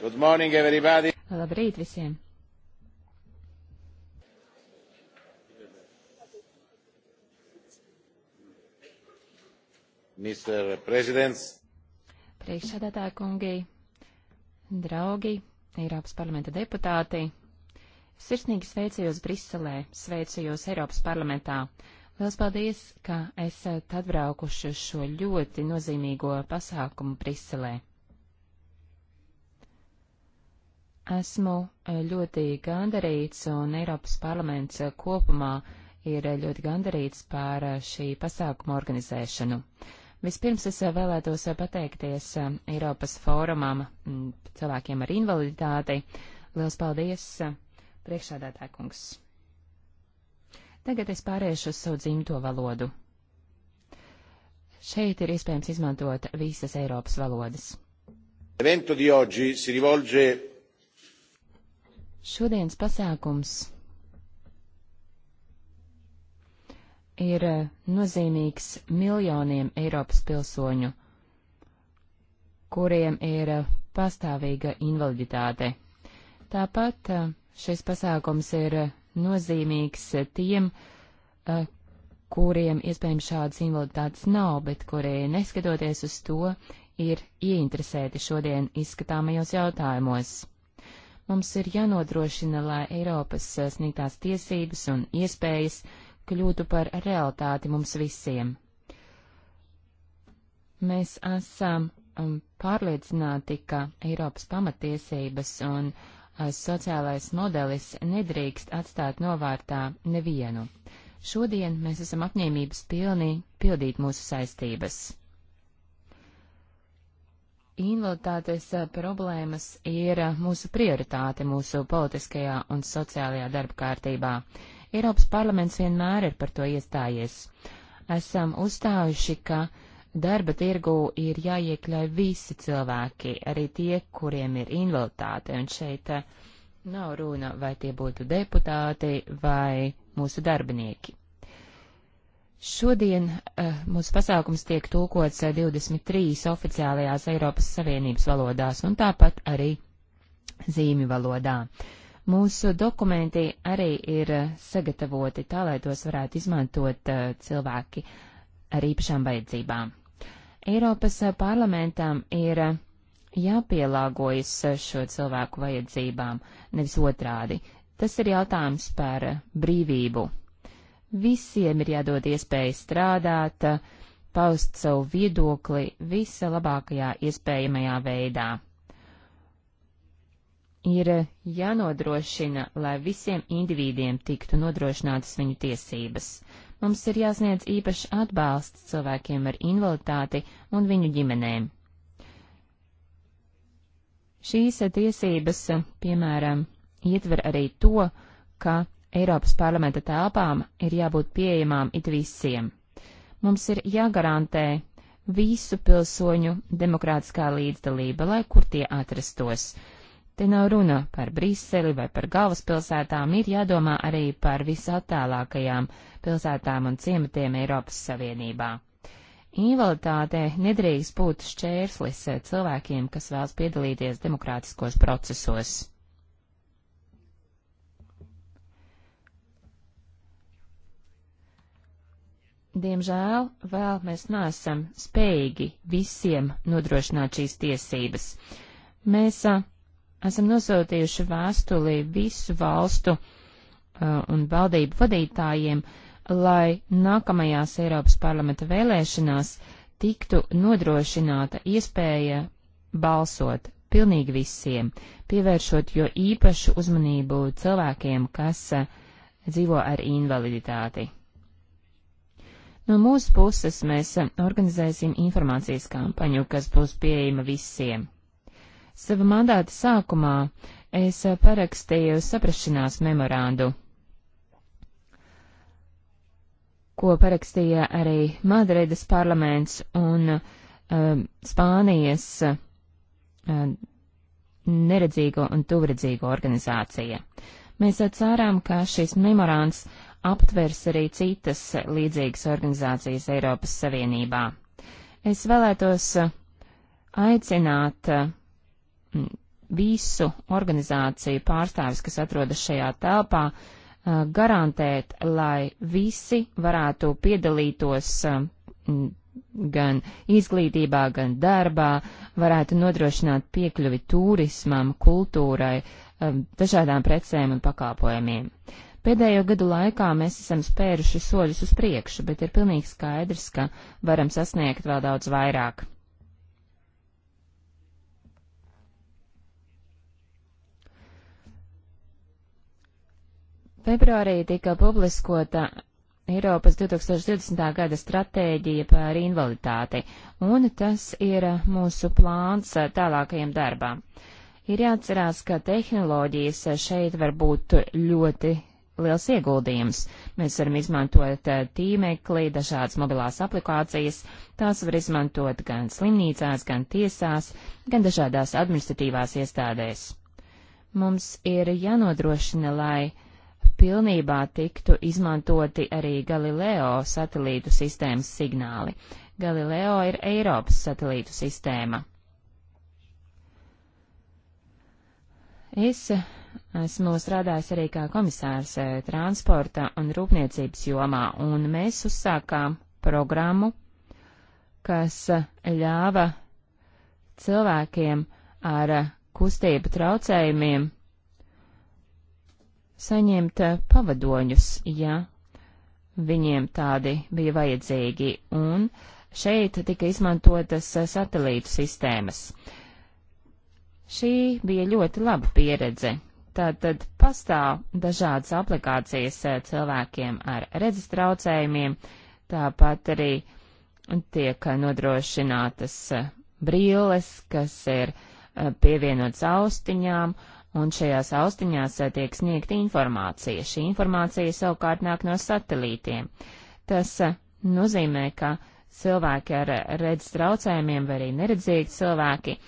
Good morning, everybody. Labrīt visiem. Mr. Presidents. Priekšsēdētāji kungi, draugi, Eiropas parlamenta deputāti. Sirsnīgi sveicu jūs Briselē, sveicu jūs Eiropas parlamentā. Liels paldies, ka esat atbraukuši uz šo ļoti nozīmīgo pasākumu Briselē. Esmu e, ļoti gandarīts un Eiropas parlaments e, kopumā ir e, ļoti gandarīts par šī pasākuma organizēšanu. Vispirms es vēlētos pateikties Eiropas fórumam cilvēkiem ar invaliditāti. Liels paldies, priekšādātā kungs. Tagad es pāriešu uz savu dzimto valodu. Šeit ir iespējams izmantot visas Eiropas valodas. L'evento di oggi si rivolge Šodienas pasākums ir eh, nozīmīgs miljoniem Eiropas pilsoņu, kuriem ir eh, pastāvīga invaliditāte. Tāpat eh, šis pasākums ir nozīmīgs tiem, kuriem iespējams šādas invaliditātes nav, bet kuri, neskatoties uz to, ir ieinteresēti šodien izskatāmajos jautājumos. Mums ir jānodrošina, lai Eiropas eh, sniegtās tiesības un iespējas kļūtu par realitāti mums visiem. Mēs esam um, pārliecināti, ka Eiropas pamatiesības un eh, sociālais modelis nedrīkst atstāt novārtā nevienu. Šodien mēs esam apņēmības pilni pildīt mūsu saistības invaliditātes eh, problēmas ir eh, mūsu prioritāte mūsu politiskajā un sociālajā darba kārtībā. Eiropas parlaments vienmēr ir par to iestājies. Esam uzstājuši, ka darba tirgu ir jāiekļauj visi cilvēki, arī tie, kuriem ir invaliditāte, un šeit eh, nav runa, vai tie būtu deputāti vai mūsu darbinieki. Šodien uh, mūsu pasākums tiek tulkots 23 eh, oficiālajās Eiropas Savienības valodās un tāpat arī zīmju valodā. Mūsu dokumenti arī ir eh, sagatavoti tā, lai tos varētu izmantot uh, cilvēki ar īpašām vajadzībām. Eiropas parlamentam ir uh, jāpielāgojas šo cilvēku vajadzībām, nevis otrādi. Tas ir jautājums par brīvību Visiem ir jādod iespēja strādāt, paust savu viedokli visa labākajā iespējamajā veidā. Ir jānodrošina, lai visiem individiem tiktu nodrošinātas viņu tiesības. Mums ir jāsniedz īpaši atbalsts cilvēkiem ar invaliditāti un viņu ģimenēm. Šīs tiesības, piemēram, ietver arī to, ka Eiropas parlamenta telpām ir jābūt pieejamām it visiem. Mums ir jāgarantē visu pilsoņu demokrātiskā līdzdalība, lai kur tie atrastos. Te nav runa par Briseli vai par galvaspilsētām, ir jādomā arī par visattālākajām pilsētām un ciematiem Eiropas Savienībā. Invaliditāte nedrīkst būt šķērslis cilvēkiem, kas vēlas piedalīties demokrātiskos procesos. diemžēl, vēl mēs neesam spējīgi visiem nodrošināt šīs tiesības. Mēs a, esam nosūtījuši vēstulī visu valstu a, un valdību vadītājiem, lai nākamajās Eiropas parlamenta vēlēšanās tiktu nodrošināta iespēja balsot pilnīgi visiem, pievēršot jo īpašu uzmanību cilvēkiem, kas a, dzīvo ar invaliditāti. No mūsu puses mēs um, organizēsim informācijas kampaņu, kas būs pieejama visiem. Sava mandāta sākumā es uh, parakstīju saprašanās memorandu, ko parakstīja arī Madrides parlaments un uh, Spānijas uh, neredzīgo un tuvredzīgo organizācija. Mēs uh, cerām, ka šis memorands uh, aptvers arī citas līdzīgas organizācijas Eiropas Savienībā. Es vēlētos eh, aicināt eh, visu organizāciju pārstāvis, kas atrodas šajā telpā, eh, garantēt, lai visi varētu piedalītos gan izglītībā, gan darbā, varētu nodrošināt piekļuvi turismam, kultūrai, dažādām precēm un pakāpojumiem. Pēdējo gadu laikā mēs esam spēruši soļus uz priekšu, bet ir pilnīgi skaidrs, ka varam sasniegt vēl daudz vairāk. Februārī tika publiskota Eiropas 2020. gada stratēģija par invaliditāti, un tas ir mūsu plāns tālākajam darbam. Ir jāatcerās, ka tehnoloģijas šeit var būt ļoti liels ieguldījums. Mēs varam izmantot eh, tīmekli, dažādas mobilās aplikācijas. Tās var izmantot gan slimnīcās, gan tiesās, gan dažādās administratīvās iestādēs. Mums ir jānodrošina, lai pilnībā tiktu izmantoti arī Galileo satelītu sistēmas signāli. Galileo ir Eiropas satelītu sistēma. Es Esmu strādājis arī kā komisārs eh, transporta un rūpniecības jomā, un mēs uzsākām programmu, kas eh, ļāva cilvēkiem ar eh, kustību traucējumiem saņemt pavadoņus, ja viņiem tādi bija vajadzīgi, un šeit tika izmantotas satelītu sistēmas. Šī bija ļoti laba pieredze. Tātad pastāv dažādas aplikācijas eh, cilvēkiem ar redzes traucējumiem, tāpat arī tiek nodrošinātas eh, brīles, kas ir eh, pievienotas austiņām, un šajās austiņās tiek sniegta informācija. Šī informācija savukārt nāk no satelītiem. Tas nozīmē, ka cilvēki ar redzes traucējumiem vai arī neredzīgi cilvēki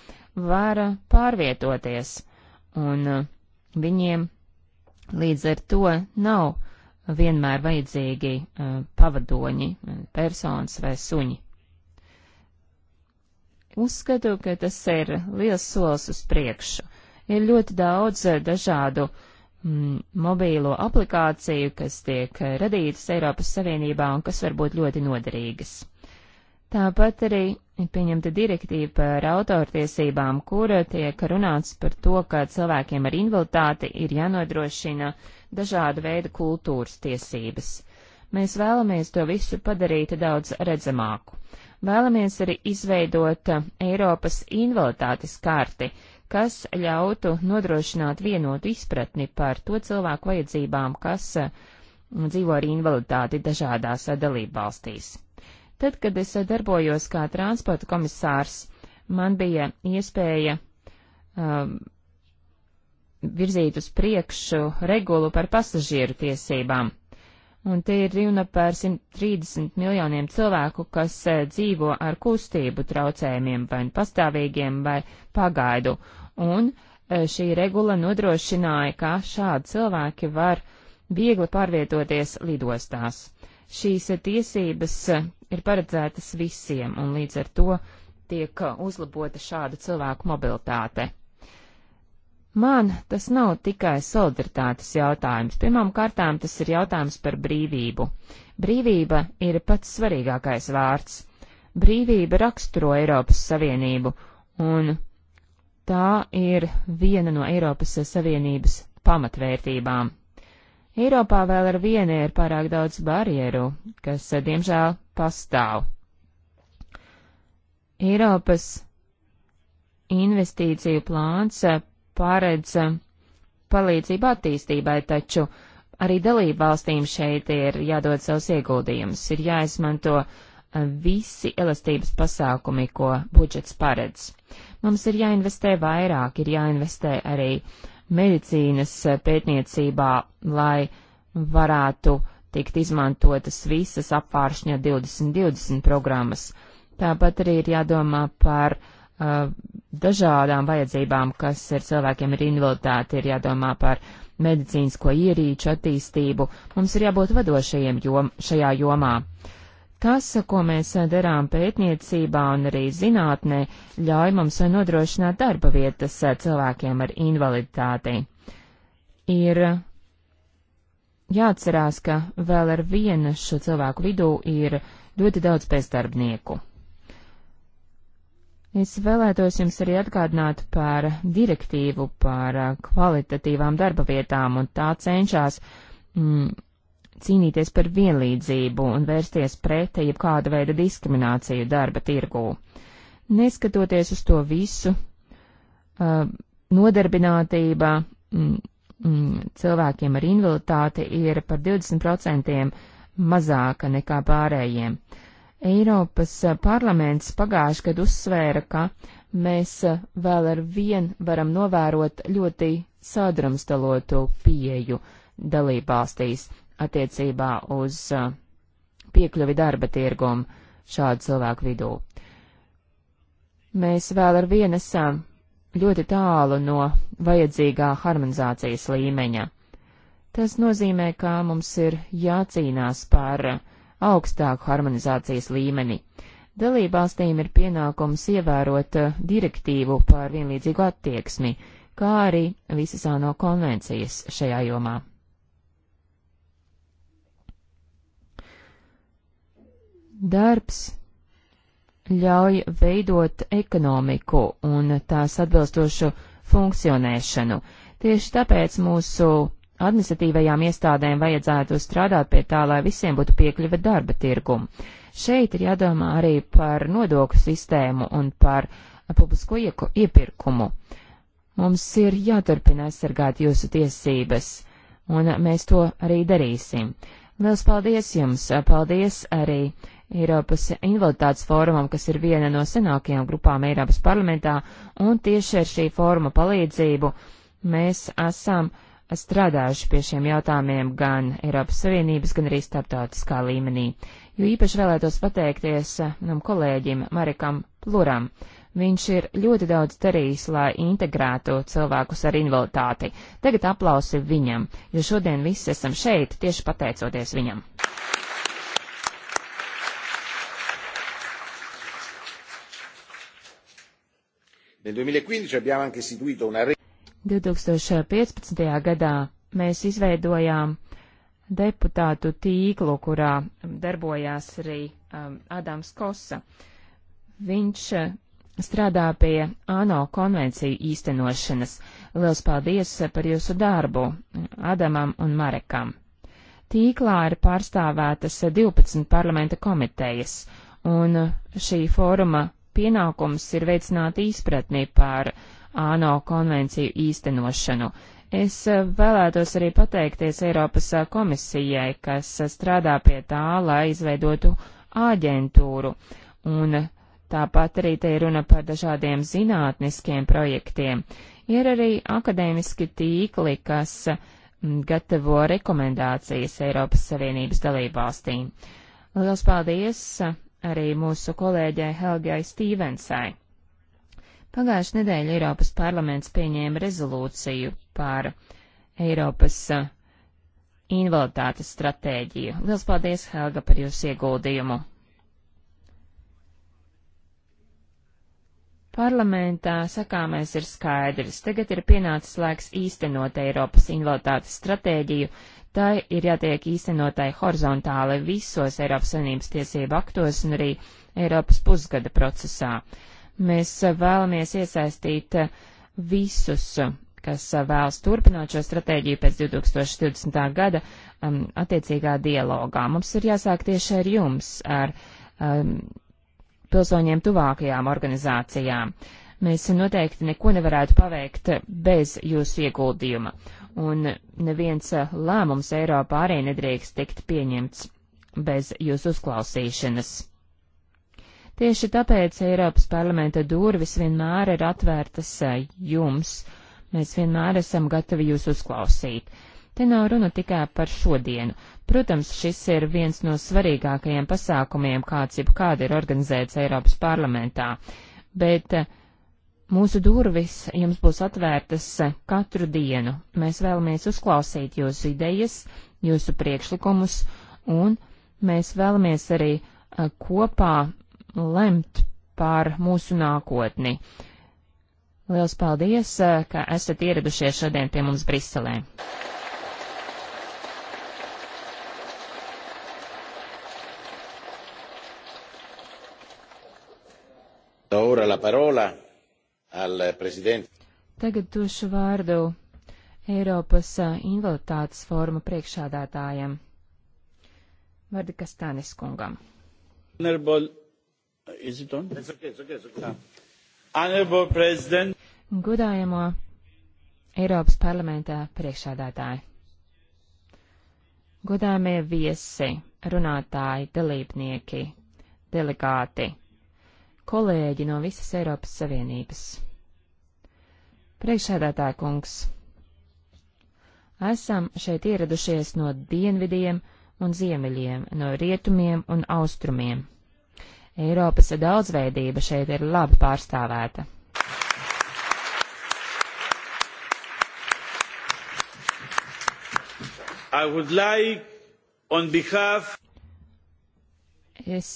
var pārvietoties, un Viņiem līdz ar to nav vienmēr vajadzīgi uh, pavadoņi, personas vai suņi. Uzskatu, ka tas ir liels solis uz priekšu. Ir ļoti daudz eh, dažādu mm, mobīlo aplikāciju, kas tiek eh, radītas Eiropas Savienībā un kas var būt ļoti noderīgas. Tāpat arī ir pieņemta direktīva par autortiesībām, kura tiek runāts par to, ka cilvēkiem ar invaliditāti ir jānodrošina dažādu veidu kultūras tiesības. Mēs vēlamies to visu padarīt daudz redzamāku. Vēlamies arī izveidot Eiropas invaliditātes karti, kas ļautu nodrošināt vienotu izpratni par to cilvēku vajadzībām, kas dzīvo ar invaliditāti dažādās dalību valstīs. Tad, kad es darbojos kā transporta komisārs, man bija iespēja um, virzīt uz priekšu regulu par pasažieru tiesībām. Un te ir runa par 130 miljoniem cilvēku, kas eh, dzīvo ar kustību traucējumiem, vai nu pastāvīgiem, vai pagaidu. Un eh, šī regula nodrošināja, ka šādi cilvēki var viegli pārvietoties lidostās. Šīs eh, tiesības ir paredzētas visiem, un līdz ar to tiek uh, uzlabota šādu cilvēku mobilitāte. Man tas nav tikai solidaritātes jautājums. Pirmām kārtām tas ir jautājums par brīvību. Brīvība ir pats svarīgākais vārds. Brīvība raksturo Eiropas Savienību, un tā ir viena no Eiropas Savienības pamatvērtībām. Eiropā vēl ar vienu ir pārāk daudz barjeru, kas, uh, diemžēl, pastāv. Eiropas investīciju plāns eh, paredz eh, palīdzību attīstībai, taču arī dalībvalstīm šeit ir jādod savus ieguldījumus, ir jāizmanto eh, visi elastības pasākumi, ko budžets paredz. Mums ir jāinvestē vairāk, ir jāinvestē arī medicīnas pētniecībā, lai varētu tikt izmantotas visas apvāršņa 2020 programmas. Tāpat arī ir jādomā par uh, dažādām vajadzībām, kas ir cilvēkiem ar invaliditāti, ir jādomā par medicīnisko ierīču attīstību. Mums ir jābūt vadošajiem jom, šajā jomā. Tas, ko mēs darām pētniecībā un arī zinātnē, ļauj mums nodrošināt darba vietas cilvēkiem ar invaliditāti. Ir jāatcerās, ka vēl ar vienu šo cilvēku vidū ir ļoti daudz bezdarbnieku. Es vēlētos jums arī atgādināt par direktīvu par kvalitatīvām darba vietām, un tā cenšas mm, cīnīties par vienlīdzību un vērsties pret jebkāda veida diskrimināciju darba tirgū. Neskatoties uz to visu, uh, nodarbinātība, mm, mm, cilvēkiem ar invaliditāti ir par 20% mazāka nekā pārējiem. Eiropas eh, parlaments pagājuši gadu uzsvēra, ka mēs eh, vēl ar vien varam novērot ļoti sadrumstalotu pieju dalībvalstīs attiecībā uz eh, piekļuvi darba tirgumu šādu cilvēku vidū. Mēs vēl ar vienu esam ļoti tālu no vajadzīgā harmonizācijas līmeņa. Tas nozīmē, ka mums ir jācīnās par augstāku harmonizācijas līmeni. Dalībvalstīm ir pienākums ievērot direktīvu par vienlīdzīgu attieksmi, kā arī visas ANO konvencijas šajā jomā. Darbs ļauj veidot ekonomiku un tās atbilstošu funkcionēšanu. Tieši tāpēc mūsu administratīvajām iestādēm vajadzētu strādāt pie tā, lai visiem būtu piekļuve darba tirgumu. Šeit ir jādomā arī par nodokļu sistēmu un par publisko iepirkumu. Mums ir jāturpina aizsargāt jūsu tiesības, un mēs to arī darīsim. Liels paldies jums! Paldies arī Eiropas invaliditātes fórumam, kas ir viena no senākajām grupām Eiropas parlamentā, un tieši ar šī fóruma palīdzību mēs esam strādājuši pie šiem jautājumiem gan Eiropas Savienības, gan arī starptautiskā līmenī. Jo īpaši vēlētos pateikties manam kolēģim Marikam Pluram. Viņš ir ļoti daudz darījis, lai integrētu cilvēkus ar invaliditāti. Tagad aplausi viņam, jo šodien visi esam šeit tieši pateicoties viņam. Nel 2015 abbiamo anche istituito una rete. 2015. gadā mēs izveidojām deputātu tīklu, kurā darbojās arī um, Adams Kosa. Viņš uh, strādā pie ANO konvenciju īstenošanas. Liels paldies uh, par jūsu darbu uh, Adamam un Marekam. Tīklā ir pārstāvētas 12 uh, parlamenta komitejas, un šī fóruma pienākums ir veicināt izpratni par ANO konvenciju īstenošanu. Es eh, vēlētos arī pateikties Eiropas eh, komisijai, kas eh, strādā pie tā, lai izveidotu āģentūru. Un tāpat arī te ir runa par dažādiem zinātniskiem projektiem. Ir arī akadēmiski tīkli, kas mm, gatavo rekomendācijas Eiropas Savienības dalībvalstīm. Lielas paldies arī mūsu kolēģei Helgai Stīvensai. Pagājušajā nedēļā Eiropas parlaments pieņēma rezolūciju par Eiropas invaliditātes stratēģiju. Liels paldies, Helga, par jūsu ieguldījumu! Parlamentā sakāmais ir skaidrs. Tagad ir pienācis laiks īstenot Eiropas invaliditātes stratēģiju, tai ir jātiek īstenotai horizontāli visos Eiropas Savienības tiesību aktos un arī Eiropas pusgada procesā. Mēs vēlamies iesaistīt visus, kas vēlas turpināt šo stratēģiju pēc 2020. gada um, attiecīgā dialogā. Mums ir jāsāk tieši ar jums, ar um, pilsoņiem tuvākajām organizācijām. Mēs noteikti neko nevarētu paveikt bez jūsu ieguldījuma un neviens eh, lēmums Eiropā arī nedrīkst tikt pieņemts bez jūsu uzklausīšanas. Tieši tāpēc Eiropas parlamenta durvis vienmēr ir atvērtas eh, jums. Mēs vienmēr esam gatavi jūs uzklausīt. Te nav runa tikai par šodienu. Protams, šis ir viens no svarīgākajiem pasākumiem, kāds jebkāda ir organizēts Eiropas parlamentā, bet uh, Mūsu durvis jums būs atvērtas eh, katru dienu. Mēs vēlamies uzklausīt jūsu idejas, jūsu priekšlikumus, un mēs vēlamies arī eh, kopā lemt par mūsu nākotni. Liels paldies, eh, ka esat ieradušies šodien pie mums Briselē. ora la parola Tagad došu vārdu Eiropas invaliditātes fóruma priekšādātājam Vardi Kastānis kungam. Ah. Godājamo Eiropas parlamentā priekšādātāji. Godājamie viesi, runātāji, dalībnieki, delegāti kolēģi no visas Eiropas Savienības. Priekšsēdētāja kungs, esam šeit ieradušies no dienvidiem un ziemeļiem, no rietumiem un austrumiem. Eiropas daudzveidība šeit ir labi pārstāvēta. Like behalf... Es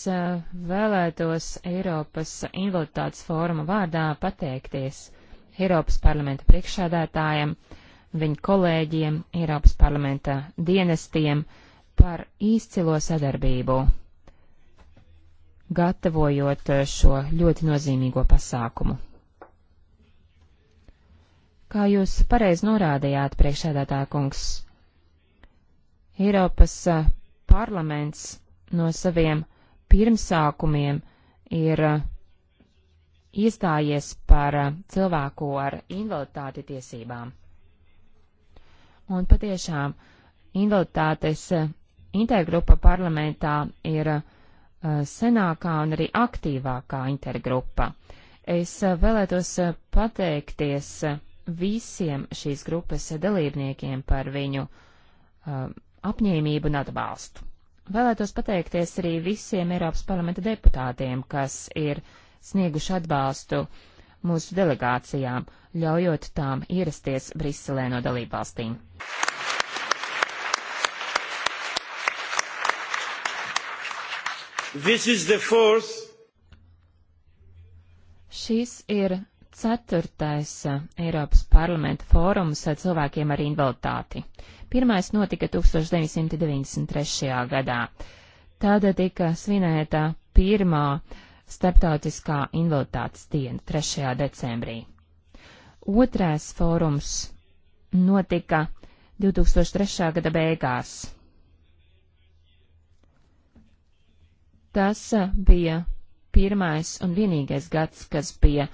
vēlētos Eiropas invaliditātes fóruma vārdā pateikties Eiropas parlamenta priekšsādātājiem, viņu kolēģiem, Eiropas parlamenta dienestiem par izcilo sadarbību, gatavojot šo ļoti nozīmīgo pasākumu. Kā jūs pareiz norādījāt, priekšsēdētā kungs, Eiropas parlaments no saviem pirmsākumiem ir uh, iestājies par uh, cilvēku ar invaliditāti tiesībām. Un patiešām invaliditātes uh, intergrupa parlamentā ir senākā un arī aktīvākā intergrupa. Es vēlētos pateikties visiem šīs grupas dalībniekiem par viņu apņēmību un atbalstu. Vēlētos pateikties arī visiem Eiropas parlamenta deputātiem, kas ir snieguši atbalstu mūsu delegācijām, ļaujot tām ierasties Briselē no dalībvalstīm. Šis ir ceturtais eh, Eiropas parlamenta fórums eh, cilvēkiem ar invaliditāti. Pirmais notika 1993. gadā. Tāda tika svinēta pirmā starptautiskā invaliditātes diena 3. decembrī. Otrais fórums notika 2003. gada beigās. Tas eh, bija pirmais un vienīgais gads, kas bija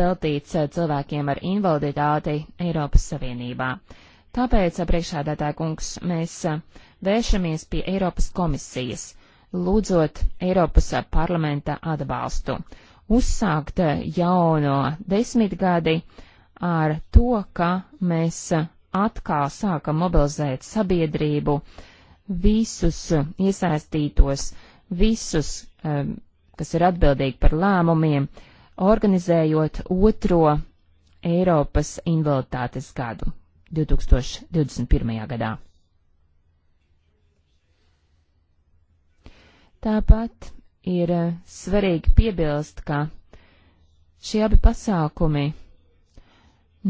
veltīts eh, cilvēkiem ar invaliditāti Eiropas Savienībā. Tāpēc, priekšādātā kungs, mēs vēršamies pie Eiropas komisijas, lūdzot Eiropas parlamenta atbalstu, uzsākt jauno desmitgadi ar to, ka mēs atkal sākam mobilizēt sabiedrību, visus iesaistītos, visus, kas ir atbildīgi par lēmumiem, organizējot otro Eiropas invaliditātes gadu. 2021. gadā. Tāpat ir eh, svarīgi piebilst, ka šie abi pasākumi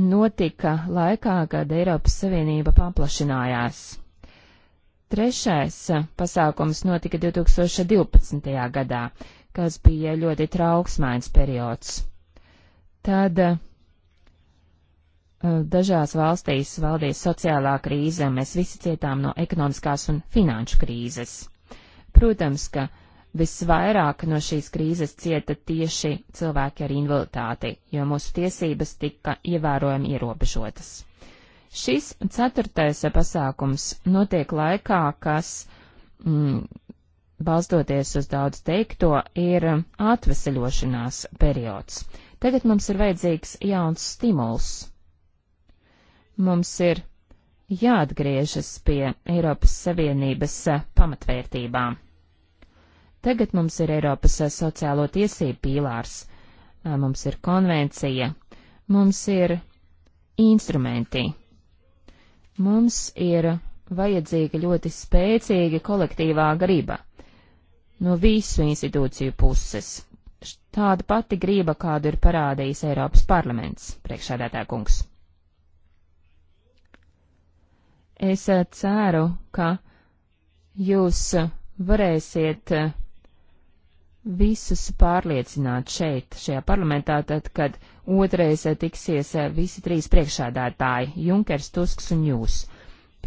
notika laikā, kad Eiropas Savienība paplašinājās. Trešais eh, pasākums notika 2012. gadā, kas bija ļoti trauksmains periods. Tad eh, Eh, dažās valstīs valdīja sociālā krīze, un mēs visi cietām no ekonomiskās un finanšu krīzes. Protams, ka visvairāk no šīs krīzes cieta tieši cilvēki ar invaliditāti, jo mūsu tiesības tika ievērojami ierobežotas. Šis ceturtais pasākums notiek laikā, kas, mm, balstoties uz daudz teikto, ir atveseļošanās periods. Tagad mums ir vajadzīgs jauns stimuls Mums ir jāatgriežas pie Eiropas Savienības eh, pamatvērtībām. Tagad mums ir Eiropas eh, sociālo tiesību pīlārs, eh, mums ir konvencija, mums ir instrumenti. Mums ir vajadzīga ļoti spēcīga kolektīvā griba no visu institūciju puses. Tāda pati grība, kādu ir parādījis Eiropas parlaments, priekšādātā kungs. Es eh, ceru, ka jūs eh, varēsiet eh, visus pārliecināt šeit, šajā parlamentā, tad, kad otrais tiksies visi trīs priekšādātāji - Junkers, Tusks un jūs.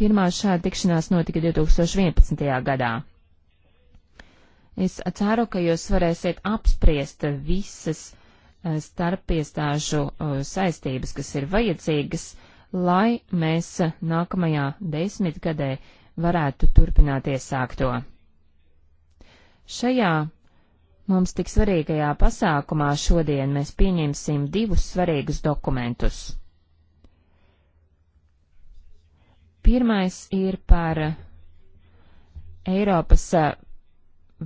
Pirmā šāda tikšanās notika 2011. gadā. Es ceru, ka jūs varēsiet apspriest visas starpiestāžu saistības, kas ir vajadzīgas, lai mēs nākamajā desmitgadē varētu turpināt iesākto. Šajā mums tik svarīgajā pasākumā šodien mēs pieņemsim divus svarīgus dokumentus. Pirmais ir par Eiropas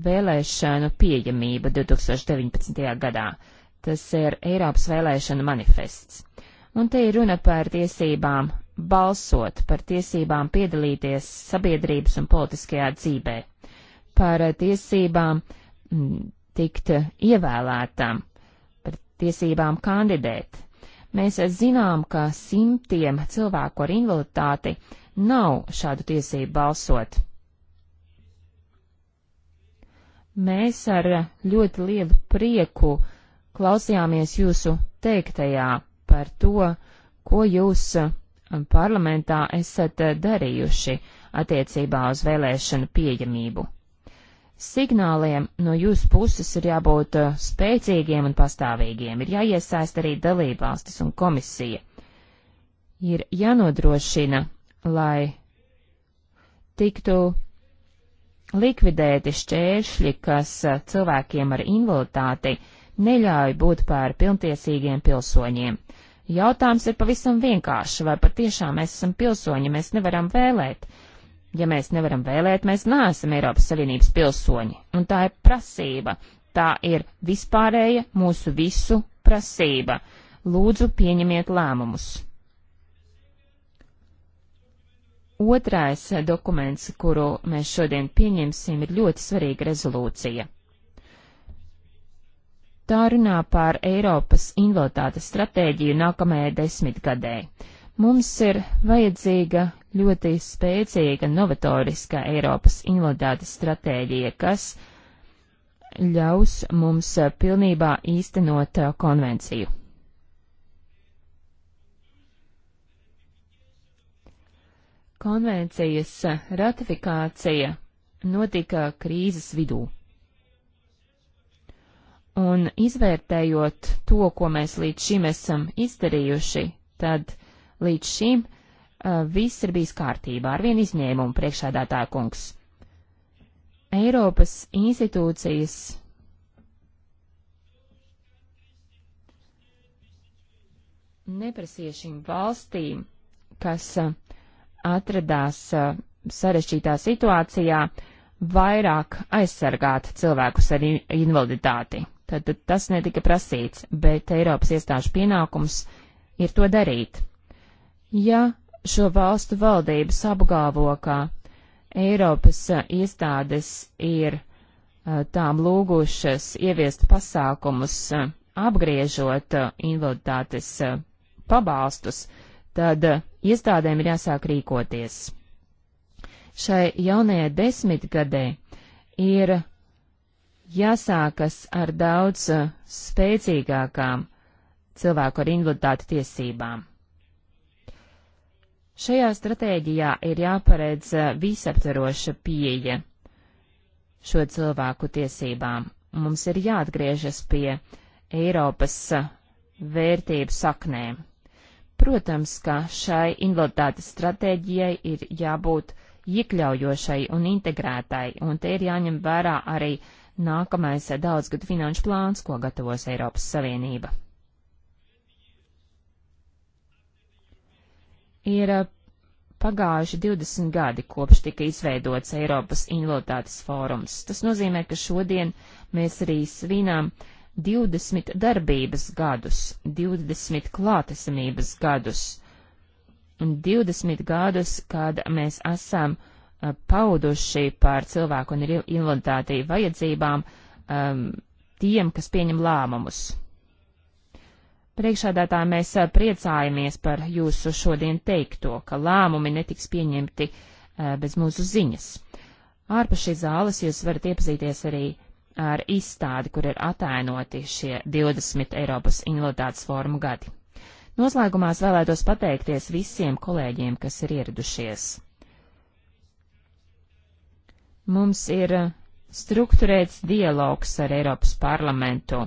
vēlēšanu pieejamību 2019. gadā. Tas ir Eiropas vēlēšanu manifests. Un te ir runa par tiesībām balsot, par tiesībām piedalīties sabiedrības un politiskajā dzīvē, par tiesībām mm, tikt ievēlētām, par tiesībām kandidēt. Mēs zinām, ka simtiem cilvēku ar invaliditāti nav šādu tiesību balsot. Mēs ar ļoti lielu prieku klausījāmies jūsu teiktajā par to, ko jūs um, parlamentā esat uh, darījuši attiecībā uz vēlēšanu pieejamību. Signāliem no jūsu puses ir jābūt uh, spēcīgiem un pastāvīgiem, ir jāiesaist arī dalībvalstis un komisija. Ir jānodrošina, lai tiktu likvidēti šķēršļi, kas uh, cilvēkiem ar invaliditāti neļauj būt par pilntiesīgiem pilsoņiem. Jautājums ir pavisam vienkārši, vai patiešām mēs esam pilsoņi, mēs nevaram vēlēt. Ja mēs nevaram vēlēt, mēs neesam Eiropas Savienības pilsoņi, un tā ir prasība. Tā ir vispārēja mūsu visu prasība. Lūdzu, pieņemiet lēmumus. Otrais dokuments, kuru mēs šodien pieņemsim, ir ļoti svarīga rezolūcija. Tā runā par Eiropas invaliditātes stratēģiju nākamajai desmitgadē. Mums ir vajadzīga ļoti spēcīga, novatoriska Eiropas invaliditātes stratēģija, kas ļaus mums eh, pilnībā īstenot eh, konvenciju. Konvencijas eh, ratifikācija notika krīzes vidū. Un izvērtējot to, ko mēs līdz šim esam izdarījuši, tad līdz šim uh, viss ir bijis kārtībā ar vienu izņēmumu priekšādātāja kungs. Eiropas institūcijas neprasīja šīm valstīm, kas a, uh, atradās a, uh, sarešķītā situācijā, vairāk aizsargāt cilvēkus ar invaliditāti. Tad tas netika prasīts, bet Eiropas iestāžu pienākums ir to darīt. Ja šo valstu valdības apgalvo, ka Eiropas uh, iestādes ir uh, tām lūgušas ieviest pasākumus, uh, apgriežot invaliditātes pabalstus, tad iestādēm ir jāsāk rīkoties. Šai jaunajai desmitgadē ir jāsākas ar daudz uh, spēcīgākām cilvēku ar invaliditāti tiesībām. Šajā stratēģijā ir jāparedz uh, visaptveroša pieeja šo cilvēku tiesībām. Mums ir jāatgriežas pie Eiropas uh, vērtību saknēm. Protams, ka šai invaliditātes stratēģijai ir jābūt iekļaujošai un integrētai, un te ir jāņem vērā arī uh, nākamais daudzgadu finanšu plāns, ko gatavos Eiropas Savienība. Ir uh, pagājuši 20 gadi, kopš tika izveidots Eiropas invaliditātes fórums. Tas nozīmē, ka šodien mēs arī svinām 20 darbības gadus, 20 klātesamības gadus un 20 gadus, kad mēs esam uh, Eh, pauduši par cilvēku un invaliditāti vajadzībām um, tiem, kas pieņem lēmumus. Priekšādātā mēs eh, priecājamies par jūsu šodien teikto, ka lēmumi netiks pieņemti uh, bez mūsu ziņas. Ārpus šīs zāles jūs varat iepazīties arī ar izstādi, kur ir atainoti šie 20 Eiropas invaliditātes formu gadi. Noslēgumā es vēlētos pateikties visiem kolēģiem, kas ir ieradušies. Mums ir eh, strukturēts dialogs ar Eiropas parlamentu.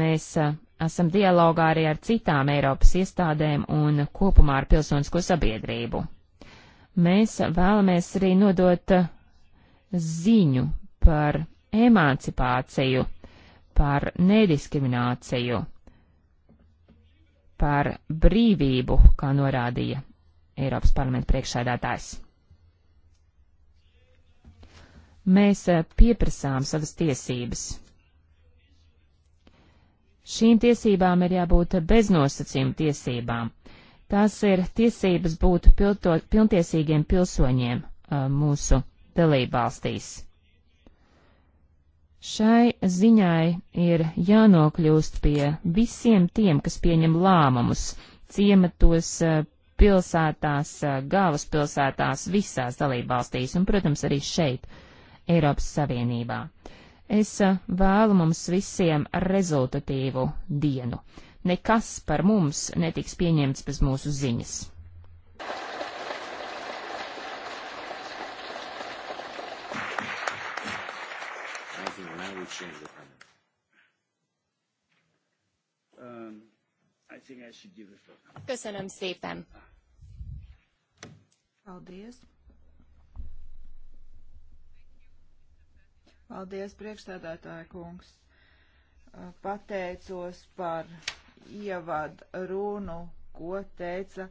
Mēs a, eh, esam dialogā arī ar citām Eiropas iestādēm un kopumā ar pilsonisko sabiedrību. Mēs vēlamies arī nodot eh, ziņu par emancipāciju, par nediskrimināciju, par brīvību, kā norādīja Eiropas parlamenta priekšsēdētājs mēs eh, pieprasām savas tiesības. Šīm tiesībām ir jābūt beznosacījuma tiesībām. Tās ir tiesības būt pilto, pilntiesīgiem pilsoņiem eh, mūsu dalībvalstīs. Šai ziņai ir jānokļūst pie visiem tiem, kas pieņem lēmumus ciematos, eh, pilsētās, galvaspilsētās, visās dalībvalstīs un, protams, arī šeit, Eiropas Savienībā. Es eh, vēlu mums visiem rezultatīvu dienu. Nekas par mums netiks pieņemts bez mūsu ziņas. change the panel. Um, I think I should give the floor. Köszönöm szépen. Paldies. Paldies, priekšstādātāja kungs. Pateicos par ievadu runu, ko teica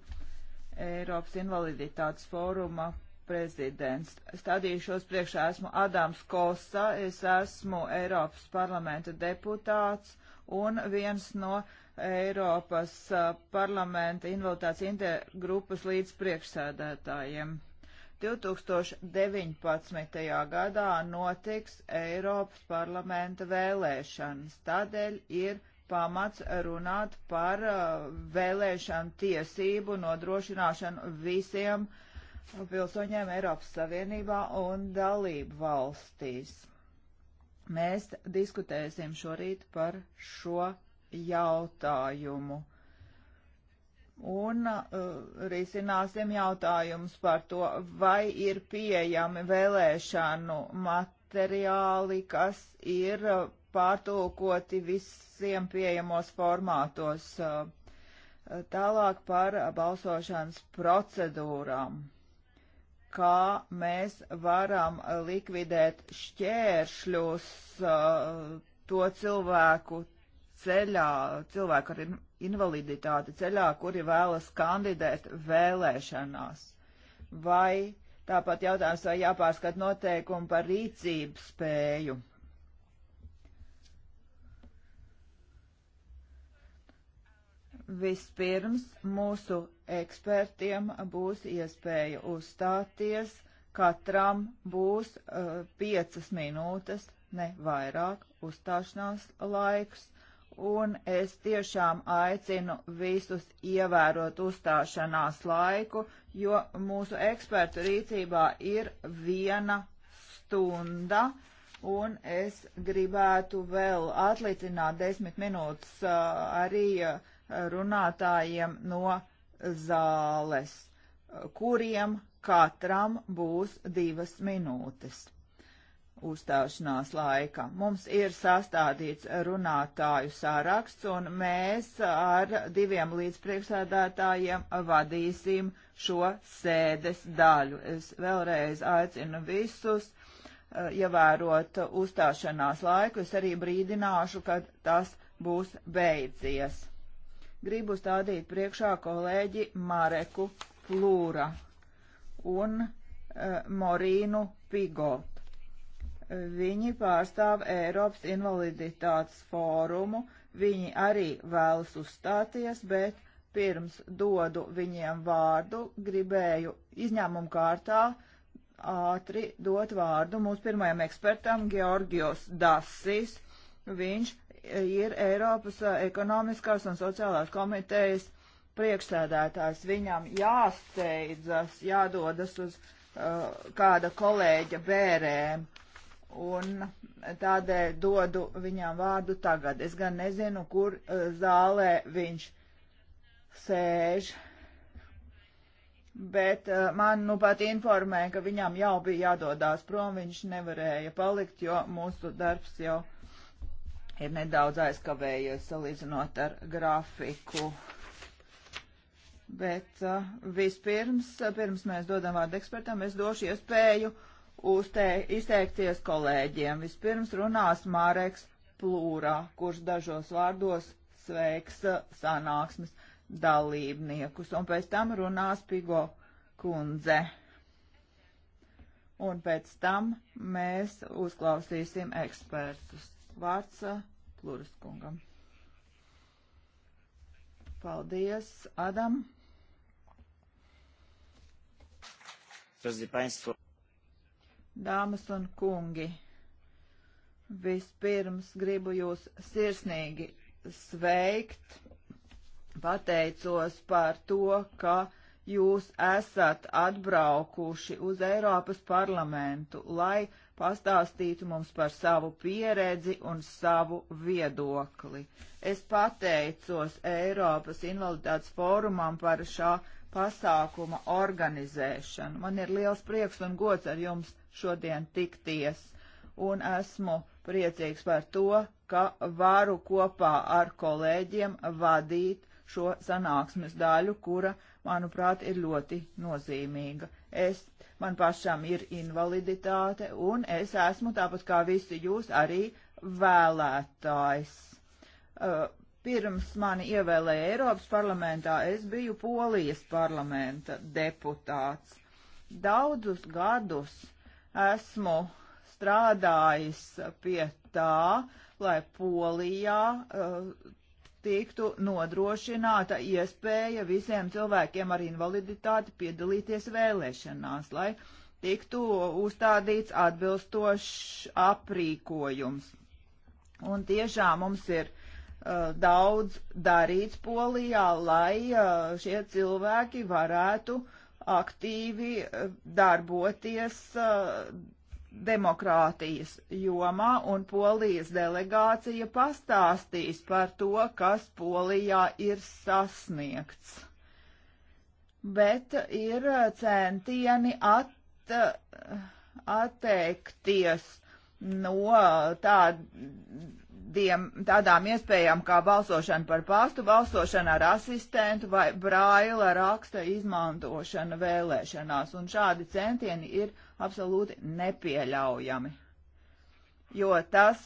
Eiropas invaliditātes fóruma prezidents. Stādījušos priekšā esmu Adams Kosa, es esmu Eiropas parlamenta deputāts un viens no Eiropas parlamenta invaliditātes intergrupas līdz priekšsēdētājiem. 2019. gadā notiks Eiropas parlamenta vēlēšanas. Tādēļ ir pamats runāt par uh, vēlēšanu tiesību nodrošināšanu visiem pilsoņiem Eiropas Savienībā un dalību valstīs. Mēs diskutēsim šorīt par šo jautājumu un uh, risināsim jautājumus par to, vai ir pieejami vēlēšanu materiāli, kas ir uh, pārtulkoti visiem pieejamos formātos. Uh, tālāk par balsošanas procedūrām kā mēs varam likvidēt šķēršļus uh, to cilvēku ceļā, cilvēku ar invaliditāti ceļā, kuri vēlas kandidēt vēlēšanās. Vai tāpat jautājums, vai jāpārskat noteikumi par rīcības spēju. Vispirms mūsu ekspertiem būs iespēja uzstāties, katram būs uh, piecas minūtes, ne vairāk, uzstāšanās laiks un es tiešām aicinu visus ievērot uzstāšanās laiku, jo mūsu ekspertu rīcībā ir viena stunda, un es gribētu vēl atlicināt desmit minūtes uh, arī uh, runātājiem no zāles, kuriem katram būs divas minūtes uzstāšanās laika. Mums ir sastādīts runātāju sāraksts, un mēs ar diviem līdzpriekšsēdētājiem vadīsim šo sēdes daļu. Es vēlreiz aicinu visus uh, ievērot uzstāšanās laiku. Es arī brīdināšu, kad tas būs beidzies. Gribu stādīt priekšā kolēģi Mareku Plūra un uh, Morīnu Pigotu Viņi pārstāv Eiropas invaliditātes fórumu, viņi arī vēlas uzstāties, bet pirms dodu viņiem vārdu, gribēju izņēmumu kārtā ātri dot vārdu mūsu pirmajam ekspertam Georgios Dasis. Viņš ir Eiropas eh, ekonomiskās un sociālās komitejas priekšsēdētājs. Viņam jāsteidzas, jādodas uz uh, kāda kolēģa bērēm. Uh, un tādēļ dodu viņam vārdu tagad. Es gan nezinu, kur eh, zālē viņš sēž, bet eh, man nu pat informēja, ka viņam jau bija jādodās prom, viņš nevarēja palikt, jo mūsu darbs jau ir nedaudz aizkavējies salīdzinot ar grafiku. Bet eh, vispirms, pirms mēs dodam vārdu ekspertam, es došu iespēju. Ja uzte, izteikties kolēģiem. Vispirms runās Māreks Plūrā, kurš dažos vārdos sveiks uh, sanāksmes dalībniekus, un pēc tam runās Pigo kundze. Un pēc tam mēs uzklausīsim ekspertus. Vārds uh, Plūras kungam. Paldies, Adam. Drodzy Państwo dāmas un kungi. Vispirms gribu jūs sirsnīgi sveikt, pateicos par to, ka jūs esat atbraukuši uz Eiropas parlamentu, lai pastāstītu mums par savu pieredzi un savu viedokli. Es pateicos Eiropas invaliditātes fórumam par šā pasākuma organizēšanu. Man ir liels prieks un gods ar jums šodien tikties, un esmu priecīgs par to, ka varu kopā ar kolēģiem vadīt šo sanāksmes daļu, kura, manuprāt, ir ļoti nozīmīga. Es, man pašam ir invaliditāte, un es esmu tāpat kā visi jūs arī vēlētājs. Uh, Pirms mani ievēlēja Eiropas parlamentā, es biju Polijas parlamenta deputāts. Daudzus gadus esmu strādājis pie tā, lai Polijā uh, tiktu nodrošināta iespēja visiem cilvēkiem ar invaliditāti piedalīties vēlēšanās, lai tiktu uzstādīts atbilstošs aprīkojums. Un tiešām mums ir uh, Uh, daudz darīts Polijā, lai uh, šie cilvēki varētu aktīvi uh, darboties demokrātijas jomā, un Polijas delegācija pastāstīs par to, kas Polijā ir sasniegts. Bet ir centieni at, atteikties no tāda tādiem, tādām iespējām kā balsošana par pastu, balsošana ar asistentu vai braila raksta izmantošana vēlēšanās. Un šādi centieni ir absolūti nepieļaujami jo tas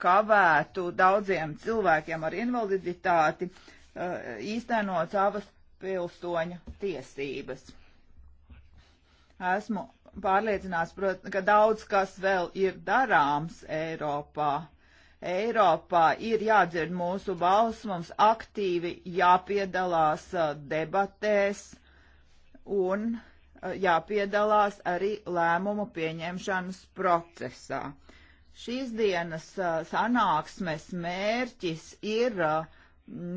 kavētu daudziem cilvēkiem ar invaliditāti īstenot savas pilsoņa tiesības. Esmu pārliecināts, protams, ka daudz kas vēl ir darāms Eiropā, Eiropā ir jādzird mūsu balss, mums aktīvi jāpiedalās uh, debatēs un uh, jāpiedalās arī lēmumu pieņemšanas procesā. Šīs dienas uh, sanāksmes mērķis ir uh,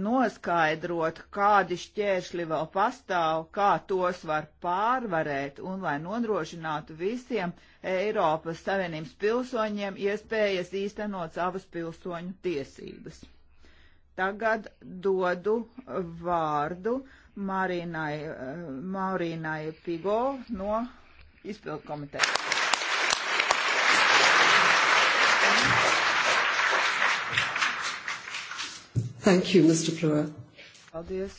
noskaidrot, kādi šķēršļi vēl pastāv, kā tos var pārvarēt un lai nodrošinātu visiem Eiropas Savienības pilsoņiem iespējas īstenot savas pilsoņu tiesības. Tagad dodu vārdu Marinai, eh, Maurīnai Pigo no izpildu komitejas. Thank you, Mr. Plura. Paldies,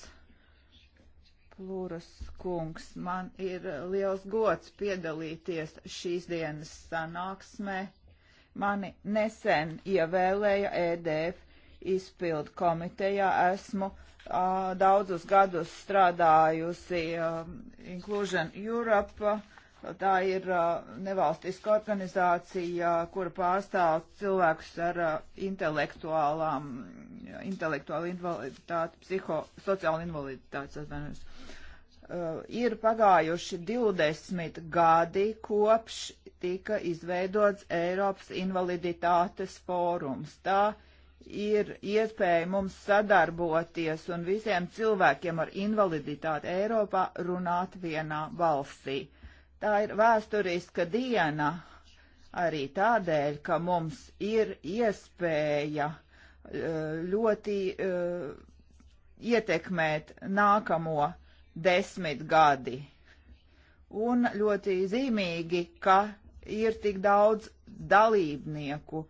Plūras kungs. Man ir eh, liels gods piedalīties šīs dienas sanāksmē. Mani nesen ievēlēja EDF izpildu komitejā. Esmu a, daudzus gadus strādājusi a, Inclusion Europe Tā ir uh, nevalstiska organizācija, kura pārstāv cilvēkus ar uh, intelektuālām, intelektuālu invaliditāti, psihosociālu invaliditāti, atvainojos. Uh, ir pagājuši 20 gadi kopš tika izveidots Eiropas invaliditātes fórums. Tā ir iespēja mums sadarboties un visiem cilvēkiem ar invaliditāti Eiropā runāt vienā valstī Tā ir vēsturiska diena arī tādēļ, ka mums ir iespēja eh, ļoti eh, ietekmēt nākamo desmit gadi. Un ļoti zīmīgi, ka ir tik daudz dalībnieku.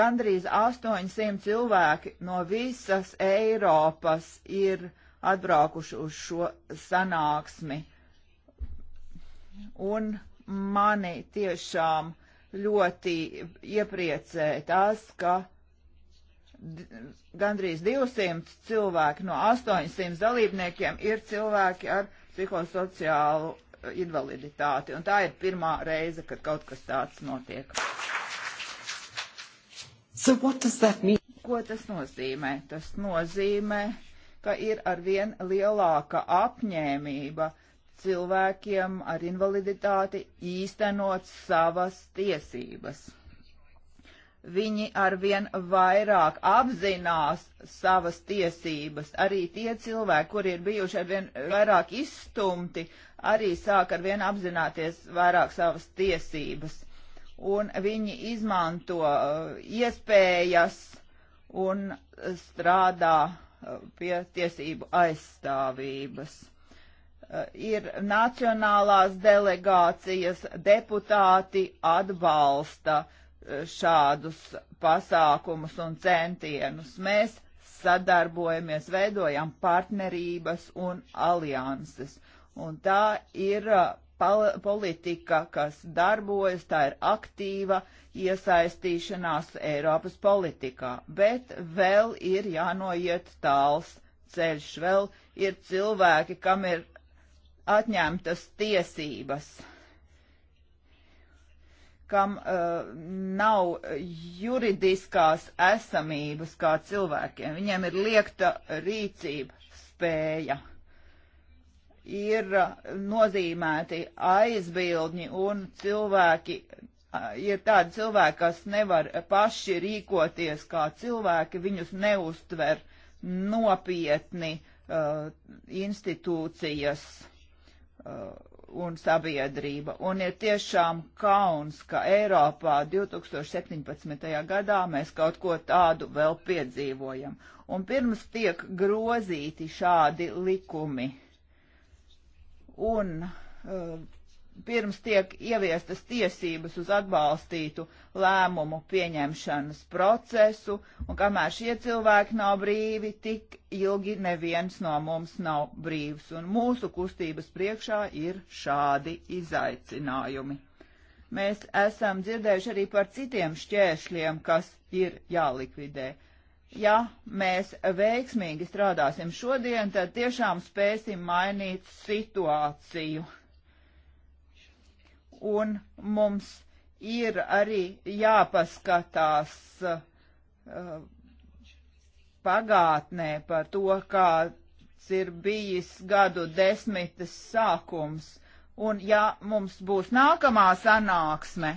Gandrīz 800 cilvēki no visas Eiropas ir atbraukuši uz šo sanāksmi un mani tiešām ļoti iepriecē tas, ka gandrīz 200 cilvēki no 800 dalībniekiem ir cilvēki ar psihosociālu invaliditāti. Un tā ir pirmā reize, kad kaut kas tāds notiek. So Ko tas nozīmē? Tas nozīmē, ka ir arvien lielāka apņēmība uh, cilvēkiem ar invaliditāti īstenot savas tiesības. Viņi arvien vairāk apzinās savas tiesības. Arī tie cilvēki, kuri ir bijuši arvien vairāk izstumti, arī sāk arvien apzināties vairāk savas tiesības. Un viņi izmanto uh, iespējas un strādā uh, pie tiesību aizstāvības Eh, ir nacionālās delegācijas deputāti atbalsta eh, šādus pasākumus un centienus. Mēs sadarbojamies, veidojam partnerības un alianses. Un tā ir eh, politika, kas darbojas, tā ir aktīva iesaistīšanās Eiropas politikā, bet vēl ir jānoiet tāls ceļš, vēl ir cilvēki, kam ir atņemtas tiesības, kam uh, nav juridiskās esamības kā cilvēkiem. Viņiem ir liekta rīcība spēja. Ir eh, nozīmēti aizbildņi un cilvēki eh, ir tādi cilvēki, kas nevar paši rīkoties kā cilvēki, viņus neuztver nopietni uh, institūcijas. Uh, un sabiedrība. Un ir tiešām kauns, ka Eiropā 2017. gadā mēs kaut ko tādu vēl piedzīvojam. Un pirms tiek grozīti šādi likumi un uh, pirms tiek ieviestas tiesības uz atbalstītu lēmumu pieņemšanas procesu, un kamēr šie cilvēki nav brīvi, tik ilgi neviens no mums nav brīvs, un mūsu kustības priekšā ir šādi izaicinājumi. Mēs esam dzirdējuši arī par citiem šķēršļiem, kas ir jālikvidē. Ja mēs veiksmīgi strādāsim šodien, tad tiešām spēsim mainīt situāciju un mums ir arī jāpaskatās uh, pagātnē par to, kāds ir bijis gadu desmites sākums. Un ja mums būs nākamā sanāksme,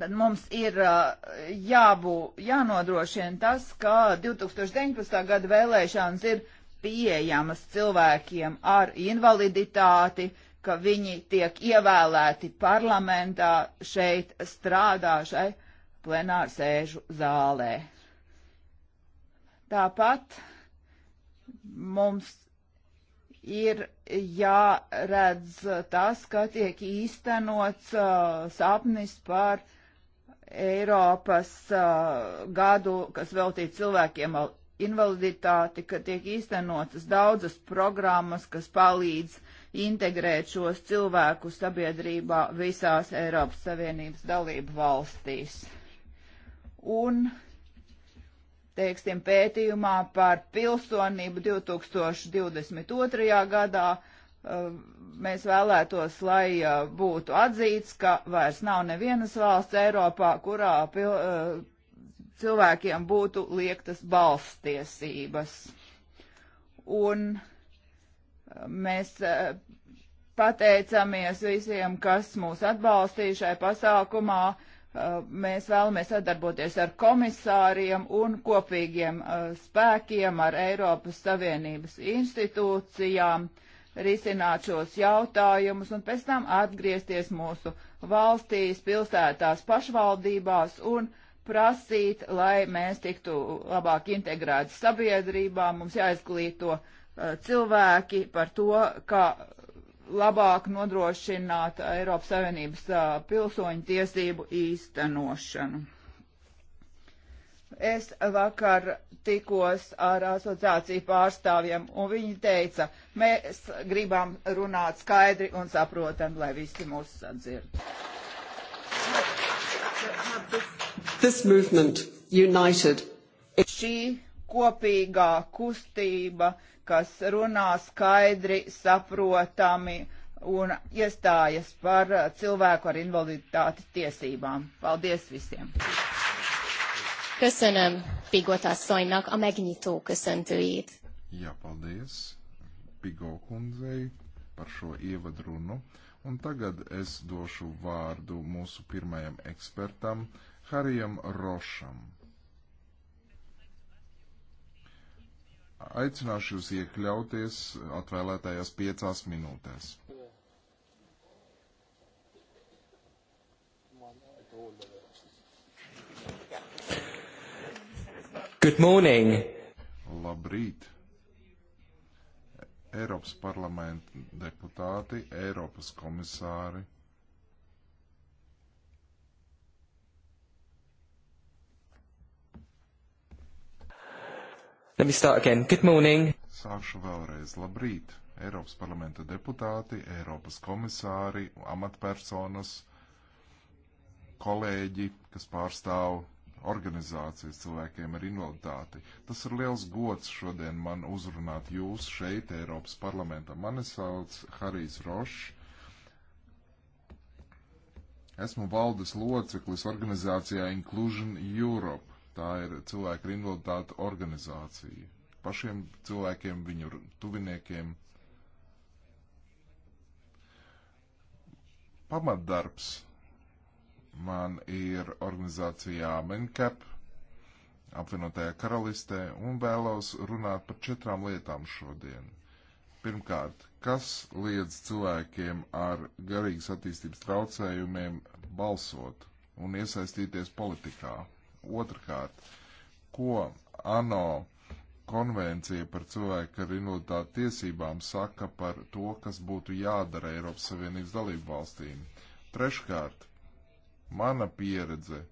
tad mums ir uh, jābū, jānodrošina tas, ka 2019. gada vēlēšanas ir pieejamas cilvēkiem ar invaliditāti, ka viņi tiek ievēlēti parlamentā šeit strādā šai plenārsēžu zālē. Tāpat mums ir jāredz tas, ka tiek īstenots uh, sapnis par Eiropas uh, gadu, kas veltīts cilvēkiem invaliditāti, ka tiek īstenotas daudzas programmas, kas palīdz uh, integrēt šos cilvēkus sabiedrībā visās Eiropas Savienības dalību valstīs. Un, teiksim, pētījumā par pilsonību 2022. gadā uh, mēs vēlētos, lai uh, būtu atzīts, ka vairs nav nevienas valsts Eiropā, kurā pil, uh, cilvēkiem būtu liektas balstiesības. Un uh, Mēs e, pateicamies visiem, kas mūs atbalstīja šai pasākumā. E, mēs vēlamies sadarboties ar komisāriem un kopīgiem e, spēkiem, ar Eiropas Savienības institūcijām, risināt šos jautājumus un pēc tam atgriezties mūsu valstīs, pilsētās, pašvaldībās un prasīt, lai mēs tiktu labāk integrēti sabiedrībā, mums jāizglīto uh, Eh, cilvēki par to, kā labāk nodrošināt Eiropas Savienības eh, pilsoņu tiesību īstenošanu. Es vakar tikos ar asociāciju pārstāvjiem, un viņi teica, mēs gribam runāt skaidri un saprotam, lai visi mūs sadzird. This movement united. Šī kopīgā kustība uh, kas runā skaidri, saprotami un iestājas par cilvēku ar invaliditāti tiesībām. Paldies visiem! Köszönöm Pigot asszonynak a megnyitó köszöntőjét. Ja, paldies Pigo kundzei par šo ievadrunu. Un tagad es došu vārdu mūsu pirmajam ekspertam, Harijam Rošam. Aicināšu jūs iekļauties atvēlētajās piecās minūtēs. Good morning! Labrīt! Eiropas parlamenta deputāti, Eiropas komisāri, Let me start again. Good morning. Sākšu vēlreiz. Labrīt, Eiropas parlamenta deputāti, Eiropas komisāri, amatpersonas, kolēģi, kas pārstāv organizācijas cilvēkiem ar invaliditāti. Tas ir liels gods šodien man uzrunāt jūs šeit, Eiropas parlamentā. Mani sauc Harijs Rošs. Esmu valdes loceklis organizācijā Inclusion Europe Tā ir cilvēku ar invaliditāti organizācija. Pašiem cilvēkiem, viņu tuviniekiem. Pamatdarbs man ir organizācijā Menkep, apvienotajā karalistē, un vēlos runāt par četrām lietām šodien. Pirmkārt, kas liedz cilvēkiem ar garīgas attīstības traucējumiem balsot un iesaistīties politikā? Otrakārt, ko ANO konvencija par cilvēku ar invaliditāti tiesībām saka par to, kas būtu jādara Eiropas Savienības dalību valstīm. Treškārt, mana pieredze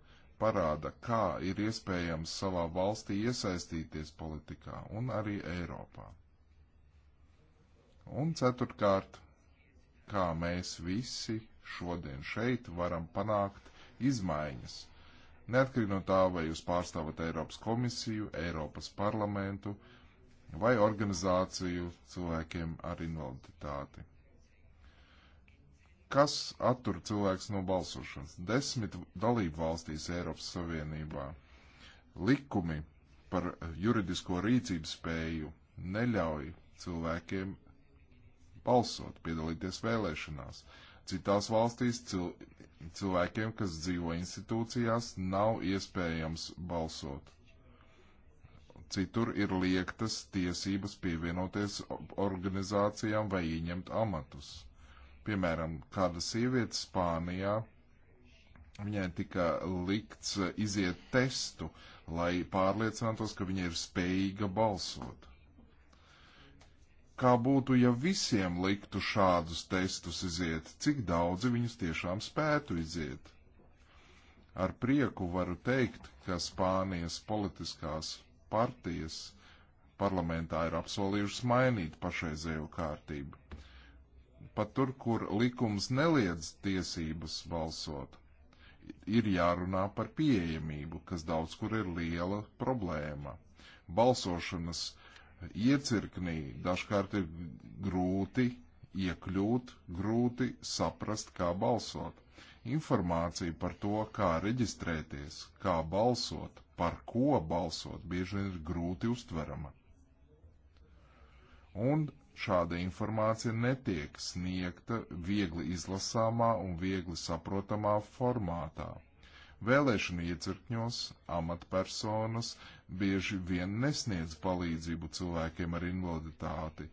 parāda, kā ir iespējams savā valstī iesaistīties politikā un arī Eiropā. Un ceturtkārt, kā mēs visi šodien šeit varam panākt izmaiņas Neatkarīgi no tā, vai jūs pārstāvat Eiropas komisiju, Eiropas parlamentu vai organizāciju cilvēkiem ar invaliditāti. Kas attur cilvēks no balsošanas? Desmit dalību valstīs Eiropas Savienībā likumi par juridisko rīcības spēju neļauj cilvēkiem balsot, piedalīties vēlēšanās. Uh, Citās valstīs cil cilvēkiem, kas dzīvo institūcijās, nav iespējams balsot. Citur ir liektas tiesības pievienoties organizācijām vai ieņemt amatus. Piemēram, kāda sieviete Spānijā, viņai tika likts iziet testu, lai pārliecinātos, ka viņa ir spējīga balsot kā būtu, ja visiem liktu šādus testus iziet, cik daudzi viņus tiešām spētu iziet. Ar prieku varu teikt, ka Spānijas politiskās partijas parlamentā ir apsolījušas mainīt pašreizējo kārtību. Pat tur, kur likums neliedz tiesības balsot, ir jārunā par pieejamību, kas daudz kur ir liela problēma. Balsošanas iecirknī dažkārt ir grūti iekļūt, grūti saprast, kā balsot. Informācija par to, kā reģistrēties, kā balsot, par ko balsot, bieži vien ir grūti uztverama. Un šāda informācija netiek sniegta viegli izlasāmā un viegli saprotamā formātā. Vēlēšana iecirkņos amatpersonas bieži vien nesniedz palīdzību cilvēkiem ar invaliditāti.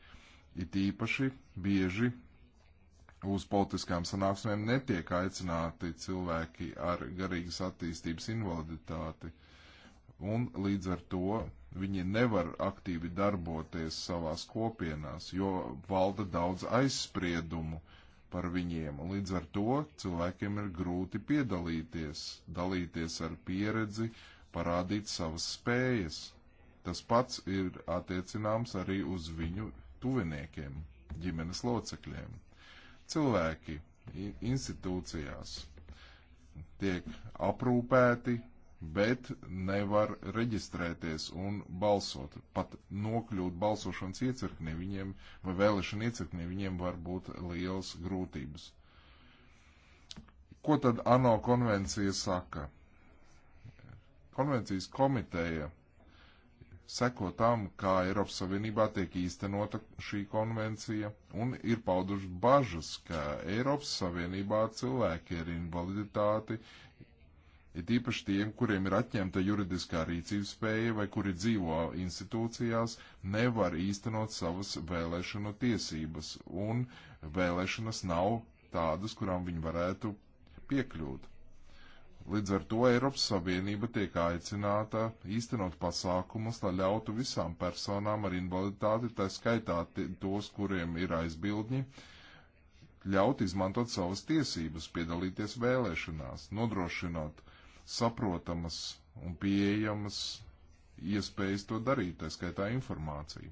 It īpaši bieži uz politiskām sanāksmēm netiek aicināti cilvēki ar garīgas attīstības invaliditāti. Un līdz ar to viņi nevar aktīvi darboties savās kopienās, jo valda daudz aizspriedumu uh, par viņiem. Līdz ar to cilvēkiem ir grūti piedalīties, dalīties ar pieredzi, parādīt savas spējas. Tas pats ir attiecināms arī uz viņu tuviniekiem, ģimenes locekļiem. Cilvēki institūcijās tiek aprūpēti, bet nevar reģistrēties un balsot. Pat nokļūt balsošanas iecirknī viņiem vai vēlēšana iecirknī viņiem var būt liels grūtības. Ko tad ANO konvencija saka? Konvencijas komiteja seko tam, kā Eiropas Savienībā tiek īstenota šī konvencija, un ir pauduši bažas, ka Eiropas Savienībā cilvēki ar invaliditāti It īpaši tiem, kuriem ir atņemta juridiskā rīcības spēja vai kuri dzīvo institūcijās, nevar īstenot savas vēlēšanu tiesības, un vēlēšanas nav tādas, kurām viņi varētu piekļūt. Līdz ar to Eiropas Savienība tiek aicināta īstenot pasākumus, lai ļautu visām personām ar invaliditāti, tā skaitā tos, kuriem ir aizbildņi, ļaut izmantot savas tiesības, piedalīties vēlēšanās, nodrošinot saprotamas un pieejamas iespējas to darīt, tā skaitā informācija.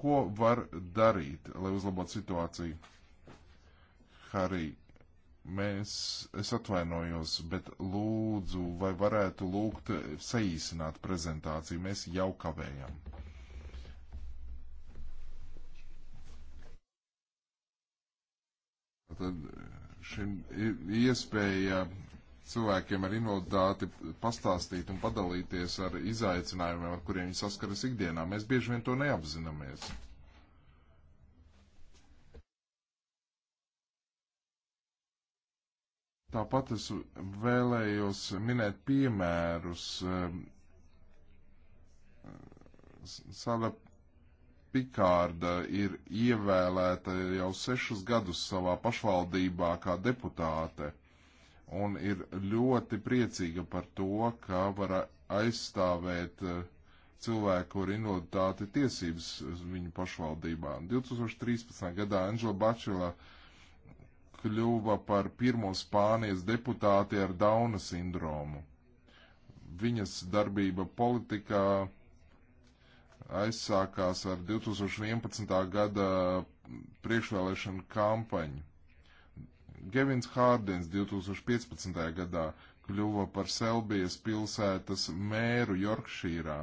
Ko var darīt, lai uzlabotu situāciju? Harī, mēs, es atvainojos, bet lūdzu, vai varētu lūgt saīsināt prezentāciju, mēs jau kavējam. Tad šim iespēja cilvēkiem ar invaliditāti pastāstīt un padalīties ar izaicinājumiem, ar kuriem viņi saskaras ikdienā. Mēs bieži vien to neapzināmies. Tāpat es vēlējos minēt piemērus. Ehm, Sala Pikārda ir ievēlēta jau sešus gadus savā pašvaldībā kā deputāte un ir ļoti priecīga par to, ka var aizstāvēt eh, cilvēku ar invaliditāti tiesības viņu pašvaldībā. 2013. gadā Angela Bačela kļuva par pirmo Spānijas deputāti ar Dauna sindromu. Viņas darbība politikā aizsākās ar 2011. gada priekšvēlēšanu kampaņu Gevins Hārdens 2015. gadā kļuva par Selbijas pilsētas mēru Jorkšīrā,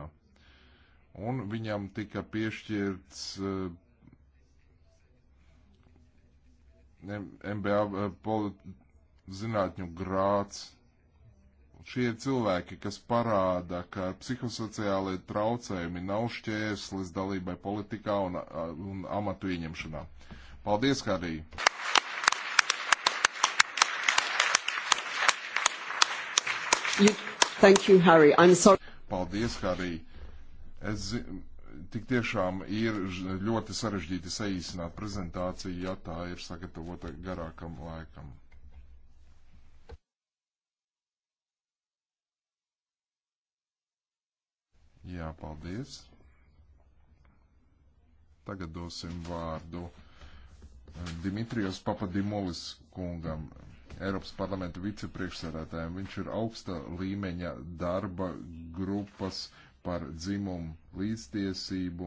un viņam tika piešķirts eh, MBA eh, zinātņu grāts. Šie cilvēki, kas parāda, ka psihosociālai traucējumi nav šķērslis dalībai politikā un, eh, un amatu ieņemšanā. Paldies, Harī! Thank you, Harry. I'm sorry. Paldies, Harry. Es tik tiešām ir ļoti sarežģīti saīsināt prezentāciju, ja tā ir sagatavota garākam laikam. Jā, paldies. Tagad dosim vārdu eh, Dimitrijos Papadimulis kungam. Eiropas parlamenta vicepriekšsēdētājiem. Viņš ir augsta līmeņa darba grupas par dzimumu līdztiesību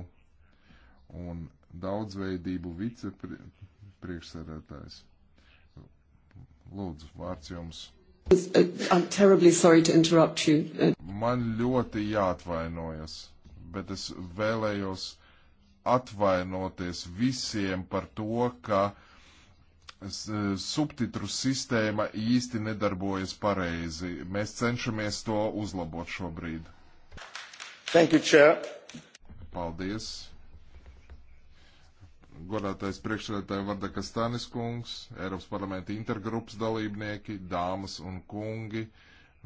un daudzveidību vicepriekšsēdētājs. Lūdzu, vārds jums. I'm terribly sorry to interrupt you. Man ļoti jāatvainojas, bet es vēlējos atvainoties visiem par to, ka uh, E, subtitru sistēma īsti nedarbojas pareizi. Mēs cenšamies to uzlabot šobrīd. Thank you, Chair. Paldies. Godātais priekšsēdētāji Varda Kastānis kungs, Eiropas parlamenta intergrupas dalībnieki, dāmas un kungi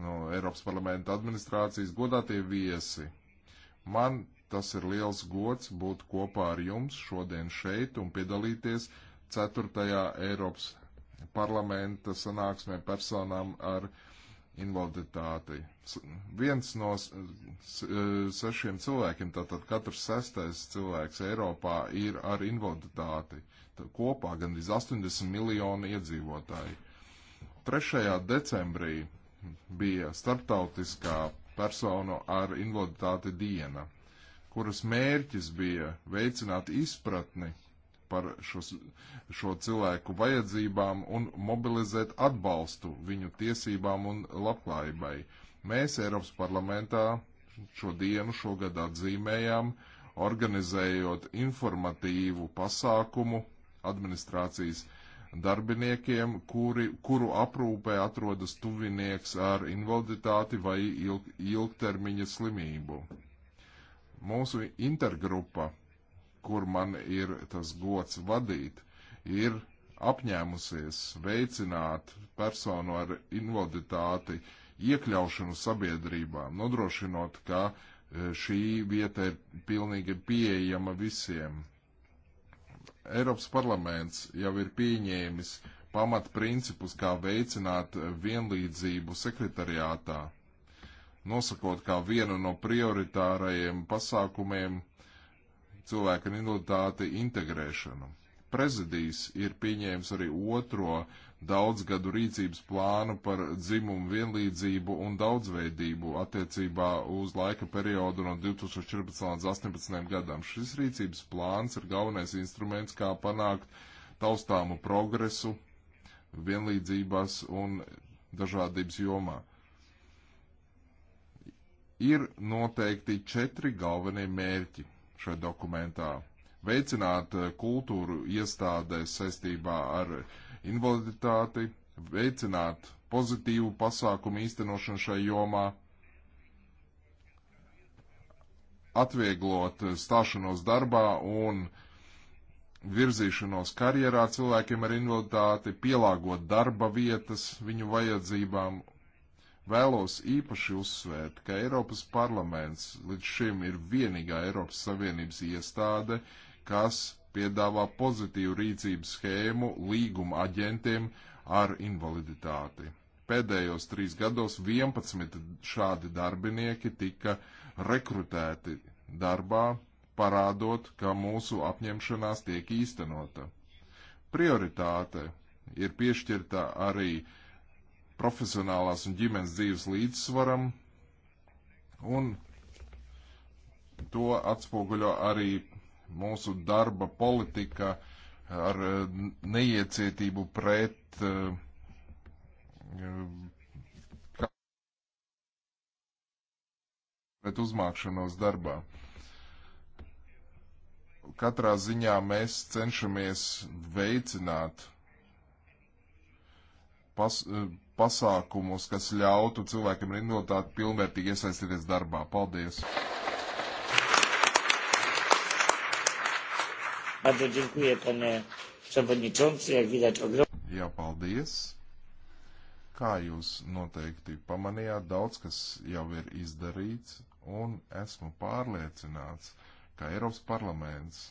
no Eiropas parlamenta administrācijas, godātie viesi. Man tas ir liels gods būt kopā ar jums šodien šeit un piedalīties uh, 4. Eiropas parlamenta sanāksmē personām ar invaliditāti. Viens no sešiem cilvēkiem, tātad katrs sestais cilvēks Eiropā ir ar invaliditāti. Tā kopā gandrīz 80 miljoni iedzīvotāji. 3. decembrī bija starptautiskā personu ar invaliditāti diena, kuras mērķis bija veicināt izpratni par šos, šo cilvēku vajadzībām un mobilizēt atbalstu viņu tiesībām un labklājībai. Mēs Eiropas parlamentā šo dienu šogad atzīmējām, organizējot informatīvu pasākumu administrācijas darbiniekiem, kuri, kuru aprūpē atrodas tuvinieks ar invaliditāti vai ilg, ilgtermiņa slimību. Mūsu intergrupa kur man ir tas gods vadīt, ir apņēmusies veicināt personu ar invaliditāti iekļaušanu sabiedrībā, nodrošinot, ka e, šī vieta ir pilnīgi pieejama visiem. Eiropas parlaments jau ir pieņēmis pamatprincipus, kā veicināt vienlīdzību sekretariātā, nosakot kā vienu no prioritārajiem pasākumiem cilvēku ar invaliditāti integrēšanu. Prezidijs ir pieņēmis arī otro daudzgadu rīcības plānu par dzimumu vienlīdzību un daudzveidību attiecībā uz laika periodu no 2014 līdz 2018 gadam. Šis rīcības plāns ir galvenais instruments, kā panākt taustāmu progresu vienlīdzības un dažādības jomā ir noteikti četri galvenie mērķi šajā dokumentā. Veicināt eh, kultūru iestādēs saistībā ar invaliditāti, veicināt pozitīvu pasākumu īstenošanu šai jomā, atvieglot eh, stāšanos darbā un virzīšanos karjerā cilvēkiem ar invaliditāti, pielāgot darba vietas viņu vajadzībām Vēlos īpaši uzsvērt, ka Eiropas parlaments līdz šim ir vienīgā Eiropas Savienības iestāde, kas piedāvā pozitīvu rīcības schēmu līguma aģentiem ar invaliditāti. Pēdējos trīs gados 11 šādi darbinieki tika rekrutēti darbā, parādot, ka mūsu apņemšanās tiek īstenota. Prioritāte ir piešķirta arī uh, profesionālās un ģimenes dzīves līdzsvaram, un to atspoguļo arī mūsu darba politika ar eh, neiecietību pret eh, pret uzmākšanos darbā. Katrā ziņā mēs cenšamies veicināt pas, pasākumus, kas ļautu cilvēkiem ar invaliditāti pilnvērtīgi iesaistīties darbā. Paldies! Jā, paldies! Kā jūs noteikti pamanījāt, daudz kas jau ir izdarīts, un esmu pārliecināts, ka Eiropas parlaments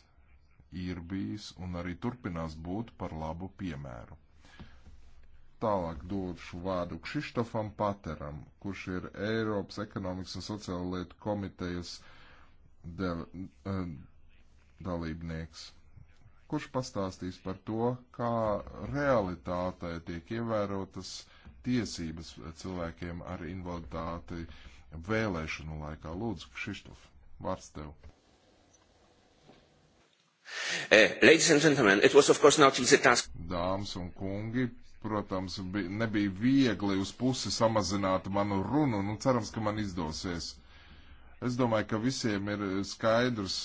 ir bijis un arī turpinās būt par labu piemēru. Tālāk došu vārdu Kšištofam Pateram, kurš ir Eiropas ekonomikas un sociāla lietu komitejas del, uh, dalībnieks, kurš pastāstīs par to, kā realitātē tiek ievērotas tiesības cilvēkiem ar invaliditāti vēlēšanu laikā. Lūdzu, Kšištof, vārds tev. Uh, ladies and gentlemen, it was of course not easy task. Dāmas un kungi, Protams, bij, nebija viegli uz pusi samazināt manu runu, nu cerams, ka man izdosies. Es domāju, ka visiem ir skaidrs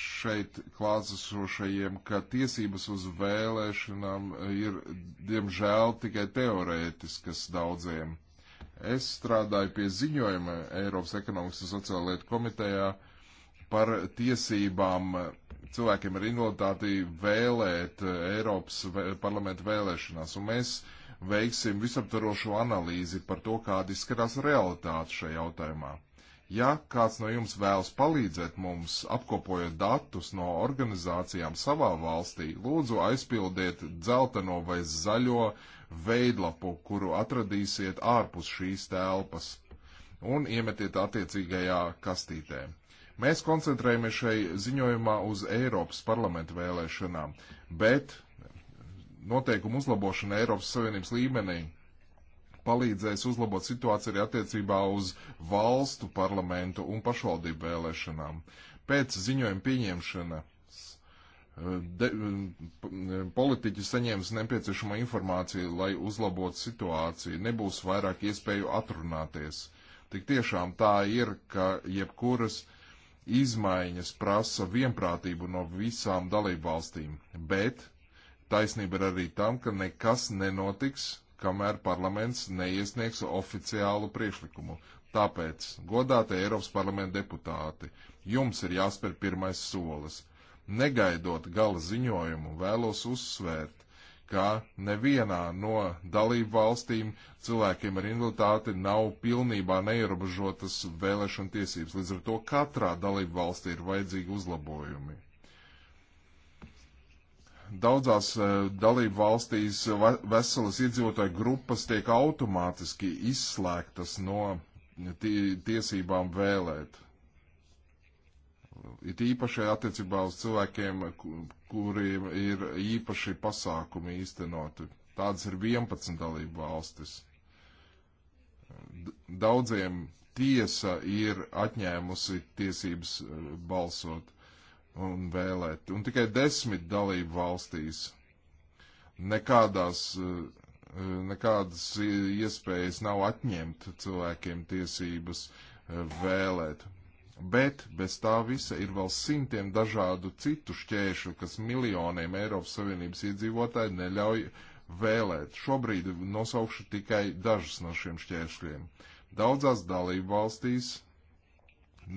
šeit klātesošajiem, ka tiesības uz vēlēšanām ir, diemžēl, tikai teorētiskas daudziem. Es strādāju pie ziņojuma Eiropas ekonomikas un sociālajā lietu komitejā par tiesībām cilvēkiem ar invaliditāti vēlēt eh, Eiropas parlamenta vēlēšanās. Un mēs veiksim visaptvarošu analīzi par to, kāda izskatās realitāte šajā jautājumā. Ja kāds no jums vēlas palīdzēt mums, apkopojot datus no organizācijām savā valstī, lūdzu aizpildiet dzelteno vai zaļo veidlapu, kuru atradīsiet ārpus šīs telpas, un iemetiet attiecīgajā kastītē. Mēs koncentrējamies šai ziņojumā uz Eiropas parlamenta vēlēšanām, bet noteikumu uzlabošana Eiropas Savienības līmenī palīdzēs uzlabot situāciju arī attiecībā uz valstu parlamentu un pašvaldību vēlēšanām. Pēc ziņojuma pieņemšana de, politiķi saņems nepieciešamo informāciju, lai uzlabotu situāciju. Nebūs vairāk iespēju atrunāties. Tik tiešām tā ir, ka jebkuras izmaiņas prasa vienprātību no visām dalībvalstīm, bet taisnība ir arī tam, ka nekas nenotiks, kamēr parlaments neiesniegs oficiālu priekšlikumu. Tāpēc, godātie Eiropas parlamenta deputāti, jums ir jāspēr pirmais solis. Negaidot gala ziņojumu, vēlos uzsvērt, ka nevienā no dalību valstīm cilvēkiem ar invaliditāti nav pilnībā neierobežotas vēlēšana tiesības. Līdz ar to katrā dalību valstī ir vajadzīgi uzlabojumi. Daudzās eh, dalību valstīs veselas iedzīvotāju grupas tiek automātiski izslēgtas no tiesībām vēlēt. It īpaši attiecībā uz cilvēkiem, kuriem ir īpaši pasākumi īstenoti. Tādas ir 11 dalību valstis. Daudziem tiesa ir atņēmusi tiesības e, balsot un vēlēt. Un tikai desmit dalību valstīs nekādās, e, e, nekādas iespējas nav atņemt cilvēkiem tiesības vēlēt. Bet bez tā visa ir vēl simtiem dažādu citu šķēršļu, kas miljoniem Eiropas Savienības iedzīvotāji neļauj vēlēt. Šobrīd nosaukšu tikai dažus no šiem šķēršļiem. Daudzās dalību valstīs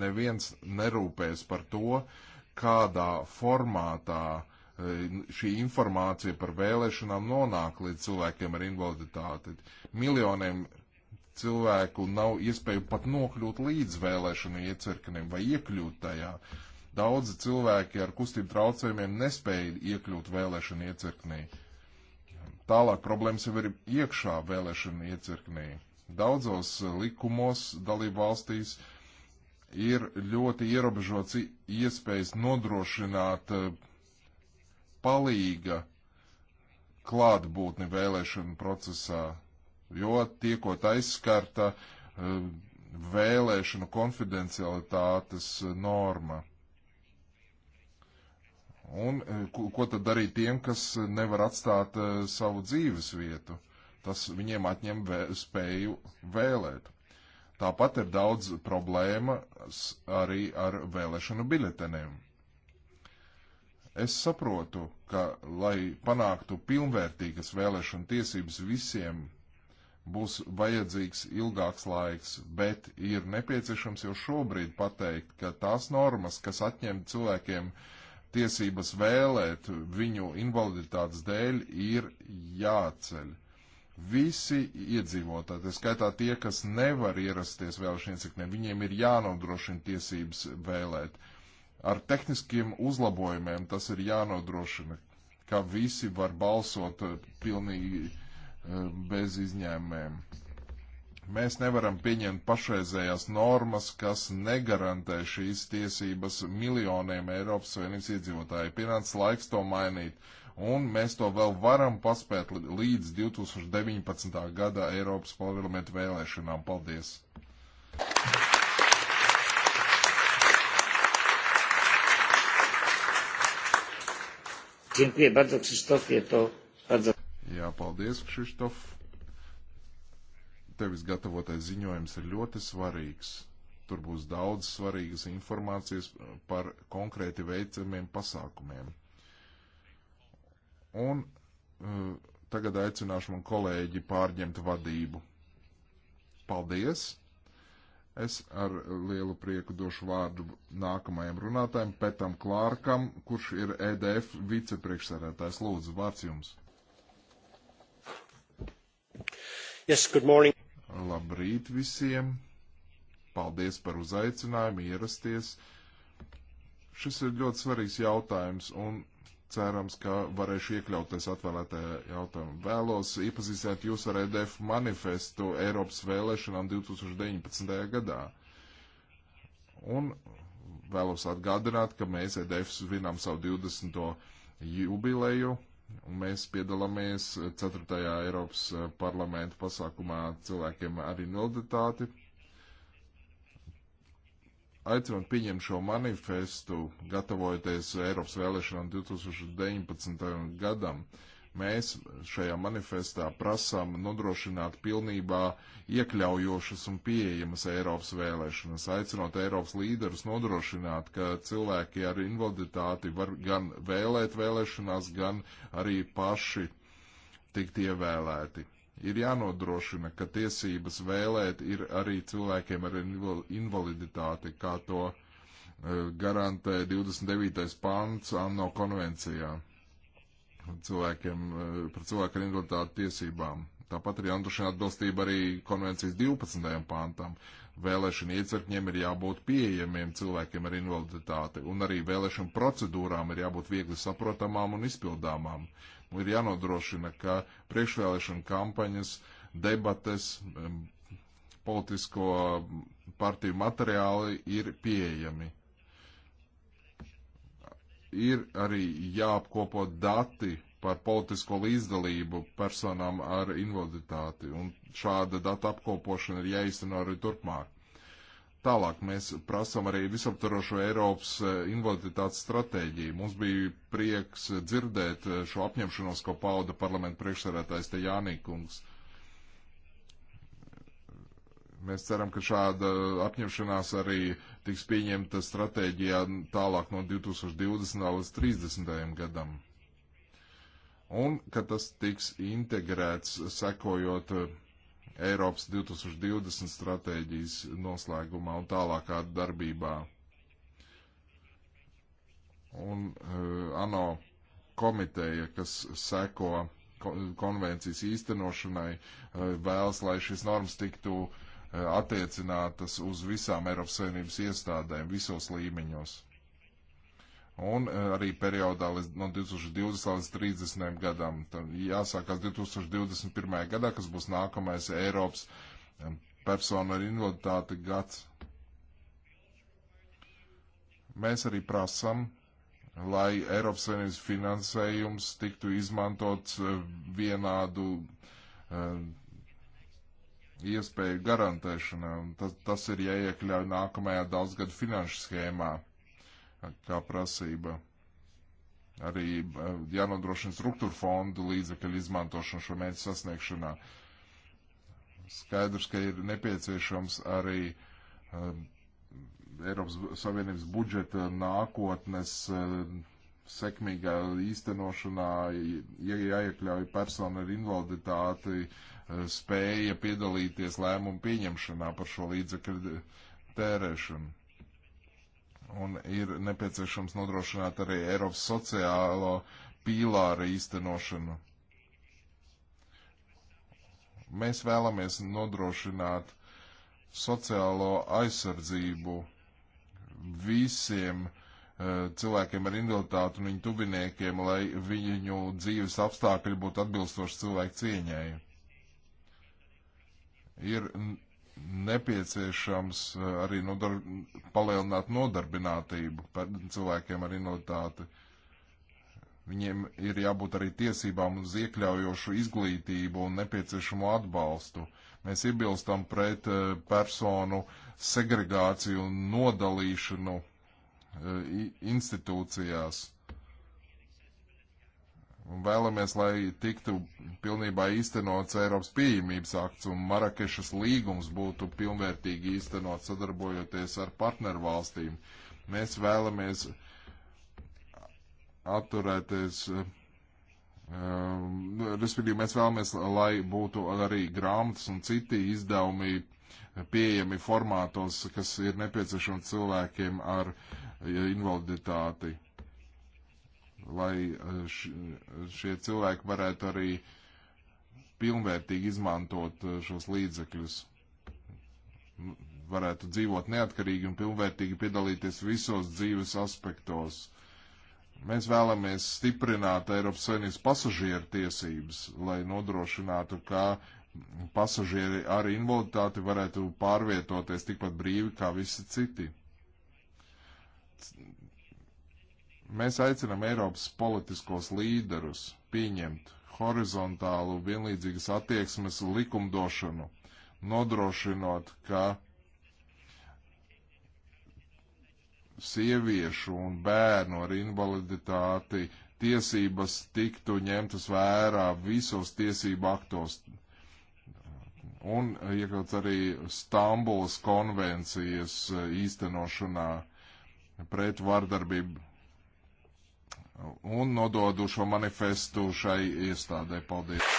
neviens nerūpēs par to, kādā formātā e, šī informācija par vēlēšanām nonāk līdz cilvēkiem ar invaliditāti. Miljoniem cilvēku nav iespēju pat nokļūt līdz vēlēšanu iecirknim vai iekļūt tajā. Daudzi cilvēki ar kustību traucējumiem nespēja iekļūt vēlēšanu iecirknī. Tālāk problēmas jau ir iekšā vēlēšanu iecirknī. Daudzos likumos dalību valstīs ir ļoti ierobežots iespējas nodrošināt eh, palīga klātbūtni vēlēšanu procesā jo tiekot aizskarta eh, vēlēšanu konfidencialitātes eh, norma. Un eh, ko, ko tad darīt tiem, kas nevar atstāt savu dzīves vietu? Tas viņiem atņem vē, spēju vēlēt. Tāpat ir daudz problēmas arī ar vēlēšanu biļetenēm. Es saprotu, ka, lai panāktu pilnvērtīgas vēlēšana tiesības visiem būs vajadzīgs ilgāks laiks, bet ir nepieciešams jau šobrīd pateikt, ka tās normas, kas atņem cilvēkiem tiesības vēlēt viņu invaliditātes dēļ, ir jāceļ. Visi iedzīvotāji, tā skaitā tie, kas nevar ierasties vēlēšana ieciknē, viņiem ir jānodrošina tiesības vēlēt. Ar tehniskiem uzlabojumiem tas ir jānodrošina, ka visi var balsot pilnīgi Eh, bez izņēmēm. Mēs nevaram pieņemt pašreizējās normas, kas negarantē šīs tiesības miljoniem Eiropas Savienības iedzīvotāju. Pienācis laiks to mainīt, un mēs to vēl varam paspēt līdz 2019. gada Eiropas parlamentu vēlēšanām. Paldies! Dziękuję bardzo Krzysztofie, to bardzo... Jā, paldies, Kšištof. Tevis gatavotais ziņojums ir ļoti svarīgs. Tur būs daudz svarīgas informācijas par konkrēti veicamiem pasākumiem. Un uh, tagad aicināšu man kolēģi pārņemt vadību. Paldies! Es ar lielu prieku došu vārdu nākamajam runātājam, Petam Klārkam, kurš ir EDF vicepriekšsēdētājs. Lūdzu, vārds jums! Yes, good morning. Labrīt visiem. Paldies par uzaicinājumu ierasties. Šis ir ļoti svarīgs jautājums un cerams, ka varēšu iekļauties atvēlētajā jautājumā. Vēlos iepazīstināt jūs ar EDF manifestu Eiropas vēlēšanām 2019. gadā. Un vēlos atgādināt, ka mēs EDF svinām savu 20. jubileju Un mēs piedalāmies 4. Eiropas eh, parlamenta pasākumā cilvēkiem ar invaliditāti. Aicinot pieņemt šo manifestu, gatavojoties Eiropas vēlēšanām 2019. gadam, uh, Mēs šajā manifestā prasām nodrošināt pilnībā iekļaujošas un pieejamas Eiropas vēlēšanas, aicinot Eiropas līderus nodrošināt, ka cilvēki ar invaliditāti var gan vēlēt vēlēšanās, gan arī paši tikt ievēlēti. Ir jānodrošina, ka tiesības vēlēt ir arī cilvēkiem ar invaliditāti, kā to eh, garantē 29. pants ANO konvencijā cilvēkiem, eh, par cilvēku ar invaliditāti tiesībām. Tāpat ir jānodrošina atbilstība arī konvencijas 12. pāntam. Vēlēšana iecirkņiem ir jābūt pieejamiem cilvēkiem ar invaliditāti, un arī vēlēšana procedūrām ir jābūt viegli saprotamām un izpildāmām. Nu, ir jānodrošina, ka priekšvēlēšana kampaņas, debates, politisko partiju materiāli ir pieejami ir arī jāapkopo dati par politisko līdzdalību personām ar invaliditāti, un šāda data apkopošana ir jāizteno arī turpmāk. Tālāk mēs prasām arī visaptvarošo Eiropas e, invaliditātes stratēģiju. Mums bija prieks dzirdēt e, šo apņemšanos, ko pauda parlamenta priekšsarētājs te Jānīkungs. Mēs ceram, ka šāda apņemšanās arī uh, tiks pieņemta stratēģijā tālāk no 2020. līdz 30. gadam. Un ka tas tiks integrēts sekojot eh, Eiropas 2020 stratēģijas noslēgumā un tālākā darbībā. Un uh, ANO komiteja, kas seko konvencijas īstenošanai, uh, vēlas, lai šis normas tiktu uh, Eh, attiecinātas uz visām Eiropas Savienības iestādēm visos līmeņos. Un eh, arī periodā līdz, no 2020 līdz 30 gadam. Tad jāsākās 2021. gadā, kas būs nākamais Eiropas eh, personu ar invaliditāti gads. Mēs arī prasam, lai Eiropas Savienības finansējums tiktu izmantots vienādu uh, iespēju garantēšana. Tas, tas ir jāiekļauj nākamajā daudzgadu finanšu schēmā kā prasība. Arī eh, jānodrošina struktūra fondu līdzekļu izmantošanu šo mērķu sasniegšanā. Skaidrs, ka ir nepieciešams arī um, Eiropas Savienības budžeta nākotnes um, sekmīgā īstenošanā ja jāiekļauj persona ar invaliditāti, eh, spēja piedalīties lēmumu pieņemšanā par šo līdzekļu tērēšanu. Un ir nepieciešams nodrošināt arī Eiropas sociālo pīlāra īstenošanu. Mēs vēlamies nodrošināt sociālo aizsardzību visiem uh, Eh, cilvēkiem ar invaliditāti un viņu tuviniekiem, lai viņu dzīves apstākļi būtu atbilstoši cilvēku cieņai. Ir nepieciešams eh, arī nodar palielināt nodarbinātību par cilvēkiem ar invaliditāti. Viņiem ir jābūt arī tiesībām uz iekļaujošu izglītību un nepieciešamo atbalstu. Mēs iebilstam pret eh, personu segregāciju un nodalīšanu E, institūcijās. Un vēlamies, lai tiktu pilnībā īstenots Eiropas pieejamības akts un Marakešas līgums būtu pilnvērtīgi īstenot sadarbojoties ar partnervalstīm. Mēs vēlamies atturēties, um, respektīvi mēs vēlamies, lai būtu arī grāmatas un citi izdevumi pieejami formātos, kas ir nepieciešami cilvēkiem ar uh, invaliditāti, lai eh, šie cilvēki varētu arī pilnvērtīgi izmantot eh, šos līdzekļus, nu, varētu dzīvot neatkarīgi un pilnvērtīgi piedalīties visos dzīves aspektos. Mēs vēlamies stiprināt Eiropas Savienības pasažieru tiesības, lai nodrošinātu, ka pasažieri ar invaliditāti varētu pārvietoties tikpat brīvi kā visi citi. Mēs aicinām Eiropas politiskos līderus pieņemt horizontālu vienlīdzīgas attieksmes likumdošanu, nodrošinot, ka sieviešu un bērnu ar invaliditāti tiesības tiktu ņemtas vērā visos tiesību aktos. Un iekļauts arī Stambulas konvencijas īstenošanā pret vardarbību un nododu šo manifestu šai iestādē. Paldies!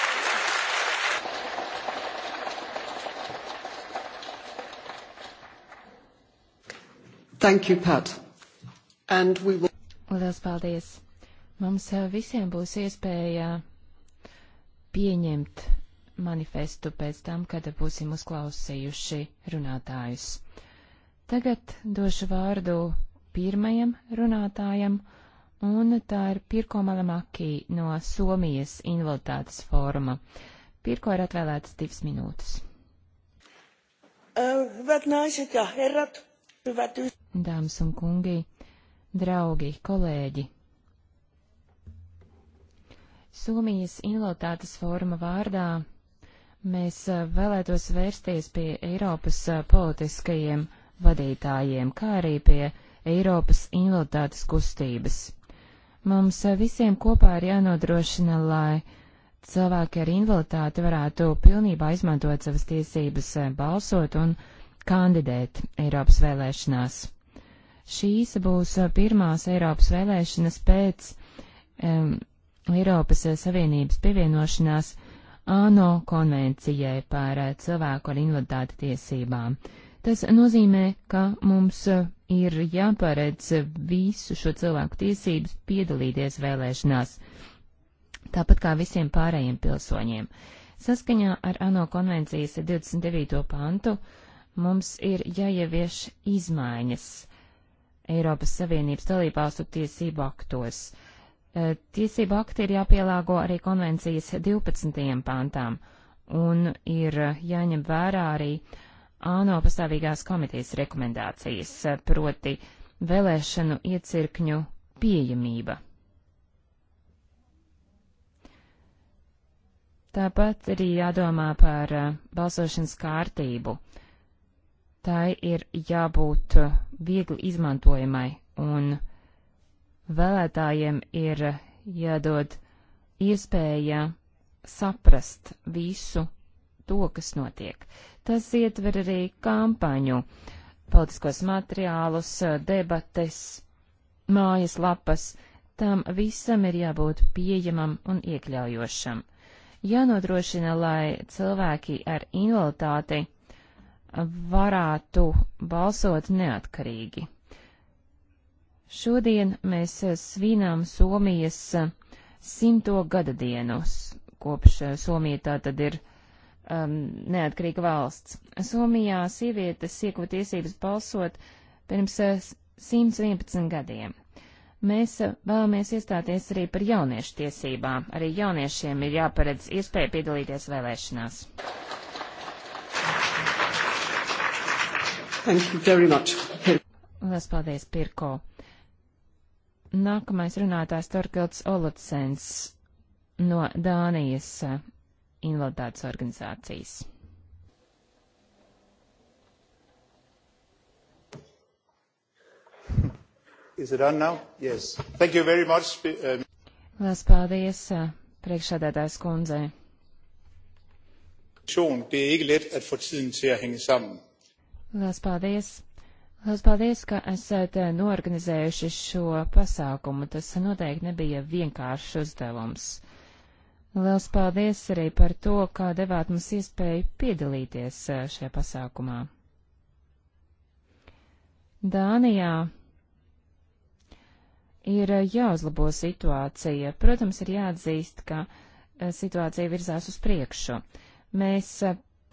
Thank you, Pat. And we will... Lielas paldies! Mums visiem būs iespēja pieņemt manifestu pēc tam, kad būsim uzklausījuši runātājus. Tagad došu vārdu pirmajam runātājam, un tā ir Pirko Malamaki no Somijas invaliditātes fóruma. Pirko ir atvēlētas divas minūtes. Dāmas un kungi, draugi, kolēģi! Somijas invaliditātes fóruma vārdā mēs vēlētos vērsties pie Eiropas politiskajiem vadītājiem, kā arī pie Eiropas invaliditātes kustības. Mums visiem kopā ir jānodrošina, lai cilvēki ar invaliditāti varētu pilnībā izmantot savas tiesības eh, balsot un kandidēt Eiropas vēlēšanās. Šīs būs pirmās Eiropas vēlēšanas pēc um, Eiropas Savienības pievienošanās ANO konvencijai par eh, cilvēku ar invaliditāti tiesībām. Uh, Tas nozīmē, ka mums uh, ir jāparedz uh, visu šo cilvēku tiesības piedalīties vēlēšanās, tāpat kā visiem pārējiem pilsoņiem. Saskaņā ar ANO konvencijas 29. pantu mums ir jāievieš izmaiņas Eiropas Savienības dalībvalstu tiesību aktos. Uh, tiesību akti ir jāpielāgo arī konvencijas 12. pantām, un ir jāņem vērā arī uh, ANO pastāvīgās komitejas rekomendācijas, proti vēlēšanu iecirkņu pieejamība. Tāpat arī jādomā par uh, balsošanas kārtību. Tai ir jābūt uh, viegli izmantojamai, un vēlētājiem ir uh, jādod iespēja saprast visu to, kas notiek. Tas ietver arī kampaņu, politiskos materiālus, debates, mājas lapas. Tam visam ir jābūt pieejamam un iekļaujošam. Jānodrošina, lai cilvēki ar invaliditāti varētu balsot neatkarīgi. Šodien mēs svinām Somijas simto gada dienus, kopš Somija tā tad ir um, neatkarīga valsts. Somijā sievietes iekva tiesības balsot pirms 111 uh, gadiem. Mēs uh, vēlamies iestāties arī par jauniešu tiesībām. Arī jauniešiem ir jāparedz iespēja piedalīties vēlēšanās. Thank you very much. Lielas paldies, Pirko. Nākamais runātājs Torkilds Olutsens no Dānijas invaliditātes organizācijas. Is it on now? Yes. Thank you very much. Um, Lielas paldies uh, priekšsēdētājs kundzei. Det er ikke let at få tiden til at hænge sammen. Lielas paldies. Lielas paldies, ka esat uh, norganizējuši šo pasākumu. Tas noteikti nebija vienkāršs uzdevums. Liels paldies arī par to, kā devāt mums iespēju piedalīties šajā pasākumā. Dānijā ir jāuzlabo situācija. Protams, ir jāatzīst, ka situācija virzās uz priekšu. Mēs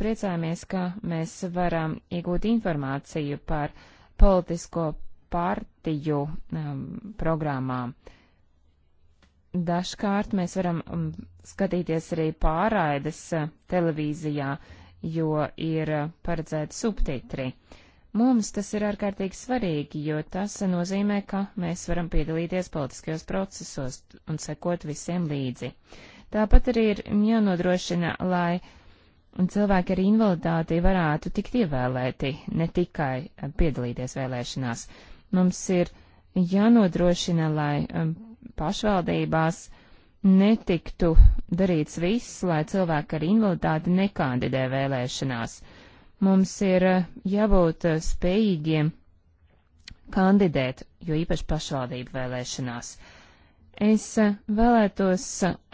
priecājamies, ka mēs varam iegūt informāciju par politisko partiju um, programmām. Uh, dažkārt mēs varam um, skatīties arī pārraides uh, televīzijā, jo ir uh, paredzēti subtitri. Mums tas ir ārkārtīgi svarīgi, jo tas nozīmē, ka mēs varam piedalīties politiskajos procesos un sekot visiem līdzi. Tāpat arī ir jānodrošina, lai cilvēki ar invaliditāti varētu tikt ievēlēti, ne tikai uh, piedalīties vēlēšanās. Mums ir jānodrošina, lai um, pašvaldībās netiktu darīts viss, lai cilvēki ar invaliditāti nekandidē vēlēšanās. Mums ir eh, jābūt eh, spējīgiem kandidēt, jo īpaši pašvaldību vēlēšanās. Es eh, vēlētos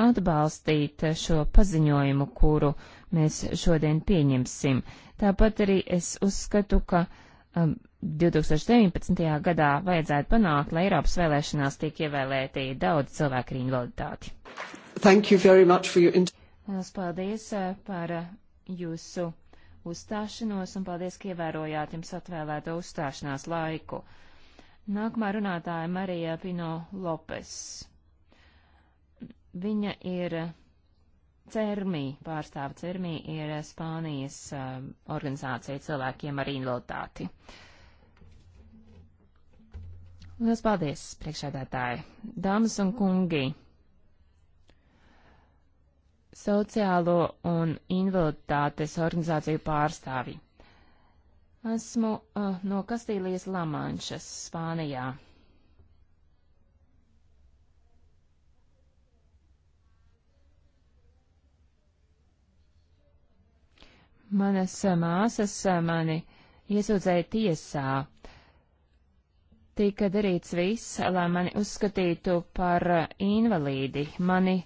atbalstīt šo paziņojumu, kuru mēs šodien pieņemsim. Tāpat arī es uzskatu, ka um, 2019. gadā vajadzētu panākt, lai Eiropas vēlēšanās tiek ievēlēti daudz cilvēku ar invaliditāti. Your... Lielas paldies eh, par eh, jūsu uzstāšanos un paldies, ka ievērojāt jums atvēlēto uzstāšanās laiku. Nākamā runātāja Marija Pino Lopes. Viņa ir eh, CERMI, pārstāv CERMI ir Spānijas um, organizācija cilvēkiem ar invaliditāti. Uh, Lielas paldies, priekšādātāji! Dāmas un kungi! Sociālo un invaliditātes organizāciju pārstāvi. Esmu uh, no Kastīlijas Lamanšas, Spānijā. Manas uh, māsas uh, mani iesūdzēja tiesā tika darīts viss, lai mani uzskatītu par eh, invalīdi. Mani eh,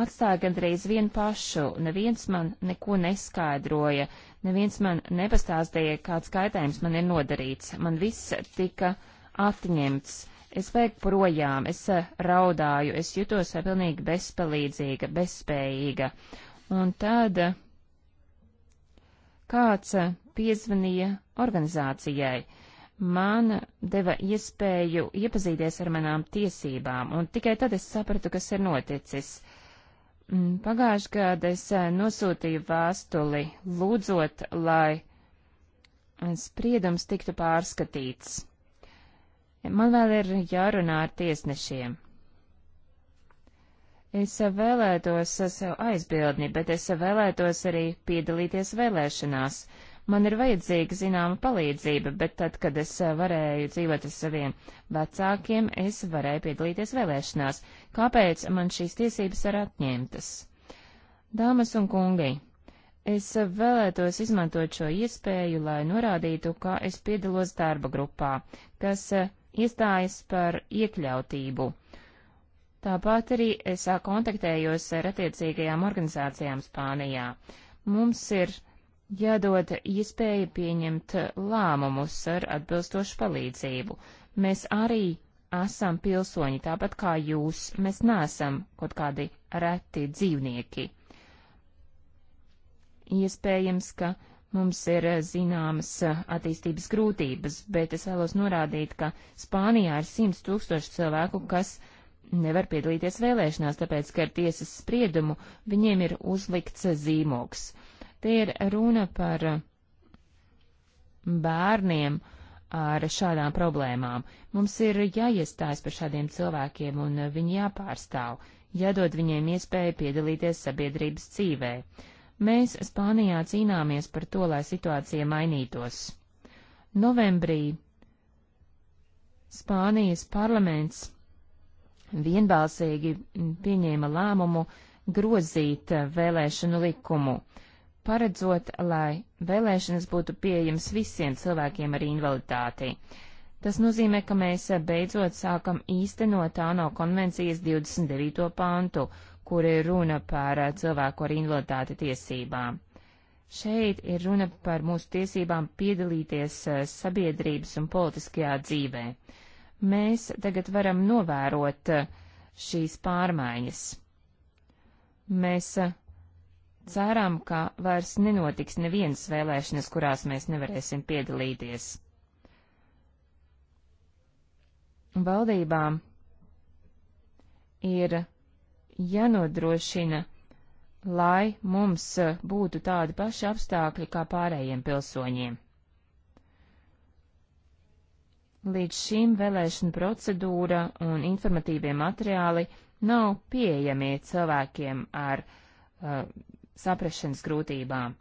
atstāja gandrīz vienu pašu, neviens man neko neskaidroja, neviens man nepastāstīja, kāds kaitējums man ir nodarīts. Man viss tika atņemts. Es vajag projām, es eh, raudāju, es jutos pilnīgi bezpalīdzīga, bezspējīga. Un tad kāds piezvanīja organizācijai man deva iespēju iepazīties ar manām tiesībām, un tikai tad es sapratu, kas ir noticis. Mm, pagājuši gadu es eh, nosūtīju vēstuli, lūdzot, lai eh, spriedums tiktu pārskatīts. Man vēl ir jārunā ar tiesnešiem. Es eh, vēlētos sev aizbildni, bet es vēlētos arī piedalīties vēlēšanās man ir vajadzīga zināma palīdzība, bet tad, kad es eh, varēju dzīvot ar saviem vecākiem, es varēju piedalīties vēlēšanās. Kāpēc man šīs tiesības ir atņemtas? Dāmas un kungi, es eh, vēlētos izmantot šo iespēju, lai norādītu, ka es piedalos darba grupā, kas eh, iestājas par iekļautību. Tāpat arī es kontaktējos ar attiecīgajām organizācijām Spānijā. Mums ir jādod iespēja pieņemt lēmumus ar atbilstošu palīdzību. Mēs arī esam pilsoņi, tāpat kā jūs, mēs neesam kaut kādi reti dzīvnieki. Iespējams, ka mums ir zināmas attīstības grūtības, bet es vēlos norādīt, ka Spānijā ir 100 tūkstoši cilvēku, kas nevar piedalīties vēlēšanās, tāpēc, ka ar tiesas spriedumu viņiem ir uzlikts zīmoks. Uh, Tie ir runa par bērniem ar šādām problēmām. Mums ir jāiestājas par šādiem cilvēkiem un viņi jāpārstāv, jādod viņiem iespēju piedalīties sabiedrības dzīvē. Mēs Spānijā cīnāmies par to, lai situācija mainītos. Novembrī Spānijas parlaments vienbalsīgi pieņēma lēmumu grozīt vēlēšanu likumu paredzot, lai vēlēšanas būtu pieejamas visiem cilvēkiem ar invaliditāti. Tas nozīmē, ka mēs eh, beidzot sākam īstenot ANO konvencijas 29. pantu, kur ir runa par eh, cilvēku ar invaliditāti tiesībām. Šeit ir runa par mūsu tiesībām piedalīties eh, sabiedrības un politiskajā dzīvē. Mēs tagad varam novērot šīs pārmaiņas. Mēs ceram, ka vairs nenotiks nevienas vēlēšanas, kurās mēs nevarēsim piedalīties. Valdībām ir jānodrošina, lai mums būtu tādi paši apstākļi kā pārējiem pilsoņiem. Līdz šim vēlēšana procedūra un informatīvie materiāli nav pieejami cilvēkiem ar uh, saprašanas grūtībām,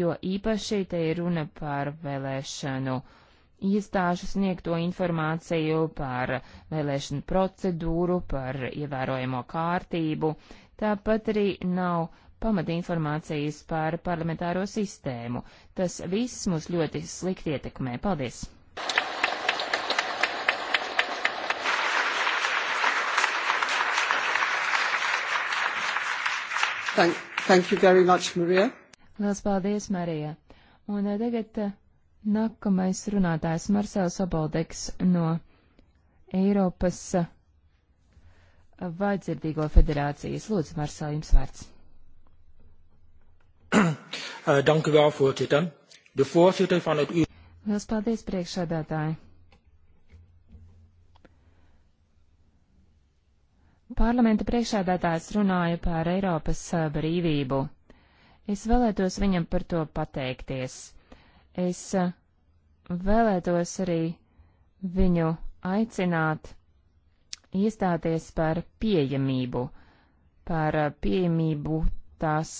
jo īpaši te ir runa par vēlēšanu iestāžu sniegto informāciju, par vēlēšanu procedūru, par ievērojamo kārtību, tāpat arī nav pamata informācijas par parlamentāro sistēmu. Tas viss mūs ļoti slikti ietekmē. Paldies! Thank, Thank you very much, Marija. Lielas paldies, Marija. Un eh, tagad eh, nākamais runātājs Marsēls Obaldeks no Eiropas eh, Vaidsirdīgo federācijas. Lūdzu, Marsēl, jums vārds. Dank u wel, voorzitter. De voorzitter van het U. Lielas paldies, priekšsādātāji. parlamenta priekšādātājs runāja par Eiropas eh, brīvību. Es vēlētos viņam par to pateikties. Es eh, vēlētos arī viņu aicināt iestāties par pieejamību, par eh, pieejamību tās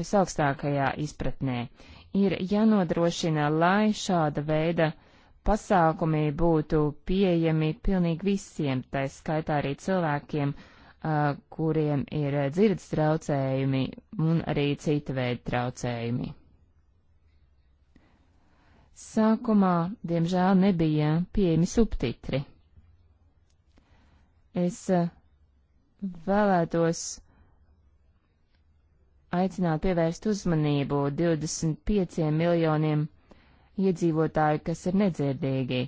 visaugstākajā izpratnē. Ir jānodrošina, lai šāda veida pasākumi būtu pieejami pilnīgi visiem, tā skaitā arī cilvēkiem, kuriem ir dzirdes traucējumi un arī cita veida traucējumi. Sākumā, diemžēl, nebija pieejami subtitri. Es vēlētos aicināt pievērst uzmanību 25 miljoniem iedzīvotāju, kas ir nedzirdīgi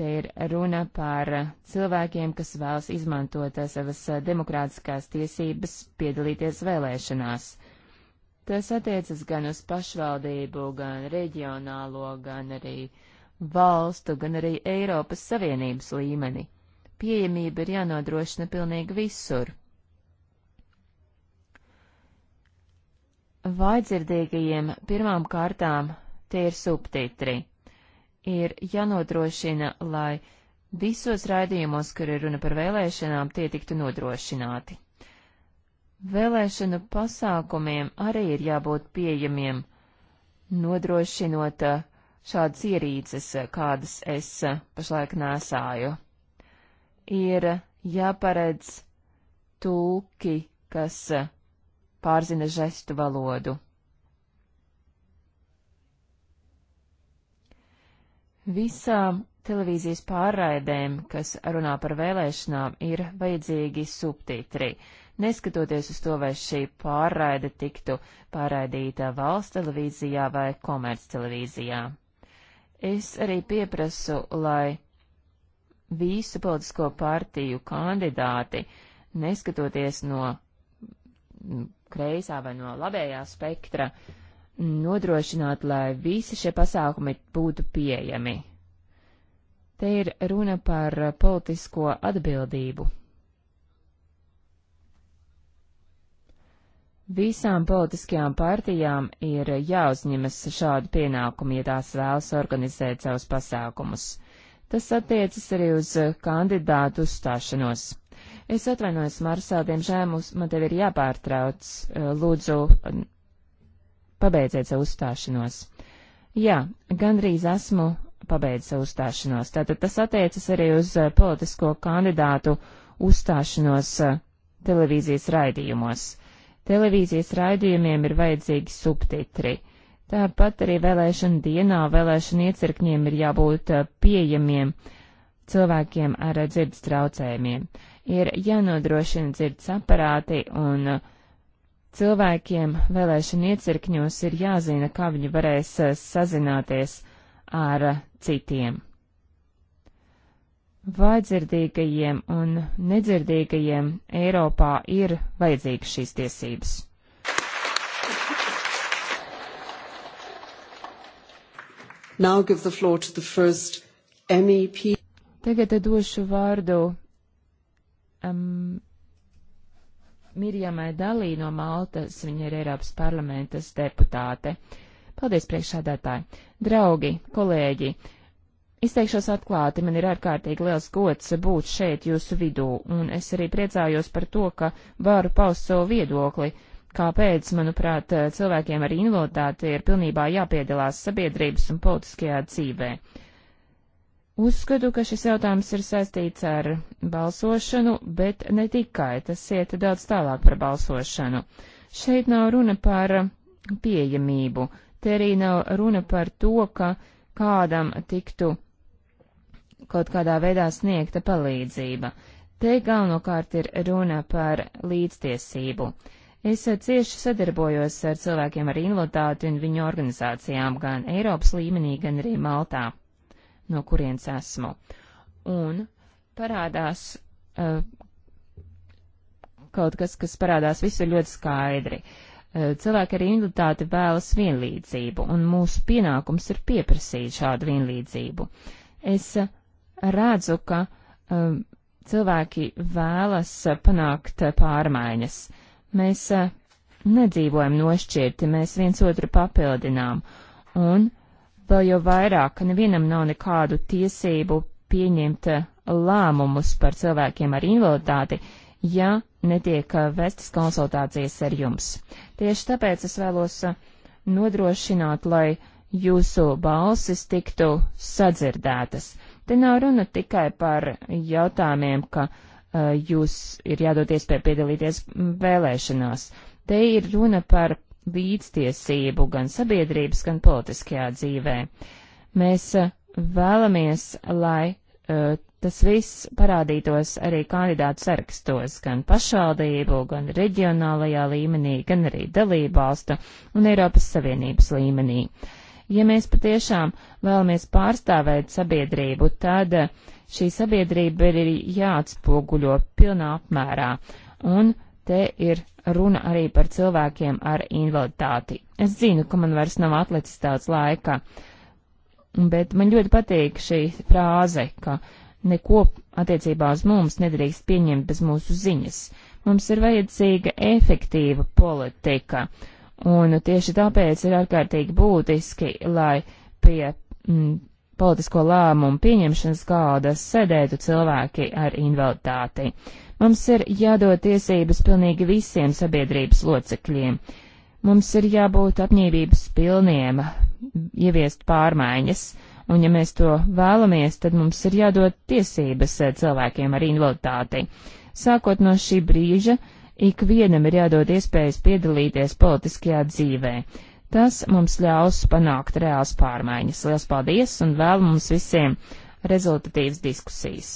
Te ir runa par cilvēkiem, kas vēlas izmantot savas demokrātiskās tiesības piedalīties vēlēšanās. Tas attiecas gan uz pašvaldību, gan reģionālo, gan arī valstu, gan arī Eiropas Savienības līmeni. Pieejamība ir jānodrošina pilnīgi visur. Vaidzirdīgajiem pirmām kārtām tie ir subtitri ir jānodrošina, lai visos raidījumos, kur ir runa par vēlēšanām, tie tiktu nodrošināti. Vēlēšanu pasākumiem arī ir jābūt pieejamiem, nodrošinot uh, šādas ierīces, uh, kādas es uh, pašlaik nesāju. Ir jāparedz tulki, kas pārzina žestu valodu. Visām televīzijas pārraidēm, kas runā par vēlēšanām, ir vajadzīgi subtitri. Neskatoties uz to, vai šī pārraide tiktu pārraidīta valsts televīzijā vai komerc televīzijā. Es arī pieprasu, lai visu politisko partiju kandidāti, neskatoties no kreisā vai no labējā spektra, uh, nodrošināt, lai visi šie pasākumi būtu pieejami. Te ir runa par politisko atbildību. Visām politiskajām partijām ir jāuzņemas šādu pienākumu, ja tās vēlas organizēt savus pasākumus. Tas attiecas arī uz kandidātu uzstāšanos. Es atvainojos, Marsā, diemžēl mums man tev ir jāpārtrauc. Lūdzu, pabeidziet savu uzstāšanos. Jā, gandrīz esmu pabeidzis savu uzstāšanos. Tātad tas attiecas arī uz eh, politisko kandidātu uzstāšanos eh, televīzijas raidījumos. Televīzijas raidījumiem ir vajadzīgi subtitri. Tāpat arī vēlēšana dienā vēlēšana iecirkņiem ir jābūt eh, pieejamiem cilvēkiem ar dzirdes traucējumiem. Ir jānodrošina dzirdes aparāti un uh, Cilvēkiem vēlēšana iecirkņos ir jāzina, kā viņi varēs eh, sazināties ar citiem. Vājdzirdīgajiem un nedzirdīgajiem Eiropā ir vajadzīgas šīs tiesības. Now give the floor to the first MEP. Tagad došu vārdu um, Mirjamai Dalī no Maltas, viņa ir Eiropas parlamentas deputāte. Paldies, priekšādātāji! Draugi, kolēģi! Izteikšos atklāti, man ir ārkārtīgi liels gods būt šeit jūsu vidū, un es arī priecājos par to, ka varu paust savu viedokli, kāpēc, manuprāt, cilvēkiem ar invaliditāti ir pilnībā jāpiedalās sabiedrības un politiskajā dzīvē. Uzskatu, ka šis jautājums ir saistīts ar balsošanu, bet ne tikai, tas iet daudz tālāk par balsošanu. Šeit nav runa par pieejamību, te arī nav runa par to, ka kādam tiktu kaut kādā veidā sniegta palīdzība. Te galvenokārt ir runa par līdztiesību. Es cieši sadarbojos ar cilvēkiem ar invaliditāti un viņu organizācijām gan Eiropas līmenī, gan arī Maltā no kurienes esmu. Un parādās uh, kaut kas, kas parādās visur ļoti skaidri. Uh, cilvēki ar invaliditāti vēlas vienlīdzību, un mūsu pienākums ir pieprasīt šādu vienlīdzību. Es uh, redzu, ka cilvēki vēlas panākt pārmaiņas. Mēs nedzīvojam nošķirti, mēs viens otru papildinām, un Vēl jau vairāk, ka nevienam nav nekādu tiesību pieņemt eh, lēmumus par cilvēkiem ar invaliditāti, ja netiek eh, vestas konsultācijas ar jums. Tieši tāpēc es vēlos eh, nodrošināt, lai jūsu balsis tiktu sadzirdētas. Te nav runa tikai par jautājumiem, ka uh, jūs ir jādod iespēja piedalīties vēlēšanās. Te ir runa par līdztiesību gan sabiedrības, gan politiskajā dzīvē. Mēs eh, vēlamies, lai uh, tas viss parādītos arī kandidātu sarakstos gan pašvaldību, gan reģionālajā līmenī, gan arī dalībvalstu un Eiropas Savienības līmenī. Ja mēs patiešām vēlamies pārstāvēt sabiedrību, tad eh, šī sabiedrība ir jāatspoguļo pilnā apmērā, un te ir runa arī par cilvēkiem ar invaliditāti. Es zinu, ka man vairs nav atlicis daudz laika, bet man ļoti patīk šī frāze, ka neko attiecībā uz mums nedrīkst pieņemt bez mūsu ziņas. Mums ir vajadzīga efektīva politika, un tieši tāpēc ir ārkārtīgi būtiski, lai pie m, mm, politisko lēmumu pieņemšanas galda sēdētu cilvēki ar invaliditāti. Mums ir jādod tiesības pilnīgi visiem sabiedrības locekļiem. Mums ir jābūt apņēmības pilniem, ieviest pārmaiņas, un ja mēs to vēlamies, tad mums ir jādod tiesības eh, cilvēkiem ar invaliditāti. Sākot no šī brīža, ikvienam ir jādod iespējas piedalīties politiskajā dzīvē Tas mums ļaus panākt reāls pārmaiņas. Lielas paldies un vēl mums visiem rezultatīvas diskusijas.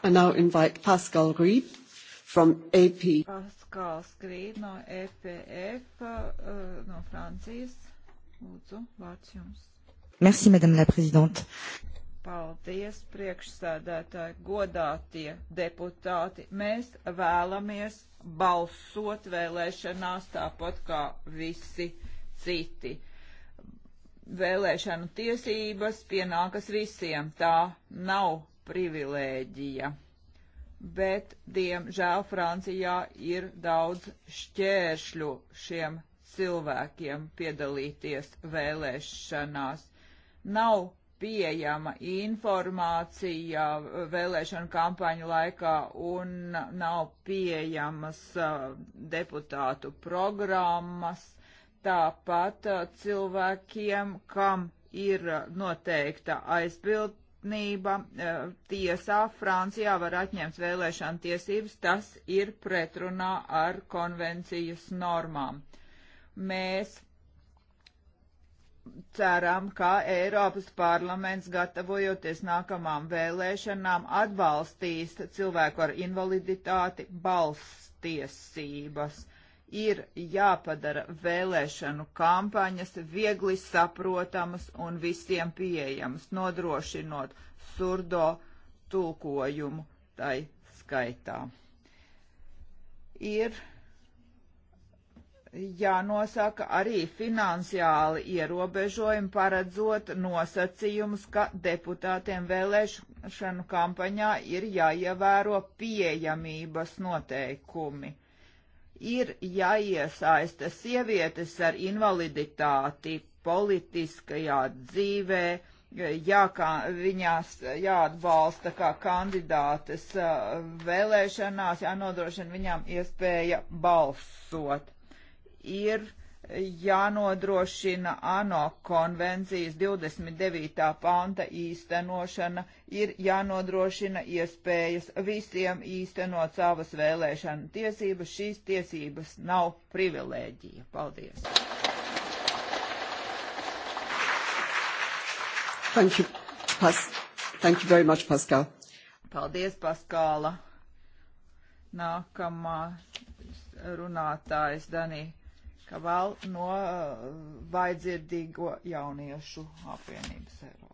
I now invite Pascal Grib from AP. Paskals Grib no EPF uh, no Francijas. Lūdzu, vārds jums. Merci, Madame la Présidente. Paldies, priekšsēdētāji, godātie deputāti. Mēs vēlamies balsot vēlēšanās tāpat kā visi citi. Vēlēšanu tiesības pienākas visiem, tā nav privilēģija. Bet, diemžēl, Francijā ir daudz šķēršļu šiem cilvēkiem piedalīties vēlēšanās. Nav pieejama informācija vēlēšanu kampaņu laikā un nav pieejamas uh, deputātu programmas. Tāpat uh, cilvēkiem, kam ir noteikta aizbildnība, uh, tiesā Francijā var atņemt vēlēšanu tiesības, tas ir pretrunā ar konvencijas normām. Mēs ceram, ka Eiropas parlaments, gatavojoties nākamām vēlēšanām, atbalstīs cilvēku ar invaliditāti balstiesības. Ir jāpadara vēlēšanu kampaņas viegli saprotamas un visiem pieejamas, nodrošinot surdo tulkojumu tai skaitā. Ir jānosaka arī finansiāli ierobežojumi, paredzot nosacījumus, ka deputātiem vēlēšanu kampaņā ir jāievēro pieejamības noteikumi. Ir jāiesaista sievietes ar invaliditāti politiskajā dzīvē, jā, kā, viņās jāatbalsta kā kandidātes uh, vēlēšanās, jānodrošina viņām iespēja balsot ir jānodrošina ANO konvencijas 29. panta īstenošana, ir jānodrošina iespējas visiem īstenot savas vēlēšana tiesības. Šīs tiesības nav privilēģija. Paldies! Thank you, Pas Thank you very much, Pascal. Paldies, Paskāla. Nākamā runātājs Danija ka vēl no eh, vaidzirdīgo jauniešu apvienības Eiropā.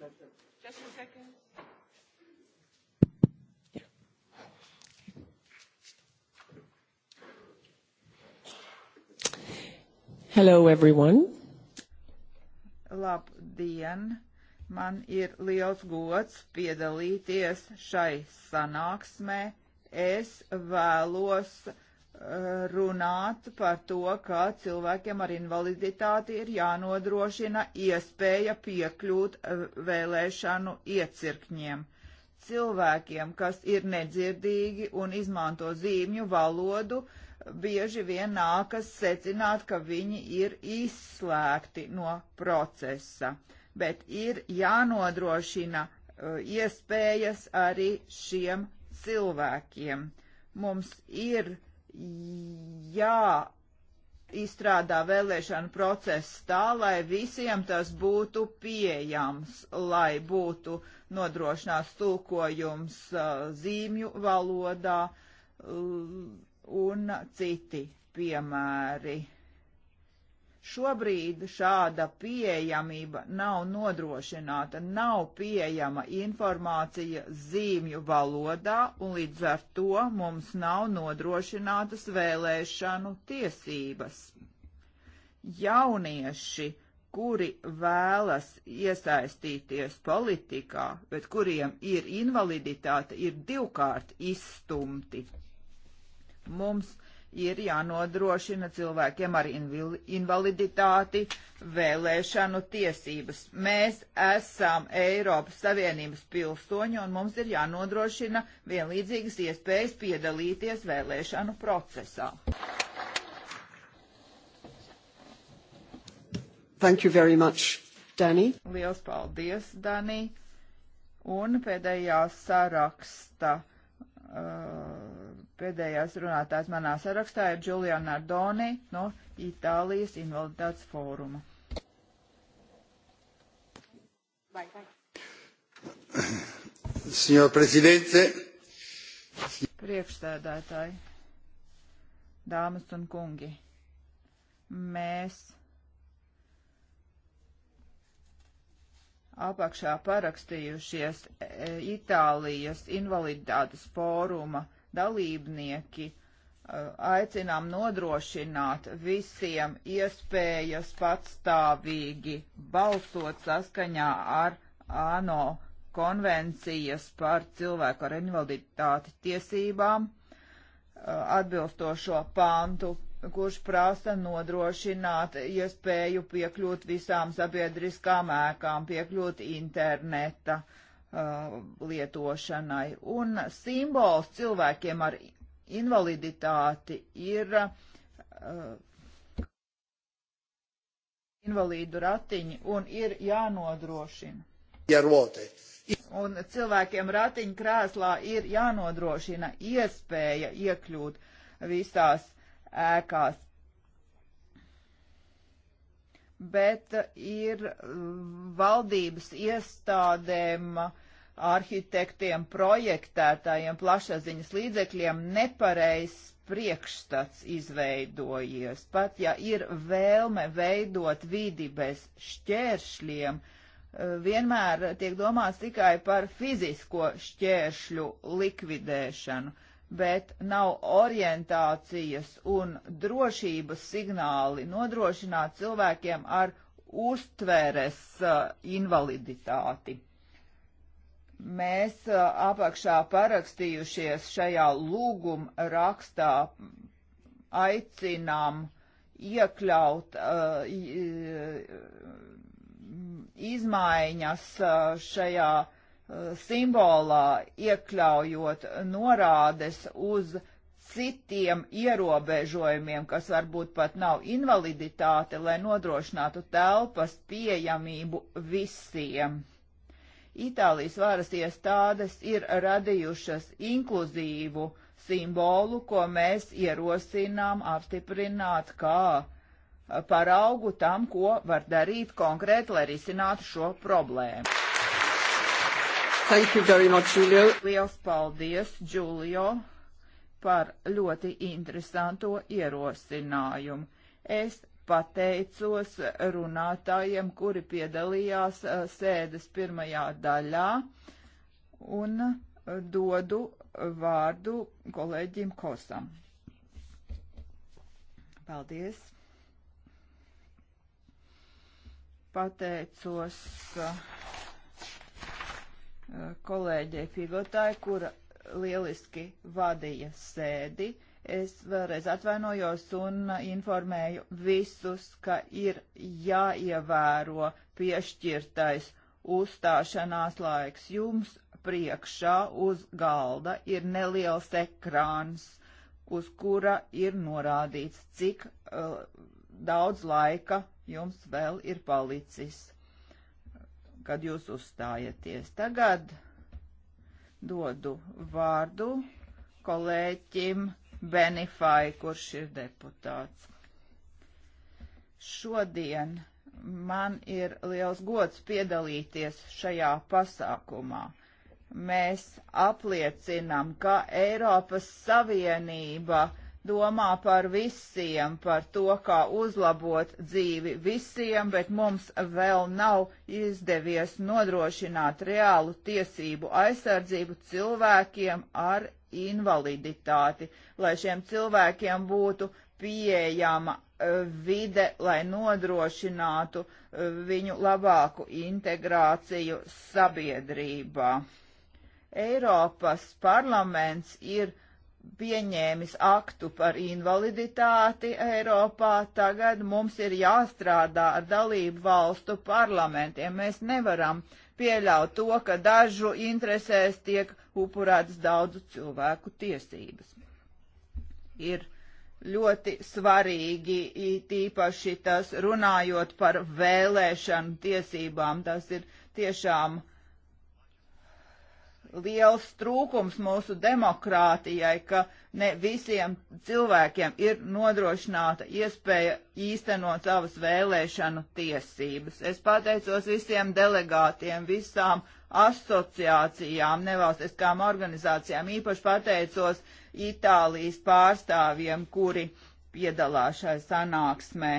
Just a second. Hello, everyone. Labdien! Man ir liels gods piedalīties šai sanāksmē. Es vēlos uh, runāt par to, ka cilvēkiem ar invaliditāti ir jānodrošina iespēja piekļūt uh, vēlēšanu iecirkņiem cilvēkiem, kas ir nedzirdīgi un izmanto zīmju valodu, uh, bieži vien nākas secināt, ka viņi ir izslēgti no procesa, bet ir jānodrošina uh, iespējas arī šiem cilvēkiem. Mums ir jāizstrādā vēlēšana process tā, lai visiem tas būtu pieejams, lai būtu nodrošināts tulkojums uh, zīmju valodā, uh, un citi piemēri. Šobrīd šāda pieejamība nav nodrošināta, nav pieejama informācija zīmju valodā, un līdz ar to mums nav nodrošinātas vēlēšanu tiesības. Jaunieši, kuri vēlas iesaistīties politikā, bet kuriem ir invaliditāte, ir divkārt izstumti Mums ir jānodrošina cilvēkiem ar invaliditāti vēlēšanu tiesības. Mēs esam Eiropas Savienības pilsoņi un mums ir jānodrošina vienlīdzīgas iespējas piedalīties vēlēšanu procesā. Thank you very much, Dani. Liels paldies, Dani. Un pēdējā saraksta. Uh, Pēdējās runātājs manā sarakstā ir Giuliana Ardoni no Itālijas invaliditātes fóruma. Signor Presidente, priekšstādātāji, dāmas un kungi, mēs apakšā parakstījušies e, Itālijas invaliditātes fóruma dalībnieki uh, aicinām nodrošināt visiem iespējas patstāvīgi balsot saskaņā ar ANO konvencijas par cilvēku ar invaliditāti tiesībām uh, atbilstošo pāntu, kurš prasa nodrošināt iespēju piekļūt visām sabiedriskām ēkām, piekļūt interneta uh, Uh, lietošanai. Un simbols cilvēkiem ar invaliditāti ir uh, invalīdu ratiņi un ir jānodrošina. Un cilvēkiem ratiņu krēslā ir jānodrošina iespēja iekļūt visās ēkās bet ir eh, valdības iestādēm, arhitektiem, projektētājiem, plašsaziņas līdzekļiem nepareizs priekšstats izveidojies. Pat ja ir vēlme veidot vidi bez šķēršļiem, eh, vienmēr tiek domāts tikai par fizisko šķēršļu likvidēšanu bet nav orientācijas un drošības signāli nodrošināt cilvēkiem ar uztveres uh, invaliditāti. Mēs uh, apakšā parakstījušies šajā lūguma rakstā aicinām iekļaut uh, uh izmaiņas uh, šajā simbolā iekļaujot norādes uz citiem ierobežojumiem, kas varbūt pat nav invaliditāte, lai nodrošinātu telpas pieejamību visiem. Itālijas varas iestādes ir radījušas inkluzīvu simbolu, ko mēs ierosinām apstiprināt kā paraugu tam, ko var darīt konkrēti, lai risinātu šo problēmu. Thank you very much, Julio. Liels paldies, Julio, par ļoti interesanto ierosinājumu. Es pateicos runātājiem, kuri piedalījās sēdes pirmajā daļā un dodu vārdu kolēģim Kosam. Paldies! Pateicos. Uh, kolēģei Figotai, kura lieliski vadīja sēdi. Es vēlreiz atvainojos un informēju visus, ka ir jāievēro piešķirtais uzstāšanās laiks. Jums priekšā uz galda ir neliels ekrāns, uz kura ir norādīts, cik uh, daudz laika jums vēl ir palicis kad jūs uzstājaties. Tagad dodu vārdu kolēķim Benifai, kurš ir deputāts. Šodien man ir liels gods piedalīties šajā pasākumā. Mēs apliecinam, ka Eiropas Savienība domā par visiem, par to, kā uzlabot dzīvi visiem, bet mums vēl nav izdevies nodrošināt reālu tiesību aizsardzību cilvēkiem ar invaliditāti, lai šiem cilvēkiem būtu pieejama eh, vide, lai nodrošinātu eh, viņu labāku integrāciju sabiedrībā. Eiropas parlaments ir pieņēmis aktu par invaliditāti Eiropā, tagad mums ir jāstrādā ar dalību valstu parlamentiem. Mēs nevaram pieļaut to, ka dažu interesēs tiek upurētas daudzu cilvēku tiesības. Ir ļoti svarīgi, tīpaši tas runājot par vēlēšanu tiesībām, tas ir tiešām liels trūkums mūsu demokrātijai, ka ne visiem cilvēkiem ir nodrošināta iespēja īstenot savas vēlēšanu tiesības. Es pateicos visiem delegātiem, visām asociācijām, nevalstiskām organizācijām, īpaši pateicos Itālijas pārstāvjiem, kuri piedalās šai sanāksmē.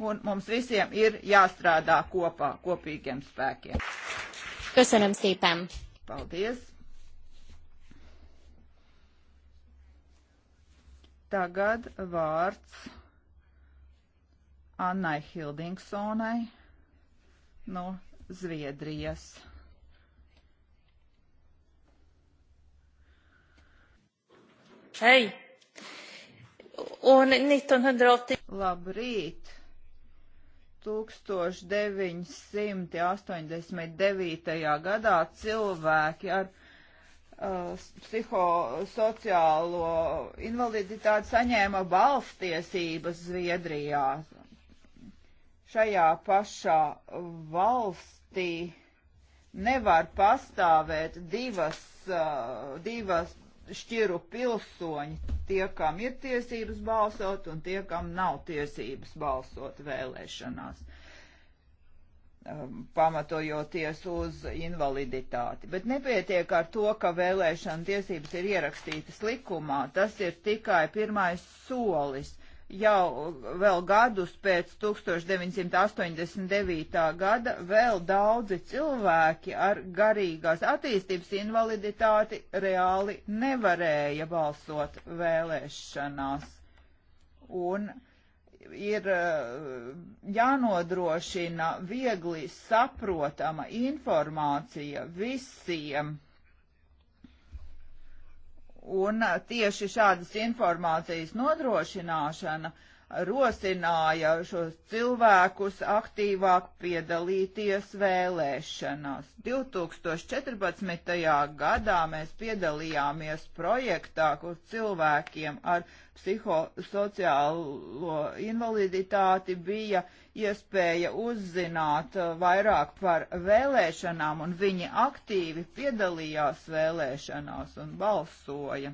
Un mums visiem ir jāstrādā kopā, kopīgiem spēkiem. Köszönöm szépen! Paldies! Tagad vārds Annai Hildingsonai no Zviedrijas. Hei! Un 1980. Labrīt! 1989. gadā cilvēki ar uh, psihosociālo invaliditāti saņēma valstiesības Zviedrijā. Šajā pašā valstī nevar pastāvēt divas, uh, divas šķiru pilsoņi tie, kam ir tiesības balsot, un tie, kam nav tiesības balsot vēlēšanās, um, pamatojoties uz invaliditāti. Bet nepietiek ar to, ka vēlēšana tiesības ir ierakstītas likumā. Tas ir tikai pirmais solis jau vēl gadus pēc 1989. gada vēl daudzi cilvēki ar garīgās attīstības invaliditāti reāli nevarēja balsot vēlēšanās. Un ir eh, jānodrošina viegli saprotama informācija visiem Un tieši šādas informācijas nodrošināšana uh, rosināja šos cilvēkus aktīvāk piedalīties vēlēšanās. 2014. gadā mēs piedalījāmies projektā, kur cilvēkiem ar psihosociālo invaliditāti bija iespēja uzzināt uh, vairāk par vēlēšanām, un viņi aktīvi piedalījās vēlēšanās un balsoja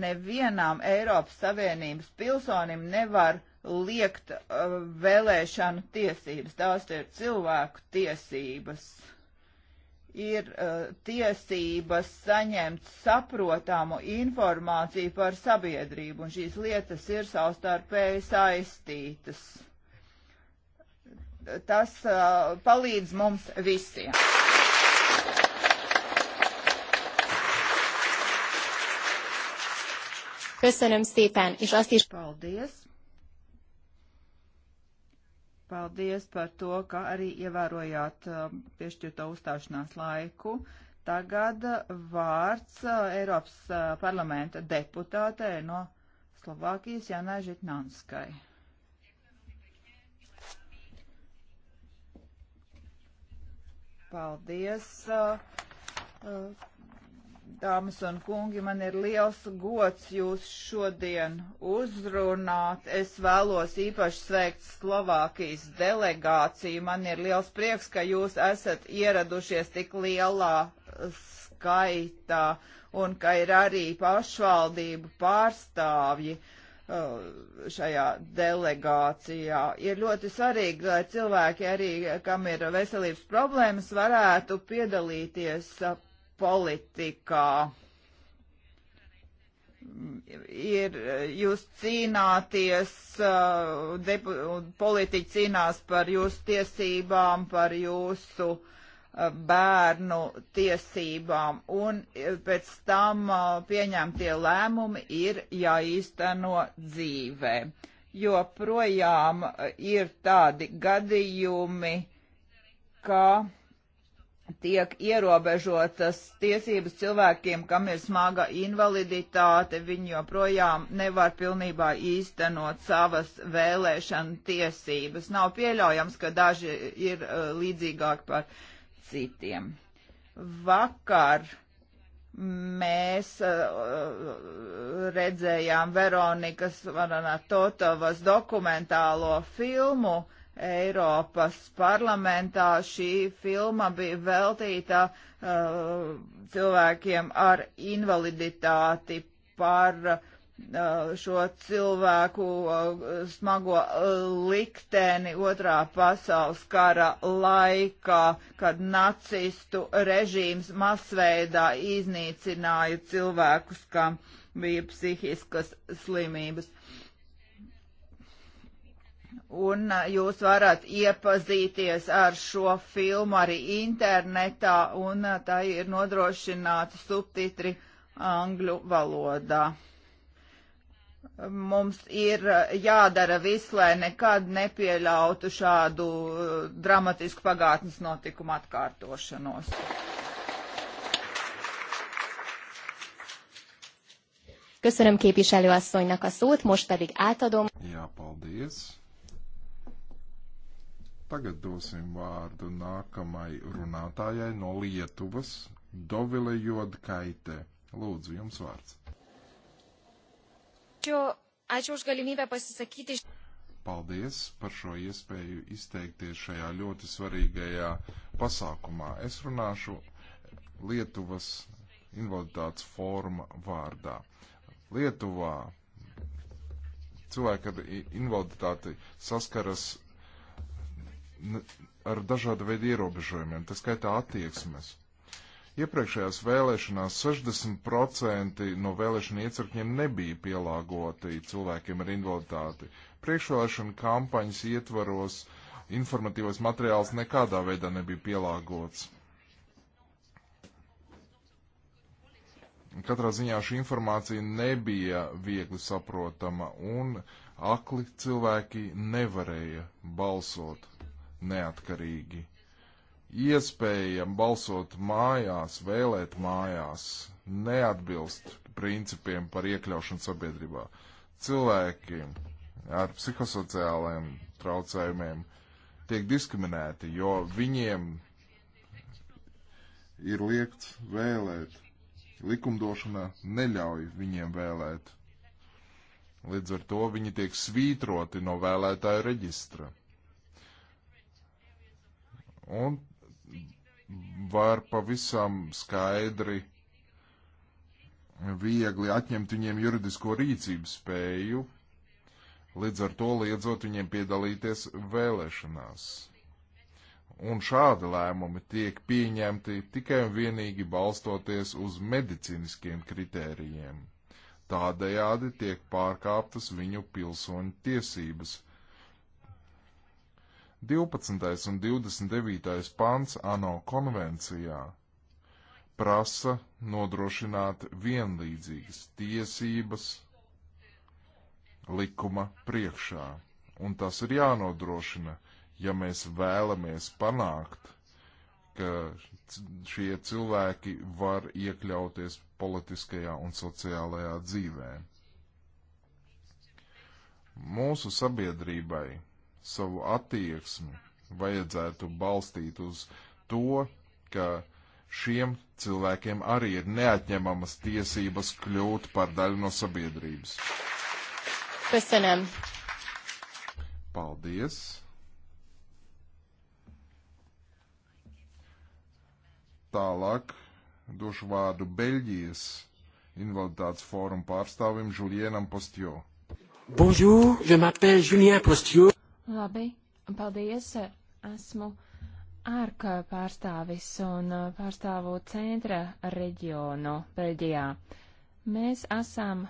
nevienām Eiropas Savienības pilsonim nevar liekt uh, vēlēšanu tiesības. Tās ir cilvēku tiesības. Ir uh, tiesības saņemt saprotamu informāciju par sabiedrību, un šīs lietas ir savstarpēji saistītas. Tas uh, palīdz mums visiem. Köszönöm szépen, és azt is... Paldies! Paldies par to, ka arī ievērojāt piešķirto uh, uzstāšanās laiku. Tagad vārds uh, Eiropas uh, parlamenta deputātē no Slovākijas Janai Žitnanskai. Paldies. Uh, uh, Dāmas un kungi, man ir liels gods jūs šodien uzrunāt. Es vēlos īpaši sveikt Slovākijas delegāciju. Man ir liels prieks, ka jūs esat ieradušies tik lielā skaitā un ka ir arī pašvaldību pārstāvji uh, šajā delegācijā. Ir ļoti svarīgi, lai cilvēki arī, kam ir veselības problēmas, varētu piedalīties uh, politikā ir, jūs cīnāties, uh, depu, politiķi cīnās par jūsu tiesībām, par jūsu uh, bērnu tiesībām, un uh, pēc tam pieņemtie lēmumi ir jāīsteno dzīvē. Jo projām ir tādi gadījumi, ka tiek ierobežotas tiesības cilvēkiem, kam ir smaga invaliditāte, viņi joprojām nevar pilnībā īstenot savas vēlēšana tiesības. Nav pieļaujams, ka daži ir uh, līdzīgāki par citiem. Vakar mēs uh, redzējām Veronikas Varanatovas dokumentālo filmu, uh, Eiropas parlamentā šī filma bija veltīta uh, cilvēkiem ar invaliditāti par uh, šo cilvēku uh, smago likteni otrā pasaules kara laikā, kad nacistu režīms masveidā iznīcināja cilvēkus, kam bija psihiskas slimības. Uh, un jūs varat iepazīties ar šo filmu arī internetā, un tā ir nodrošināta subtitri angļu valodā. Mums ir jādara viss, lai nekad nepieļautu šādu dramatisku pagātnes notikumu atkārtošanos. Köszönöm képviselőasszonynak a szót, most pedig átadom. Ja, paldies. Tagad dosim vārdu nākamai runātājai no Lietuvas, Dovile Jodkaitē. Lūdzu, jums vārds. Ačiū, ačiū už galimybę pasisakyti. Paldies par šo iespēju izteikties šajā ļoti svarīgajā pasākumā. Es runāšu Lietuvas invaliditātes forma vārdā. Lietuvā cilvēki ar invaliditāti saskaras ar dažādu veidu ierobežojumiem, tā skaitā attieksmes. Iepriekšējās vēlēšanās 60% no vēlēšana iecirkņiem nebija pielāgoti cilvēkiem ar invaliditāti. Priekšvēlēšana kampaņas ietvaros informatīvais materiāls nekādā veidā nebija pielāgots. Katrā ziņā šī informācija nebija viegli saprotama un akli cilvēki nevarēja balsot neatkarīgi. Iespējam balsot mājās, vēlēt mājās, neatbilst principiem par iekļaušanu sabiedrībā. Cilvēki ar psihosociālajiem traucējumiem tiek diskriminēti, jo viņiem ir liekts vēlēt. Likumdošana neļauj viņiem vēlēt. Līdz ar to viņi tiek svītroti no vēlētāju reģistra. Un var pavisam skaidri, viegli atņemt viņiem juridisko rīcību spēju, līdz ar to liedzot viņiem piedalīties vēlēšanās. Un šādi lēmumi tiek pieņemti tikai un vienīgi balstoties uz medicīniskiem kritērijiem. Tādējādi tiek pārkāptas viņu pilsoņu tiesības 12. un 29. pants ANO konvencijā prasa nodrošināt vienlīdzīgas tiesības likuma priekšā, un tas ir jānodrošina, ja mēs vēlamies panākt, ka šie cilvēki var iekļauties politiskajā un sociālajā dzīvē. Mūsu sabiedrībai savu attieksmi vajadzētu balstīt uz to, ka šiem cilvēkiem arī ir neatņemamas tiesības kļūt par daļu no sabiedrības. Köszönöm. Paldies. Tālāk došu vārdu Beļģijas invaliditātes fórumu pārstāvim Julienam Postjo. Bonjour, je m'appelle Julien Postjo. Labi, paldies. Esmu ārka pārstāvis un uh, pārstāvu centra reģionu Beļģijā. Mēs esam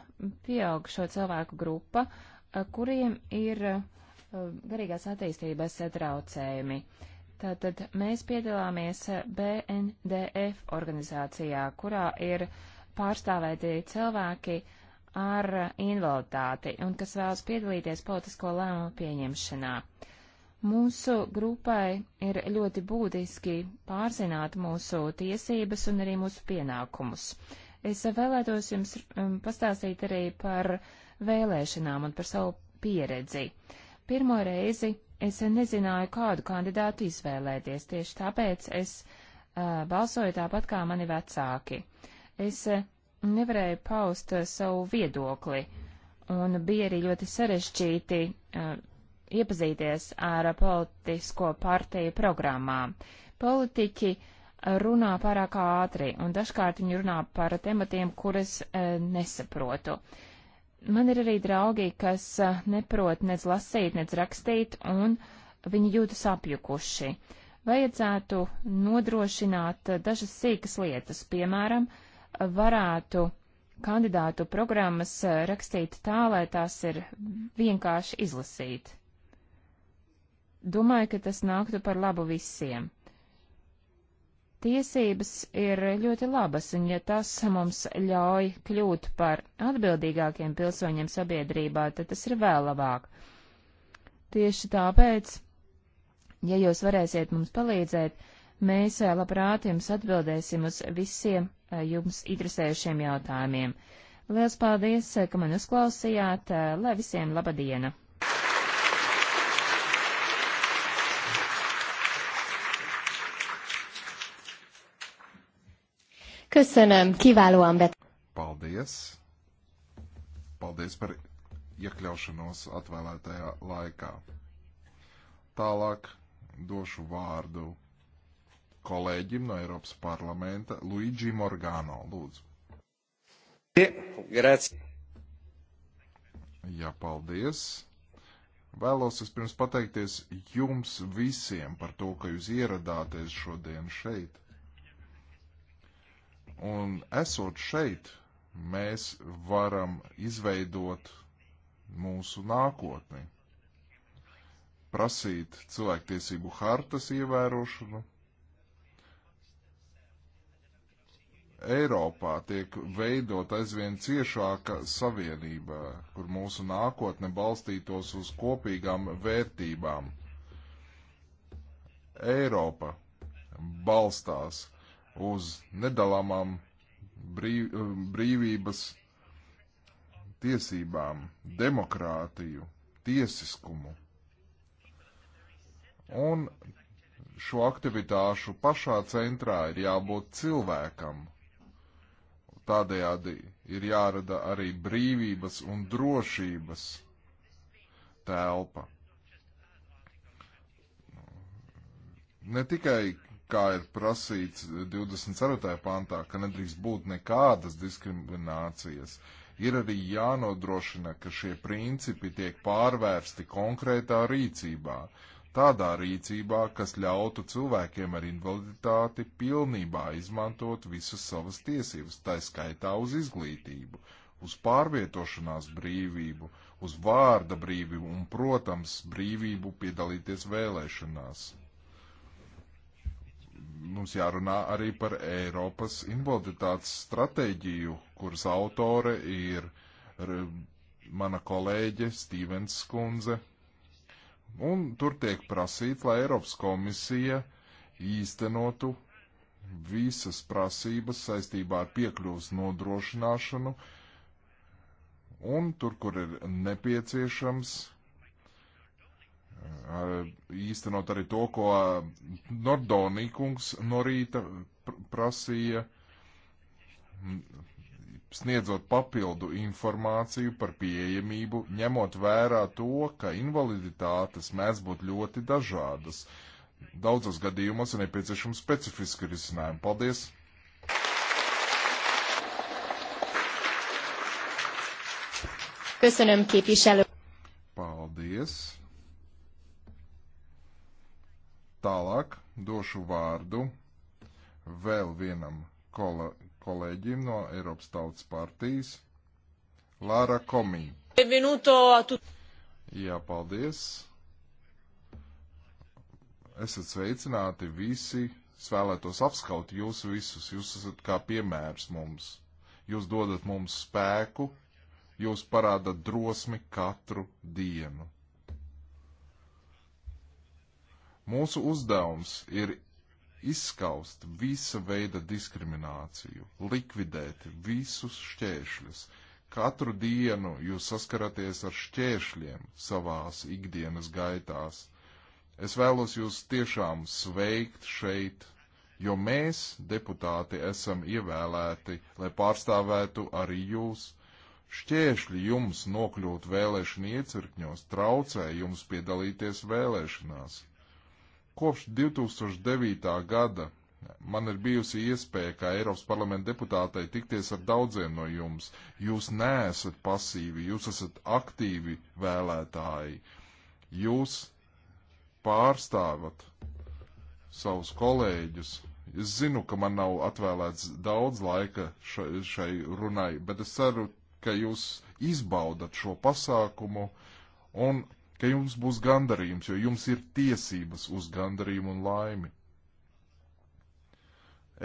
pieaugšo cilvēku grupa, uh, kuriem ir uh, garīgās attīstības satraucējumi. Tātad mēs piedalāmies BNDF organizācijā, kurā ir pārstāvēti cilvēki, uh, ar invaliditāti un kas vēlas piedalīties politisko lēmumu pieņemšanā. Mūsu grupai ir ļoti būtiski pārzināt mūsu tiesības un arī mūsu pienākumus. Es vēlētos jums um, pastāstīt arī par vēlēšanām un par savu pieredzi. Pirmo reizi es nezināju, kādu kandidātu izvēlēties, tieši tāpēc es uh, balsoju tāpat kā mani vecāki. Es uh, nevarēja paust eh, savu viedokli, un bija arī ļoti sarežģīti uh, iepazīties ar politisko partiju programmām. Politiķi runā pārāk ātri, un dažkārt viņi runā par tematiem, kuras uh, eh, nesaprotu. Man ir arī draugi, kas uh, neprot nec lasīt, nec rakstīt, un viņi jūtas apjukuši. Vajadzētu nodrošināt dažas sīkas lietas, piemēram, uh, varētu kandidātu programmas eh, rakstīt tā, lai tās ir vienkārši izlasīt. Domāju, ka tas nāktu par labu visiem. Tiesības ir ļoti labas, un ja tas mums ļauj kļūt par atbildīgākiem pilsoņiem sabiedrībā, tad tas ir vēl labāk. Tieši tāpēc, ja jūs varēsiet mums palīdzēt, mēs eh, labprāt jums atbildēsim uz visiem Eh, jums interesējušiem jautājumiem. Liels paldies, eh, ka man uzklausījāt. Eh, lai visiem laba diena! Köszönöm, kiválóan bet. Paldies! Paldies par iekļaušanos atvēlētajā laikā. Tālāk došu vārdu kolēģim no Eiropas parlamenta Luigi Morgano. Lūdzu. Grazie. Jā, paldies. Vēlos vispirms pateikties jums visiem par to, ka jūs ieradāties šodien šeit. Un esot šeit, mēs varam izveidot mūsu nākotni, prasīt cilvēktiesību hartas ievērošanu, Eiropā tiek veidot aizvien ciešāka savienība, kur mūsu nākotne balstītos uz kopīgām vērtībām. Eiropa balstās uz nedalāmām brīv, brīvības tiesībām, demokrātiju, tiesiskumu. Un šo aktivitāšu pašā centrā ir jābūt cilvēkam, Tādējādi ir jārada arī brīvības un drošības telpa. Nu, ne tikai, kā ir prasīts 24. pantā, ka nedrīkst būt nekādas diskriminācijas, ir arī jānodrošina, ka šie principi tiek pārvērsti konkrētā rīcībā. Uh, tādā rīcībā, kas ļautu cilvēkiem ar invaliditāti pilnībā izmantot visas savas tiesības, tā skaitā uz izglītību, uz pārvietošanās brīvību, uz vārda brīvību un, protams, brīvību piedalīties vēlēšanās. Mums jārunā arī par Eiropas invaliditātes stratēģiju, kuras autore ir mana kolēģe Stīvens Skundze, Un tur tiek prasīts, lai Eiropas komisija īstenotu visas prasības saistībā ar piekļuvas nodrošināšanu, un tur, kur ir nepieciešams, īstenot arī to, ko Nordonīkungs no rīta prasīja sniedzot papildu informāciju par pieejamību, ņemot vērā to, ka invaliditātes mēdz būt ļoti dažādas. Daudzos gadījumos ir nepieciešams specifiski risinājumi. Paldies! Köszönöm, képviselő. Paldies. Tālāk došu vārdu vēl vienam kol kolēģim no Eiropas Tautas partijas, Lāra Komī. Jā, paldies. Esat sveicināti visi. Es vēlētos apskaut jūs visus. Jūs esat kā piemērs mums. Jūs dodat mums spēku, jūs parādat drosmi katru dienu. Mūsu uzdevums ir izskaust visa veida diskrimināciju, likvidēt visus šķēršļus. Katru dienu jūs saskaraties ar šķēršļiem savās ikdienas gaitās. Es vēlos jūs tiešām sveikt šeit, jo mēs, deputāti, esam ievēlēti, lai pārstāvētu arī jūs. Šķēršļi jums nokļūt vēlēšana iecirkņos, traucē jums piedalīties vēlēšanās Kopš 2009. gada man ir bijusi iespēja, kā Eiropas parlamenta deputātei, tikties ar daudziem no jums. Jūs neesat pasīvi, jūs esat aktīvi vēlētāji. Jūs pārstāvat savus kolēģus. Es zinu, ka man nav atvēlēts daudz laika šai, šai runai, bet es ceru, ka jūs izbaudat šo pasākumu un ka jums būs gandarījums, jo jums ir tiesības uz gandarījumu un laimi.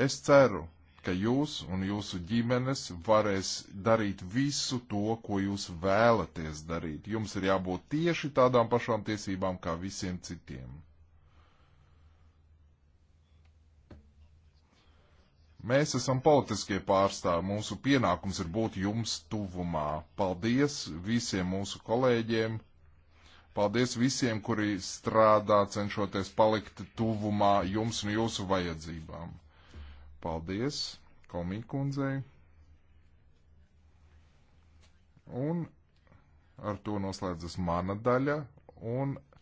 Es ceru, ka jūs un jūsu ģimenes varēs darīt visu to, ko jūs vēlaties darīt. Jums ir jābūt tieši tādām pašām tiesībām kā visiem citiem. Mēs esam politiskie pārstāvi. Mūsu pienākums ir būt jums tuvumā. Paldies visiem mūsu kolēģiem Paldies visiem, kuri strādā, cenšoties palikt tuvumā jums un jūsu vajadzībām. Paldies komīkundzei. Un ar to noslēdzas mana daļa un eh,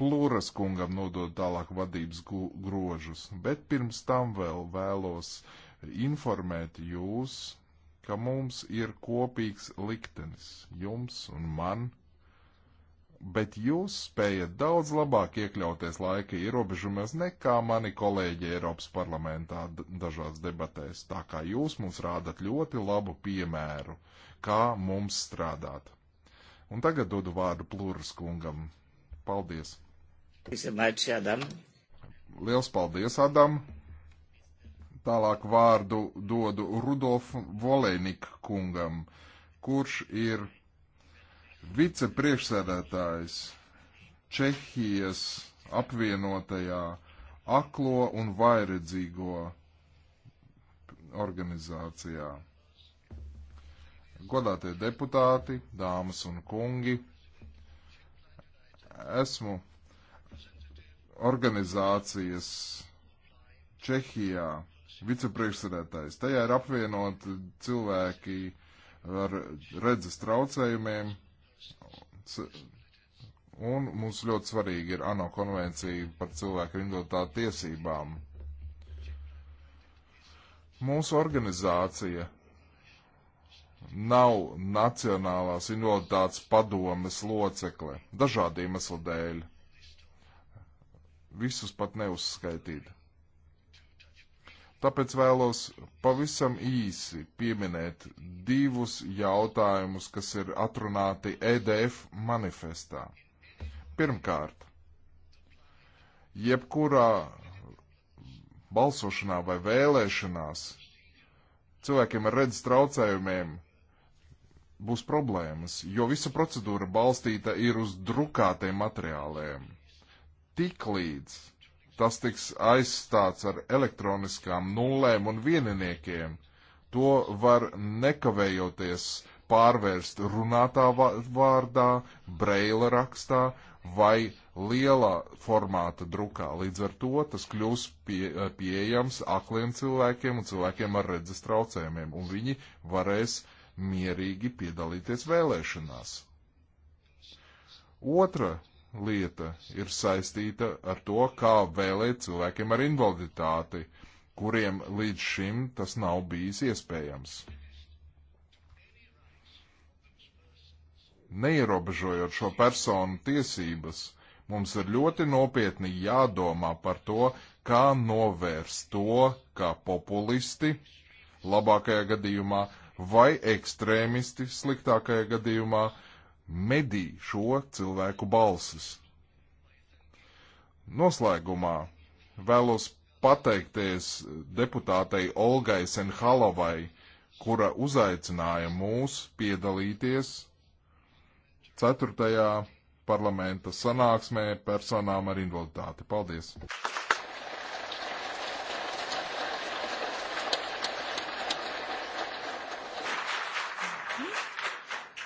Plūras kungam nodot tālāk vadības grožus, bet pirms tam vēl vēlos informēt jūs, ka mums ir kopīgs liktenis, jums un man bet jūs spējat daudz labāk iekļauties laika ierobežumos nekā mani kolēģi Eiropas parlamentā dažās debatēs. Tā kā jūs mums rādat ļoti labu piemēru, kā mums strādāt. Un tagad dodu vārdu Plūras kungam. Paldies! Liels paldies, Adam! Tālāk vārdu dodu Rudolf Volēnik kungam, kurš ir vicepriekšsēdētājs Čehijas apvienotajā aklo un vairedzīgo organizācijā. Godātie deputāti, dāmas un kungi, esmu organizācijas Čehijā vicepriekšsēdētājs. Tajā ir apvienoti cilvēki ar redzes traucējumiem, Un mums ļoti svarīgi ir ANO konvencija par cilvēku invaliditāti tiesībām. Mūsu organizācija nav Nacionālās invaliditātes padomes locekle dažādu iemeslu dēļ. Visus pat neuzskaitīt. Tāpēc vēlos pavisam īsi pieminēt divus jautājumus, kas ir atrunāti EDF manifestā. Pirmkārt, jebkurā balsošanā vai vēlēšanās cilvēkiem ar redzes traucējumiem būs problēmas, jo visa procedūra balstīta ir uz drukātiem materiāliem. Tiklīdz tas tiks aizstāts ar elektroniskām nullēm un vieniniekiem. To var nekavējoties pārvērst runātā vārdā, braila rakstā vai lielā formāta drukā. Līdz ar to tas kļūs pie, pieejams akliem cilvēkiem un cilvēkiem ar redzes traucējumiem, un viņi varēs mierīgi piedalīties vēlēšanās. Otra lieta ir saistīta ar to, kā vēlēt cilvēkiem ar invaliditāti, kuriem līdz šim tas nav bijis iespējams. Neierobežojot šo personu tiesības, mums ir ļoti nopietni jādomā par to, kā novērst to, kā populisti, labākajā gadījumā, vai ekstrēmisti, sliktākajā gadījumā, uh, medī šo cilvēku balsis. Noslēgumā vēlos pateikties deputātei Olgai Senhalovai, kura uzaicināja mūs piedalīties 4. parlamenta sanāksmē personām ar invaliditāti. Paldies!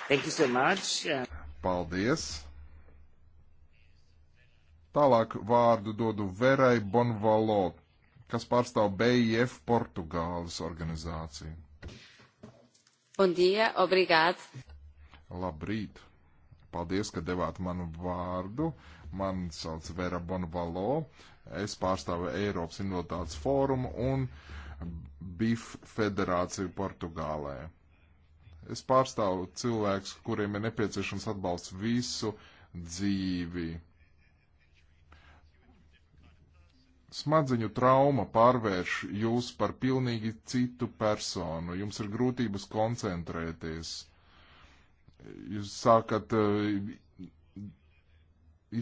Thank you so much. Paldies. Tālāk vārdu dodu Verai Bonvalo, kas pārstāv BIF Portugāles organizāciju. Bon dia, obrigāt. Labrīt. Paldies, ka devāt manu vārdu. Man sauc Vera Bonvalo. Es pārstāvu Eiropas invaliditātes fórumu un BIF federāciju Portugālē. Es pārstāvu cilvēkus, kuriem ir nepieciešams atbalsts visu dzīvi. Smadzeņu trauma pārvērš jūs par pilnīgi citu personu. Jums ir grūtības koncentrēties. Jūs sākat eh,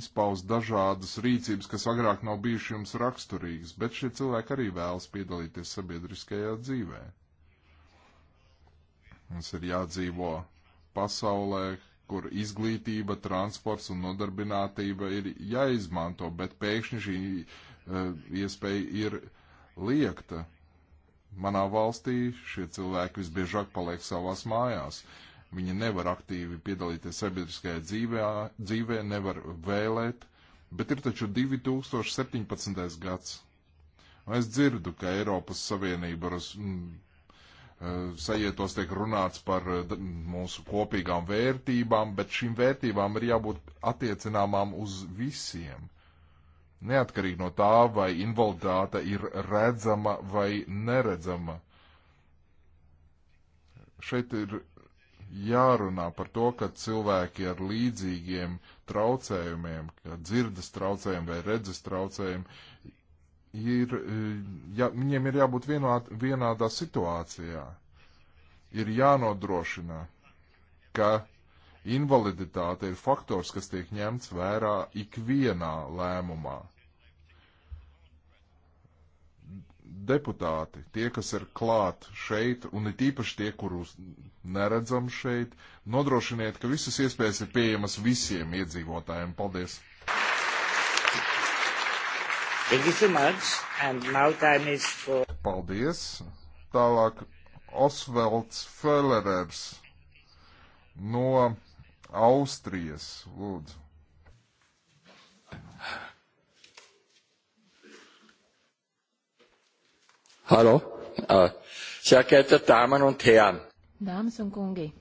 izpaust dažādas rīcības, kas agrāk nav bijušas jums raksturīgas, bet šie cilvēki arī vēlas piedalīties sabiedriskajā dzīvē. Mums ir jādzīvo pasaulē, kur izglītība, transports un nodarbinātība ir jāizmanto, bet pēkšņi šī uh, iespēja ir liekta. Manā valstī šie cilvēki visbiežāk paliek savās mājās. Viņi nevar aktīvi piedalīties sabiedriskajā dzīvē, dzīvē, nevar vēlēt, bet ir taču 2017. gads. Es dzirdu, ka Eiropas Savienība var Eh, sajietos tiek runāts par eh, mūsu kopīgām vērtībām, bet šīm vērtībām ir jābūt attiecināmām uz visiem. Neatkarīgi no tā, vai invaliditāte ir redzama vai neredzama. Šeit ir jārunā par to, ka cilvēki ar līdzīgiem traucējumiem, kā dzirdes traucējumi vai redzes traucējumi, ir, e, ja, viņiem ir jābūt vienot, vienādā situācijā. Ir jānodrošina, ka invaliditāte ir faktors, kas tiek ņemts vērā ikvienā lēmumā. Deputāti, tie, kas ir klāt šeit, un it īpaši tie, kurus neredzam šeit, nodrošiniet, ka visas iespējas ir pieejamas visiem iedzīvotājiem. Paldies! Thank you so much, and now time is for... Paldies. Tālāk Osvalds Fellerers no Austrijas, lūdzu. Hallo, uh, ah, sehr geehrte Damen und Herren. Dāmas un kungi,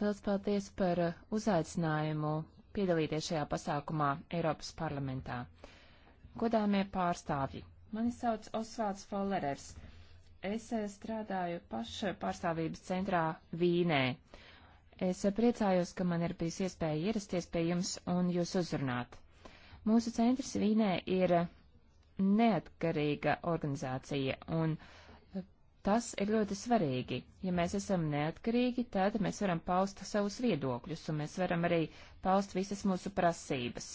liels paldies par uh, uzaicinājumu piedalīties šajā pasākumā Eiropas parlamentā. Godāmie pārstāvji, mani sauc Osvalds Follerers. Es eh, strādāju paša pārstāvības centrā Vīnē. Es eh, priecājos, ka man ir bijis iespēja ierasties pie jums un jūs uzrunāt. Mūsu centrs Vīnē ir neatkarīga organizācija, un uh, Tas ir ļoti svarīgi. Ja mēs esam neatkarīgi, tad mēs varam paust savus viedokļus, un mēs varam arī paust visas mūsu prasības.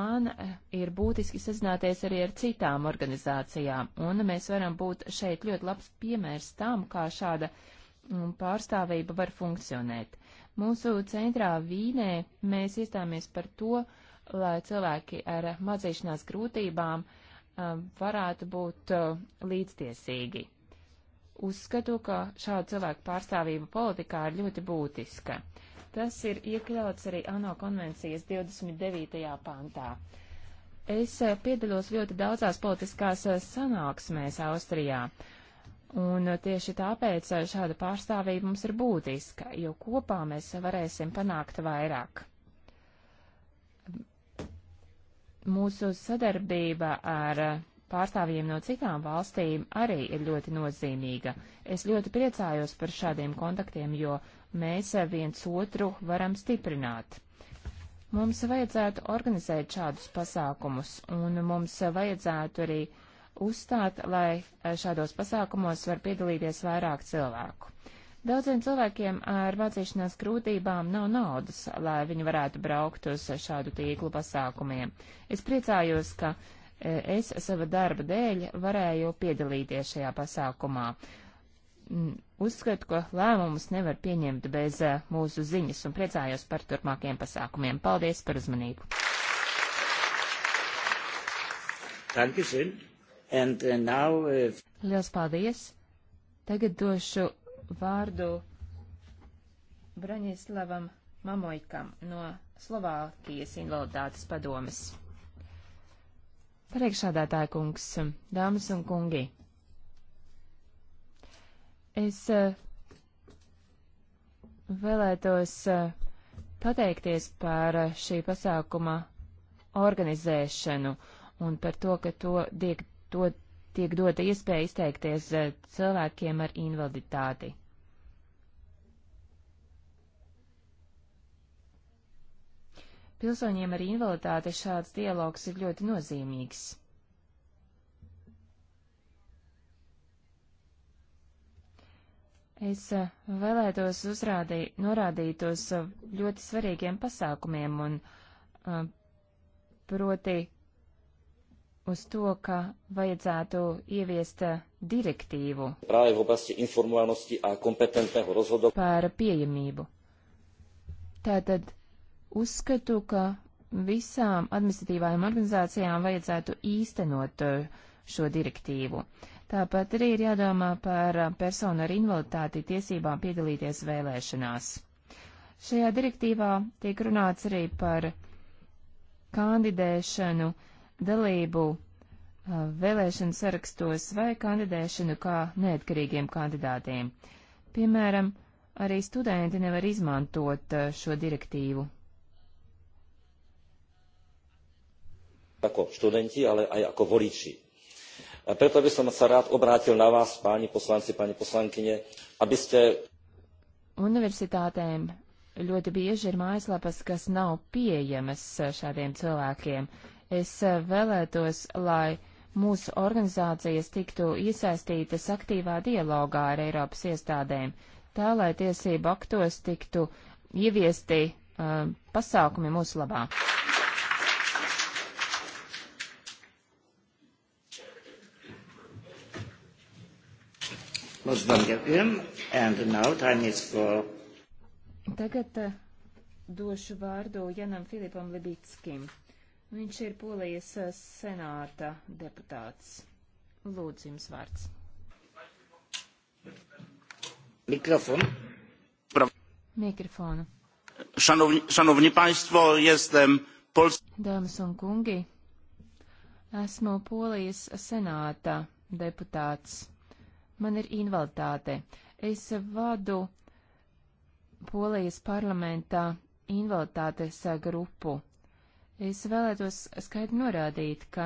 Man eh, ir būtiski sazināties arī ar citām organizācijām, un mēs varam būt šeit ļoti labs piemērs tam, kā šāda mm, pārstāvība var funkcionēt. Mūsu centrā Vīnē mēs iestāmies par to, lai cilvēki ar mācīšanās grūtībām uh, Um, varētu būt uh, līdztiesīgi. Uzskatu, ka šāda cilvēku pārstāvība politikā ir ļoti būtiska. Tas ir iekļauts arī ANO konvencijas 29. pantā. Es uh, piedalos ļoti daudzās politiskās uh, sanāksmēs Austrijā. Un tieši tāpēc šāda pārstāvība mums ir būtiska, jo kopā mēs varēsim panākt vairāk. Mūsu sadarbība ar pārstāvjiem no citām valstīm arī ir ļoti nozīmīga. Es ļoti priecājos par šādiem kontaktiem, jo mēs viens otru varam stiprināt. Mums vajadzētu organizēt šādus pasākumus, un mums vajadzētu arī uzstāt, lai šādos pasākumos var piedalīties vairāk cilvēku. Daudziem cilvēkiem ar mācīšanās grūtībām nav naudas, lai viņi varētu braukt uz šādu tīklu pasākumiem. Es priecājos, ka e, es sava darba dēļ varēju piedalīties šajā pasākumā. Mm, uzskatu, ka lēmumus nevar pieņemt bez e, mūsu ziņas un priecājos par turpmākiem pasākumiem. Paldies par uzmanību! Dankeschön. And uh, now... Uh, Liels paldies! Tagad došu vārdu Braņislavam Mamojkam no Slovākijas invaliditātes padomes. Priekšādātāja kungs, dāmas un kungi, es eh, vēlētos eh, pateikties par eh, šī pasākuma organizēšanu un par to, ka to tiek, to tiek dota iespēja izteikties eh, cilvēkiem ar invaliditāti. Pilsoņiem ar invaliditāti šāds dialogs ir ļoti nozīmīgs. Es eh, vēlētos uzrādīt, norādīt uz eh, ļoti svarīgiem pasākumiem un proti uz to, ka vajadzētu ieviest direktīvu par pieejamību. Tātad uzskatu, ka visām administratīvajām organizācijām vajadzētu īstenot eh, šo direktīvu. Tāpat arī ir jādomā par personu ar invaliditāti tiesībām piedalīties vēlēšanās. Šajā direktīvā tiek runāts arī par kandidēšanu uh, dalību uh, vēlēšanu sarakstos vai kandidēšanu kā neatkarīgiem kandidātiem. Piemēram, arī studenti nevar izmantot uh, šo direktīvu. Ako studenti, ale aj ako voliči. A preto by som sa rád obrátil na vás, páni poslanci, pani poslankyne, aby ste... Universitātēm ļoti bieži ir mājaslapas, kas nav pieejamas uh, šādiem cilvēkiem, Es eh, vēlētos, lai mūsu organizācijas tiktu iesaistītas aktīvā dialogā ar Eiropas iestādēm, tā lai tiesību aktos tiktu ieviesti uh, pasākumi mūsu labā. Um, Tagad uh, došu vārdu Janam Filipam Libitskim. Viņš ir Polijas eh, senāta deputāts. Lūdzu, jums vārds. Mikrofon. Mikrofonu. Šanovni, šanovni państwo, jestem polski. Dāmas un kungi, esmu Polijas senāta deputāts. Man ir invaliditāte. Es vadu Polijas parlamentā invaliditātes grupu. Es vēlētos skaidri norādīt, ka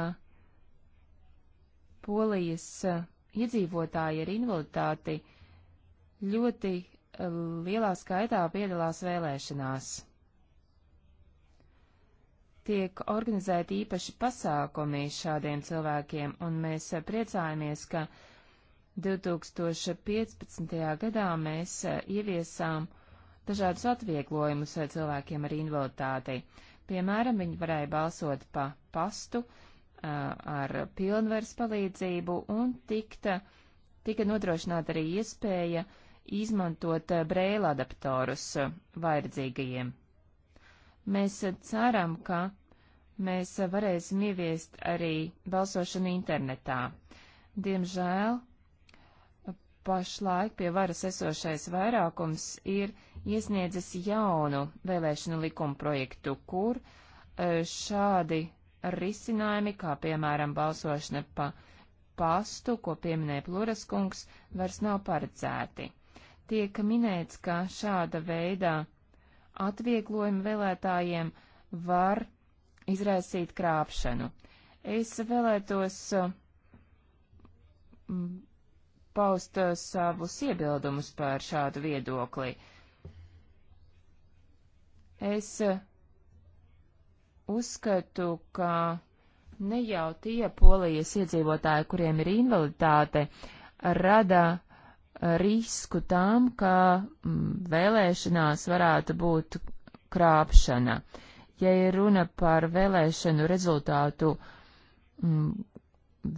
Polijas eh, iedzīvotāji ar invaliditāti ļoti eh, lielā skaitā piedalās vēlēšanās. Tiek organizēti īpaši pasākumi šādiem cilvēkiem, un mēs eh, priecājamies, ka 2015. gadā mēs ieviesām dažādus atvieglojumus cilvēkiem ar invaliditāti. Piemēram, viņi varēja balsot pa pastu ar pilnvars palīdzību un tikta, tika nodrošināta arī iespēja izmantot brēla adaptorus vairdzīgajiem. Mēs ceram, ka mēs varēsim ieviest arī balsošanu internetā. Diemžēl pašlaik pie varas esošais vairākums ir iesniedzis jaunu vēlēšanu likumu projektu, kur e, šādi risinājumi, kā piemēram balsošana pa pastu, ko pieminēja Pluras kungs, vairs nav paredzēti. Tiek minēts, ka šāda veidā atvieglojumi vēlētājiem var izraisīt krāpšanu. Es vēlētos e, paust e, savus iebildumus par šādu viedokli. Uh, Es eh, uzskatu, ka ne jau tie polijas iedzīvotāji, kuriem ir invaliditāte, rada eh, risku tam, ka mm, vēlēšanās varētu būt krāpšana. Ja ir runa par vēlēšanu rezultātu mm,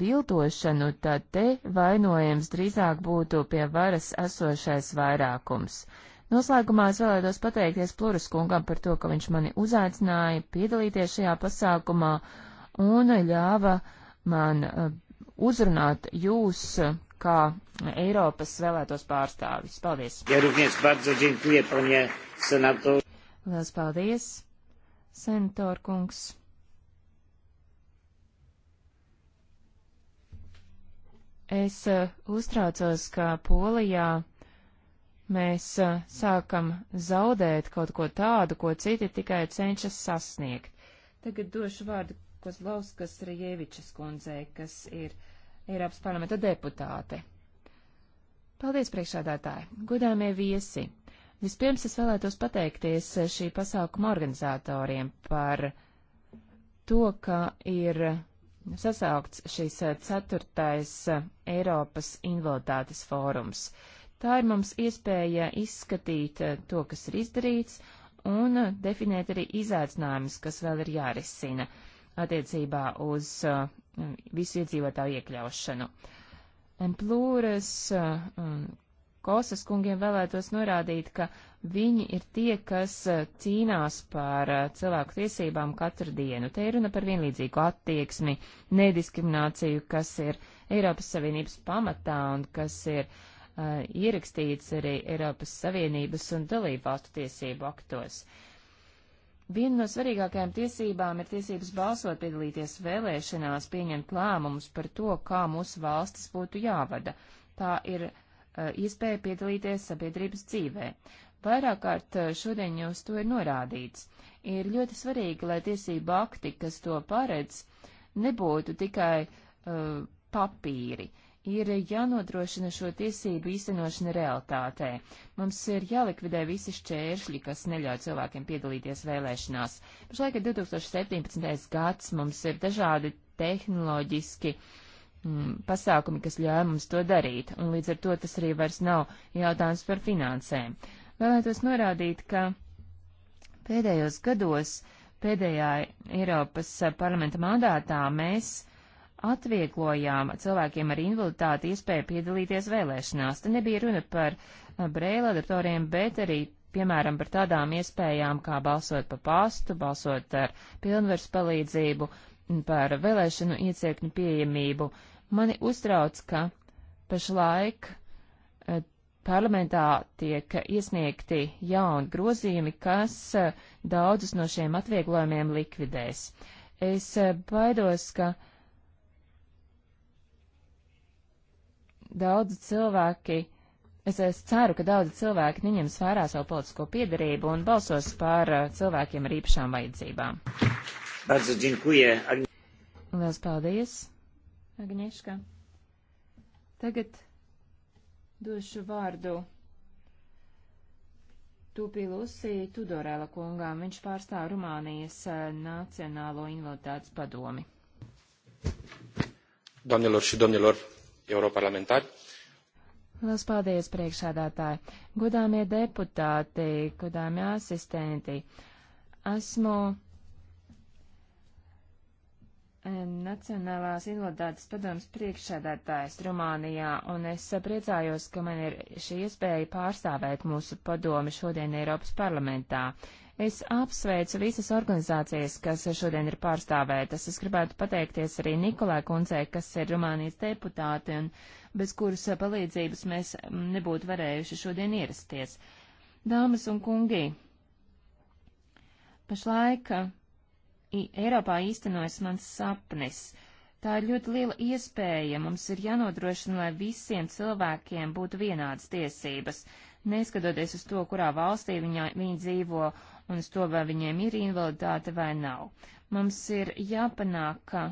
viltošanu, tad te vainojams drīzāk būtu pie varas esošais vairākums. Uh, Noslēgumā es vēlētos pateikties Pluras kungam par to, ka viņš mani uzaicināja piedalīties šajā pasākumā un ļāva man eh, uzrunāt jūs eh, kā Eiropas vēlētos pārstāvis. Paldies! Lielas paldies, senator kungs! Es eh, uztraucos, ka Polijā mēs sākam zaudēt kaut ko tādu, ko citi tikai cenšas sasniegt. Tagad došu vārdu Kozlauskas Rievičas kundzei, kas ir Eiropas parlamenta deputāte. Paldies, priekšādātāji! Godāmie viesi! Vispirms es vēlētos pateikties šī pasākuma organizatoriem par to, ka ir sasaukts šis ceturtais Eiropas invaliditātes fórums. Uh, Tā ir mums iespēja izskatīt eh, to, kas ir izdarīts, un eh, definēt arī izaicinājumus, kas vēl ir jārisina attiecībā uz eh, visu iedzīvotāju iekļaušanu. Plūras Kosas kungiem vēlētos norādīt, ka viņi ir tie, kas cīnās par cilvēku tiesībām katru dienu. Te ir runa par vienlīdzīgu attieksmi, nediskrimināciju, kas ir Eiropas Savienības pamatā un kas ir uh, uh, ierakstīts arī Eiropas Savienības un dalībvalstu tiesību aktos. Viena no svarīgākajām tiesībām ir tiesības balsot, piedalīties vēlēšanās, pieņemt lēmumus par to, kā mūsu valstis būtu jāvada. Tā ir uh, iespēja piedalīties sabiedrības dzīvē. Vairāk kārt eh, šodien jūs to ir norādīts. Ir ļoti svarīgi, lai tiesība akti, kas to paredz, nebūtu tikai uh, papīri. Uh, ir jānodrošina šo tiesību īstenošana realitātē. Mums ir jālikvidē visi šķēršļi, kas neļauj cilvēkiem piedalīties vēlēšanās. Pašlaik ir 2017. gads, mums ir dažādi tehnoloģiski mm, pasākumi, kas ļauj mums to darīt, un līdz ar to tas arī vairs nav jautājums par finansēm. Vēlētos norādīt, ka pēdējos gados, pēdējā Eiropas parlamenta mandātā mēs atvieglojām cilvēkiem ar invaliditāti iespēju piedalīties vēlēšanās. Te nebija runa par uh, brēla datoriem, bet arī, piemēram, par tādām iespējām, kā balsot pa pastu, balsot ar pilnvars palīdzību, mm, par vēlēšanu iecirkņu pieejamību. Mani uztrauc, ka pašlaik uh, parlamentā tiek iesniegti jauni grozījumi, kas uh, daudzus no šiem atvieglojumiem likvidēs. Es baidos, ka uh, daudzi cilvēki, es, es ceru, ka daudzi cilvēki neņems vērā savu politisko piedarību un balsos par uh, cilvēkiem ar īpašām vajadzībām. Lielas paldies, Agnieszka. Tagad došu vārdu Tupī Lusī Tudorēla kungām. Viņš pārstāv Rumānijas eh, Nacionālo invaliditātes padomi. Doamnelor și domnilor, europarlamentāri. Lielas paldies, priekšādātāji, godāmie deputāti, godāmie asistenti. Esmu eh, Nacionālās invaliditātes padomas priekšsēdētājs Rumānijā, un es priecājos, ka man ir šī iespēja pārstāvēt mūsu padomi šodien Eiropas parlamentā. Es apsveicu visas organizācijas, kas šodien ir pārstāvētas. Es gribētu pateikties arī Nikolai Kuncei, kas ir Rumānijas deputāte un bez kuras palīdzības mēs nebūtu varējuši šodien ierasties. Dāmas un kungi, pašlaik uh, Eiropā īstenojas mans sapnis. Tā ir ļoti liela iespēja. Mums ir jānodrošina, lai visiem cilvēkiem būtu vienādas tiesības, neskatoties uz to, kurā valstī viņa, viņi dzīvo un uz to, vai viņiem ir invaliditāte vai nav. Mums ir jāpanāk, ka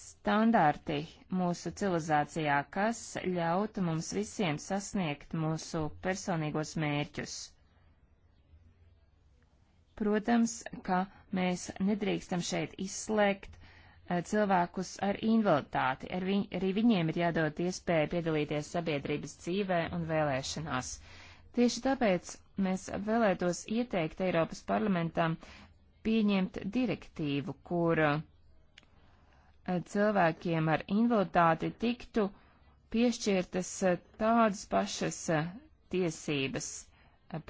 standarti mūsu civilizācijā, kas ļautu mums visiem sasniegt mūsu personīgos mērķus. Protams, ka mēs nedrīkstam šeit izslēgt eh, cilvēkus ar invaliditāti. Ar viņ, arī viņiem ir jādod iespēja piedalīties sabiedrības dzīvē un vēlēšanās. Tieši tāpēc Mēs vēlētos ieteikt Eiropas parlamentam pieņemt direktīvu, kur uh, cilvēkiem ar invaliditāti tiktu piešķirtas uh, tādas pašas uh, tiesības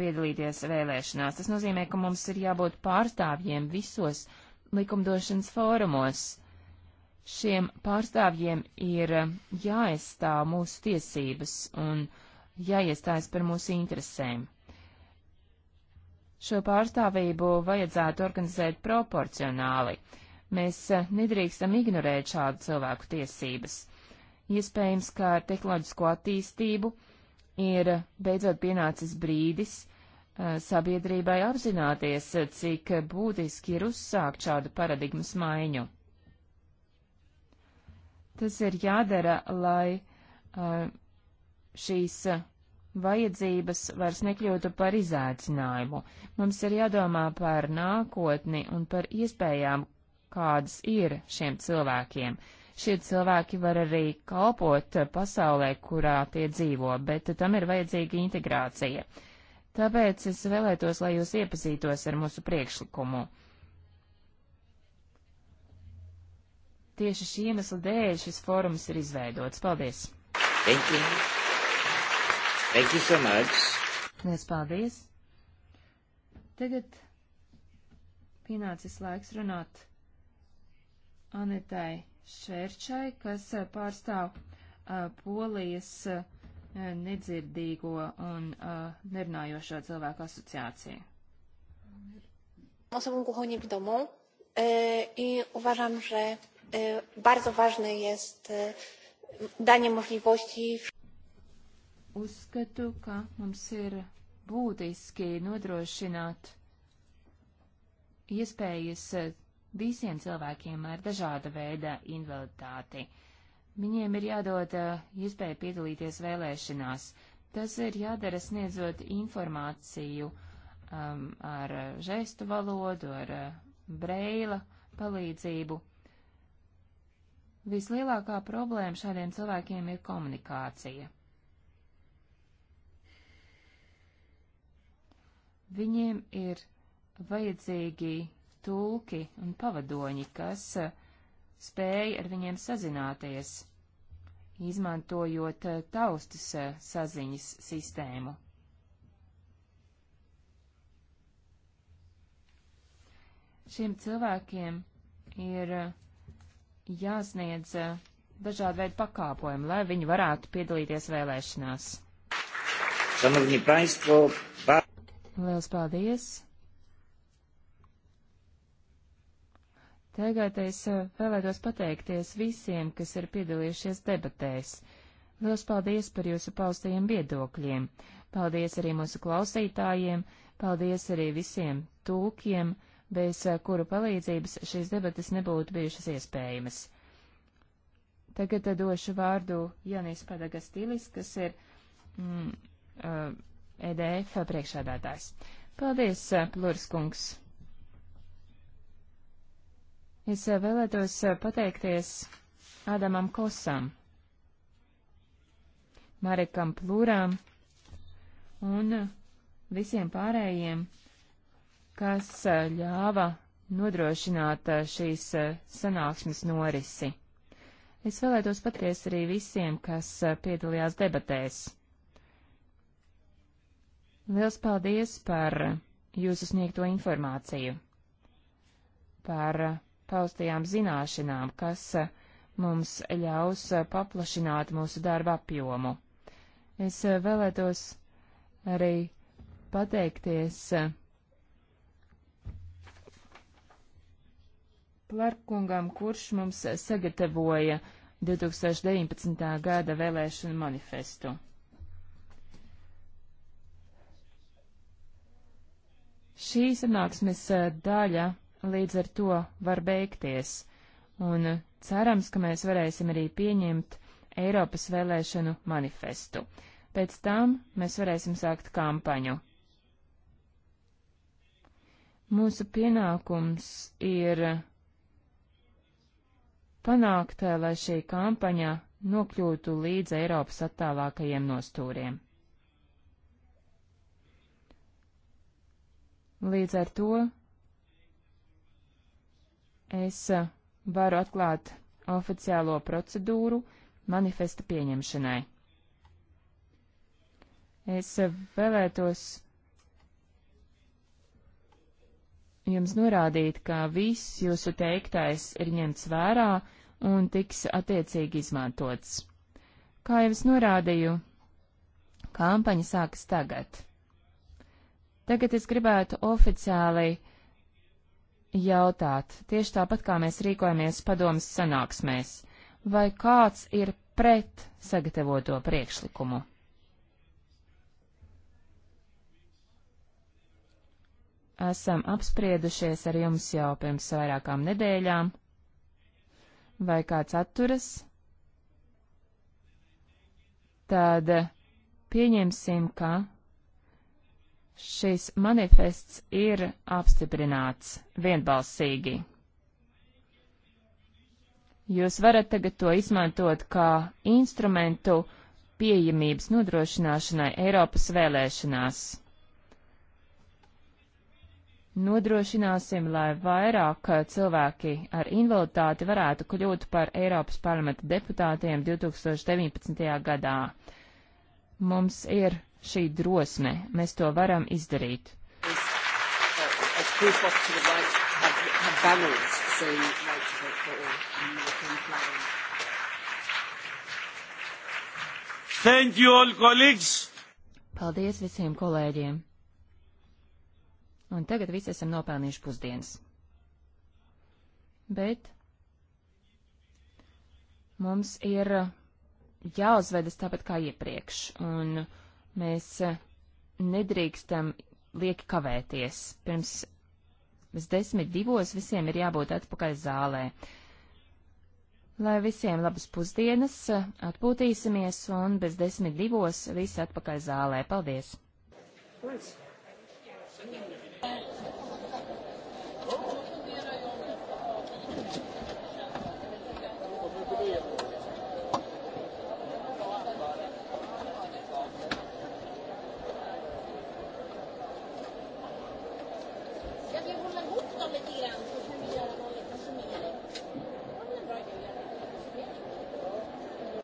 piedalīties vēlēšanās. Tas nozīmē, ka mums ir jābūt pārstāvjiem visos likumdošanas fórumos. Šiem pārstāvjiem ir jāaizstāv mūsu tiesības un jāiestājas par mūsu interesēm. Šo pārstāvību vajadzētu organizēt proporcionāli. Mēs eh, nedrīkstam ignorēt šādu cilvēku tiesības. Iespējams, ka ar tehnoloģisko attīstību ir beidzot pienācis brīdis eh, sabiedrībai apzināties, cik būtiski ir uzsākt šādu paradigmas maiņu. Tas ir jādara, lai eh, šīs vajadzības vairs nekļūtu par izaicinājumu. Mums ir jādomā par nākotni un par iespējām, kādas ir šiem cilvēkiem. Šie cilvēki var arī kalpot pasaulē, kurā tie dzīvo, bet tam ir vajadzīga integrācija. Tāpēc es vēlētos, lai jūs iepazītos ar mūsu priekšlikumu. Tieši šī iemesla dēļ šis fórums ir izveidots. Paldies! Thank you. Thank you so much. Lies paldies. Tagad pienācis laiks runāt Anetai Šērčai, kas eh, pārstāv uh, Polijas uh, nedzirdīgo un uh, nerunājošo cilvēku asociāciju. Osobą głuchoniewidomą e, i uważam, że e, bardzo ważne jest e, danie możliwości uzskatu, ka mums ir būtiski nodrošināt iespējas eh, visiem cilvēkiem ar dažāda veida invaliditāti. Viņiem ir jādod eh, iespēja piedalīties vēlēšanās. Tas ir jādara sniedzot informāciju um, ar eh, žestu valodu, ar breila palīdzību. Vislielākā problēma šādiem cilvēkiem ir komunikācija. Viņiem ir vajadzīgi tulki un pavadoņi, kas uh, spēja ar viņiem sazināties, izmantojot uh, taustas uh, saziņas sistēmu. Šiem cilvēkiem ir jāsniedz dažādi veidi pakāpojumi, lai viņi varētu piedalīties vēlēšanās. Šanovņi paistvo, Liels paldies! Tagad es eh, vēlētos pateikties visiem, kas ir piedalījušies debatēs. Liels paldies par jūsu paustajiem viedokļiem. Paldies arī mūsu klausītājiem, paldies arī visiem tūkiem, bez eh, kuru palīdzības šīs debatas nebūtu bijušas iespējamas. Tagad eh, došu vārdu Janis Padagastīlis, kas ir mm, uh, EDF priekšādātājs. Paldies, eh, Pluris kungs! Es eh, vēlētos eh, pateikties Ādamam Kosam, Marekam Plūram un visiem pārējiem, kas ļāva nodrošināt šīs sanāksmes norisi. Es vēlētos paties arī visiem, kas piedalījās debatēs. Liels paldies par jūsu sniegto informāciju, par paustajām zināšanām, kas mums ļaus paplašināt mūsu darba apjomu. Es vēlētos arī pateikties Klarkungam, kurš mums sagatavoja 2019. gada vēlēšanu manifestu. Šī sanāksmes eh, daļa līdz ar to var beigties, un eh, cerams, ka mēs varēsim arī pieņemt Eiropas vēlēšanu manifestu. Pēc tam mēs varēsim sākt kampaņu. Mūsu pienākums ir eh, panākt, lai šī kampaņa nokļūtu līdz Eiropas attālākajiem nostūriem. Līdz ar to es e, varu atklāt oficiālo procedūru manifesta pieņemšanai. Es e, vēlētos jums norādīt, ka viss jūsu teiktais ir ņemts vērā un tiks attiecīgi izmantots. Kā jau es norādīju, kampaņa sākas tagad. Tagad es gribētu oficiāli jautāt, tieši tāpat kā mēs rīkojamies padomas sanāksmēs, vai kāds ir pret sagatavoto priekšlikumu? Esam apspriedušies ar jums jau pirms vairākām nedēļām. Vai kāds atturas? Tad pieņemsim, ka Šis manifests ir apstiprināts vienbalsīgi. Jūs varat tagad to izmantot kā instrumentu pieejamības nodrošināšanai Eiropas vēlēšanās. Nodrošināsim, lai vairāk cilvēki ar invaliditāti varētu kļūt par Eiropas parlamenta deputātiem 2019. gadā. Mums ir šī drosme. Mēs to varam izdarīt. Uh, Paldies visiem kolēģiem! Un tagad visi esam nopelnījuši pusdienas. Bet mums ir jāuzvedas tāpat kā iepriekš, un Mēs eh, nedrīkstam lieki kavēties. Pirms bez desmit divos visiem ir jābūt atpakaļ zālē. Lai visiem labas pusdienas, eh, atpūtīsimies un bez desmit divos visi atpakaļ zālē. Paldies! Thanks.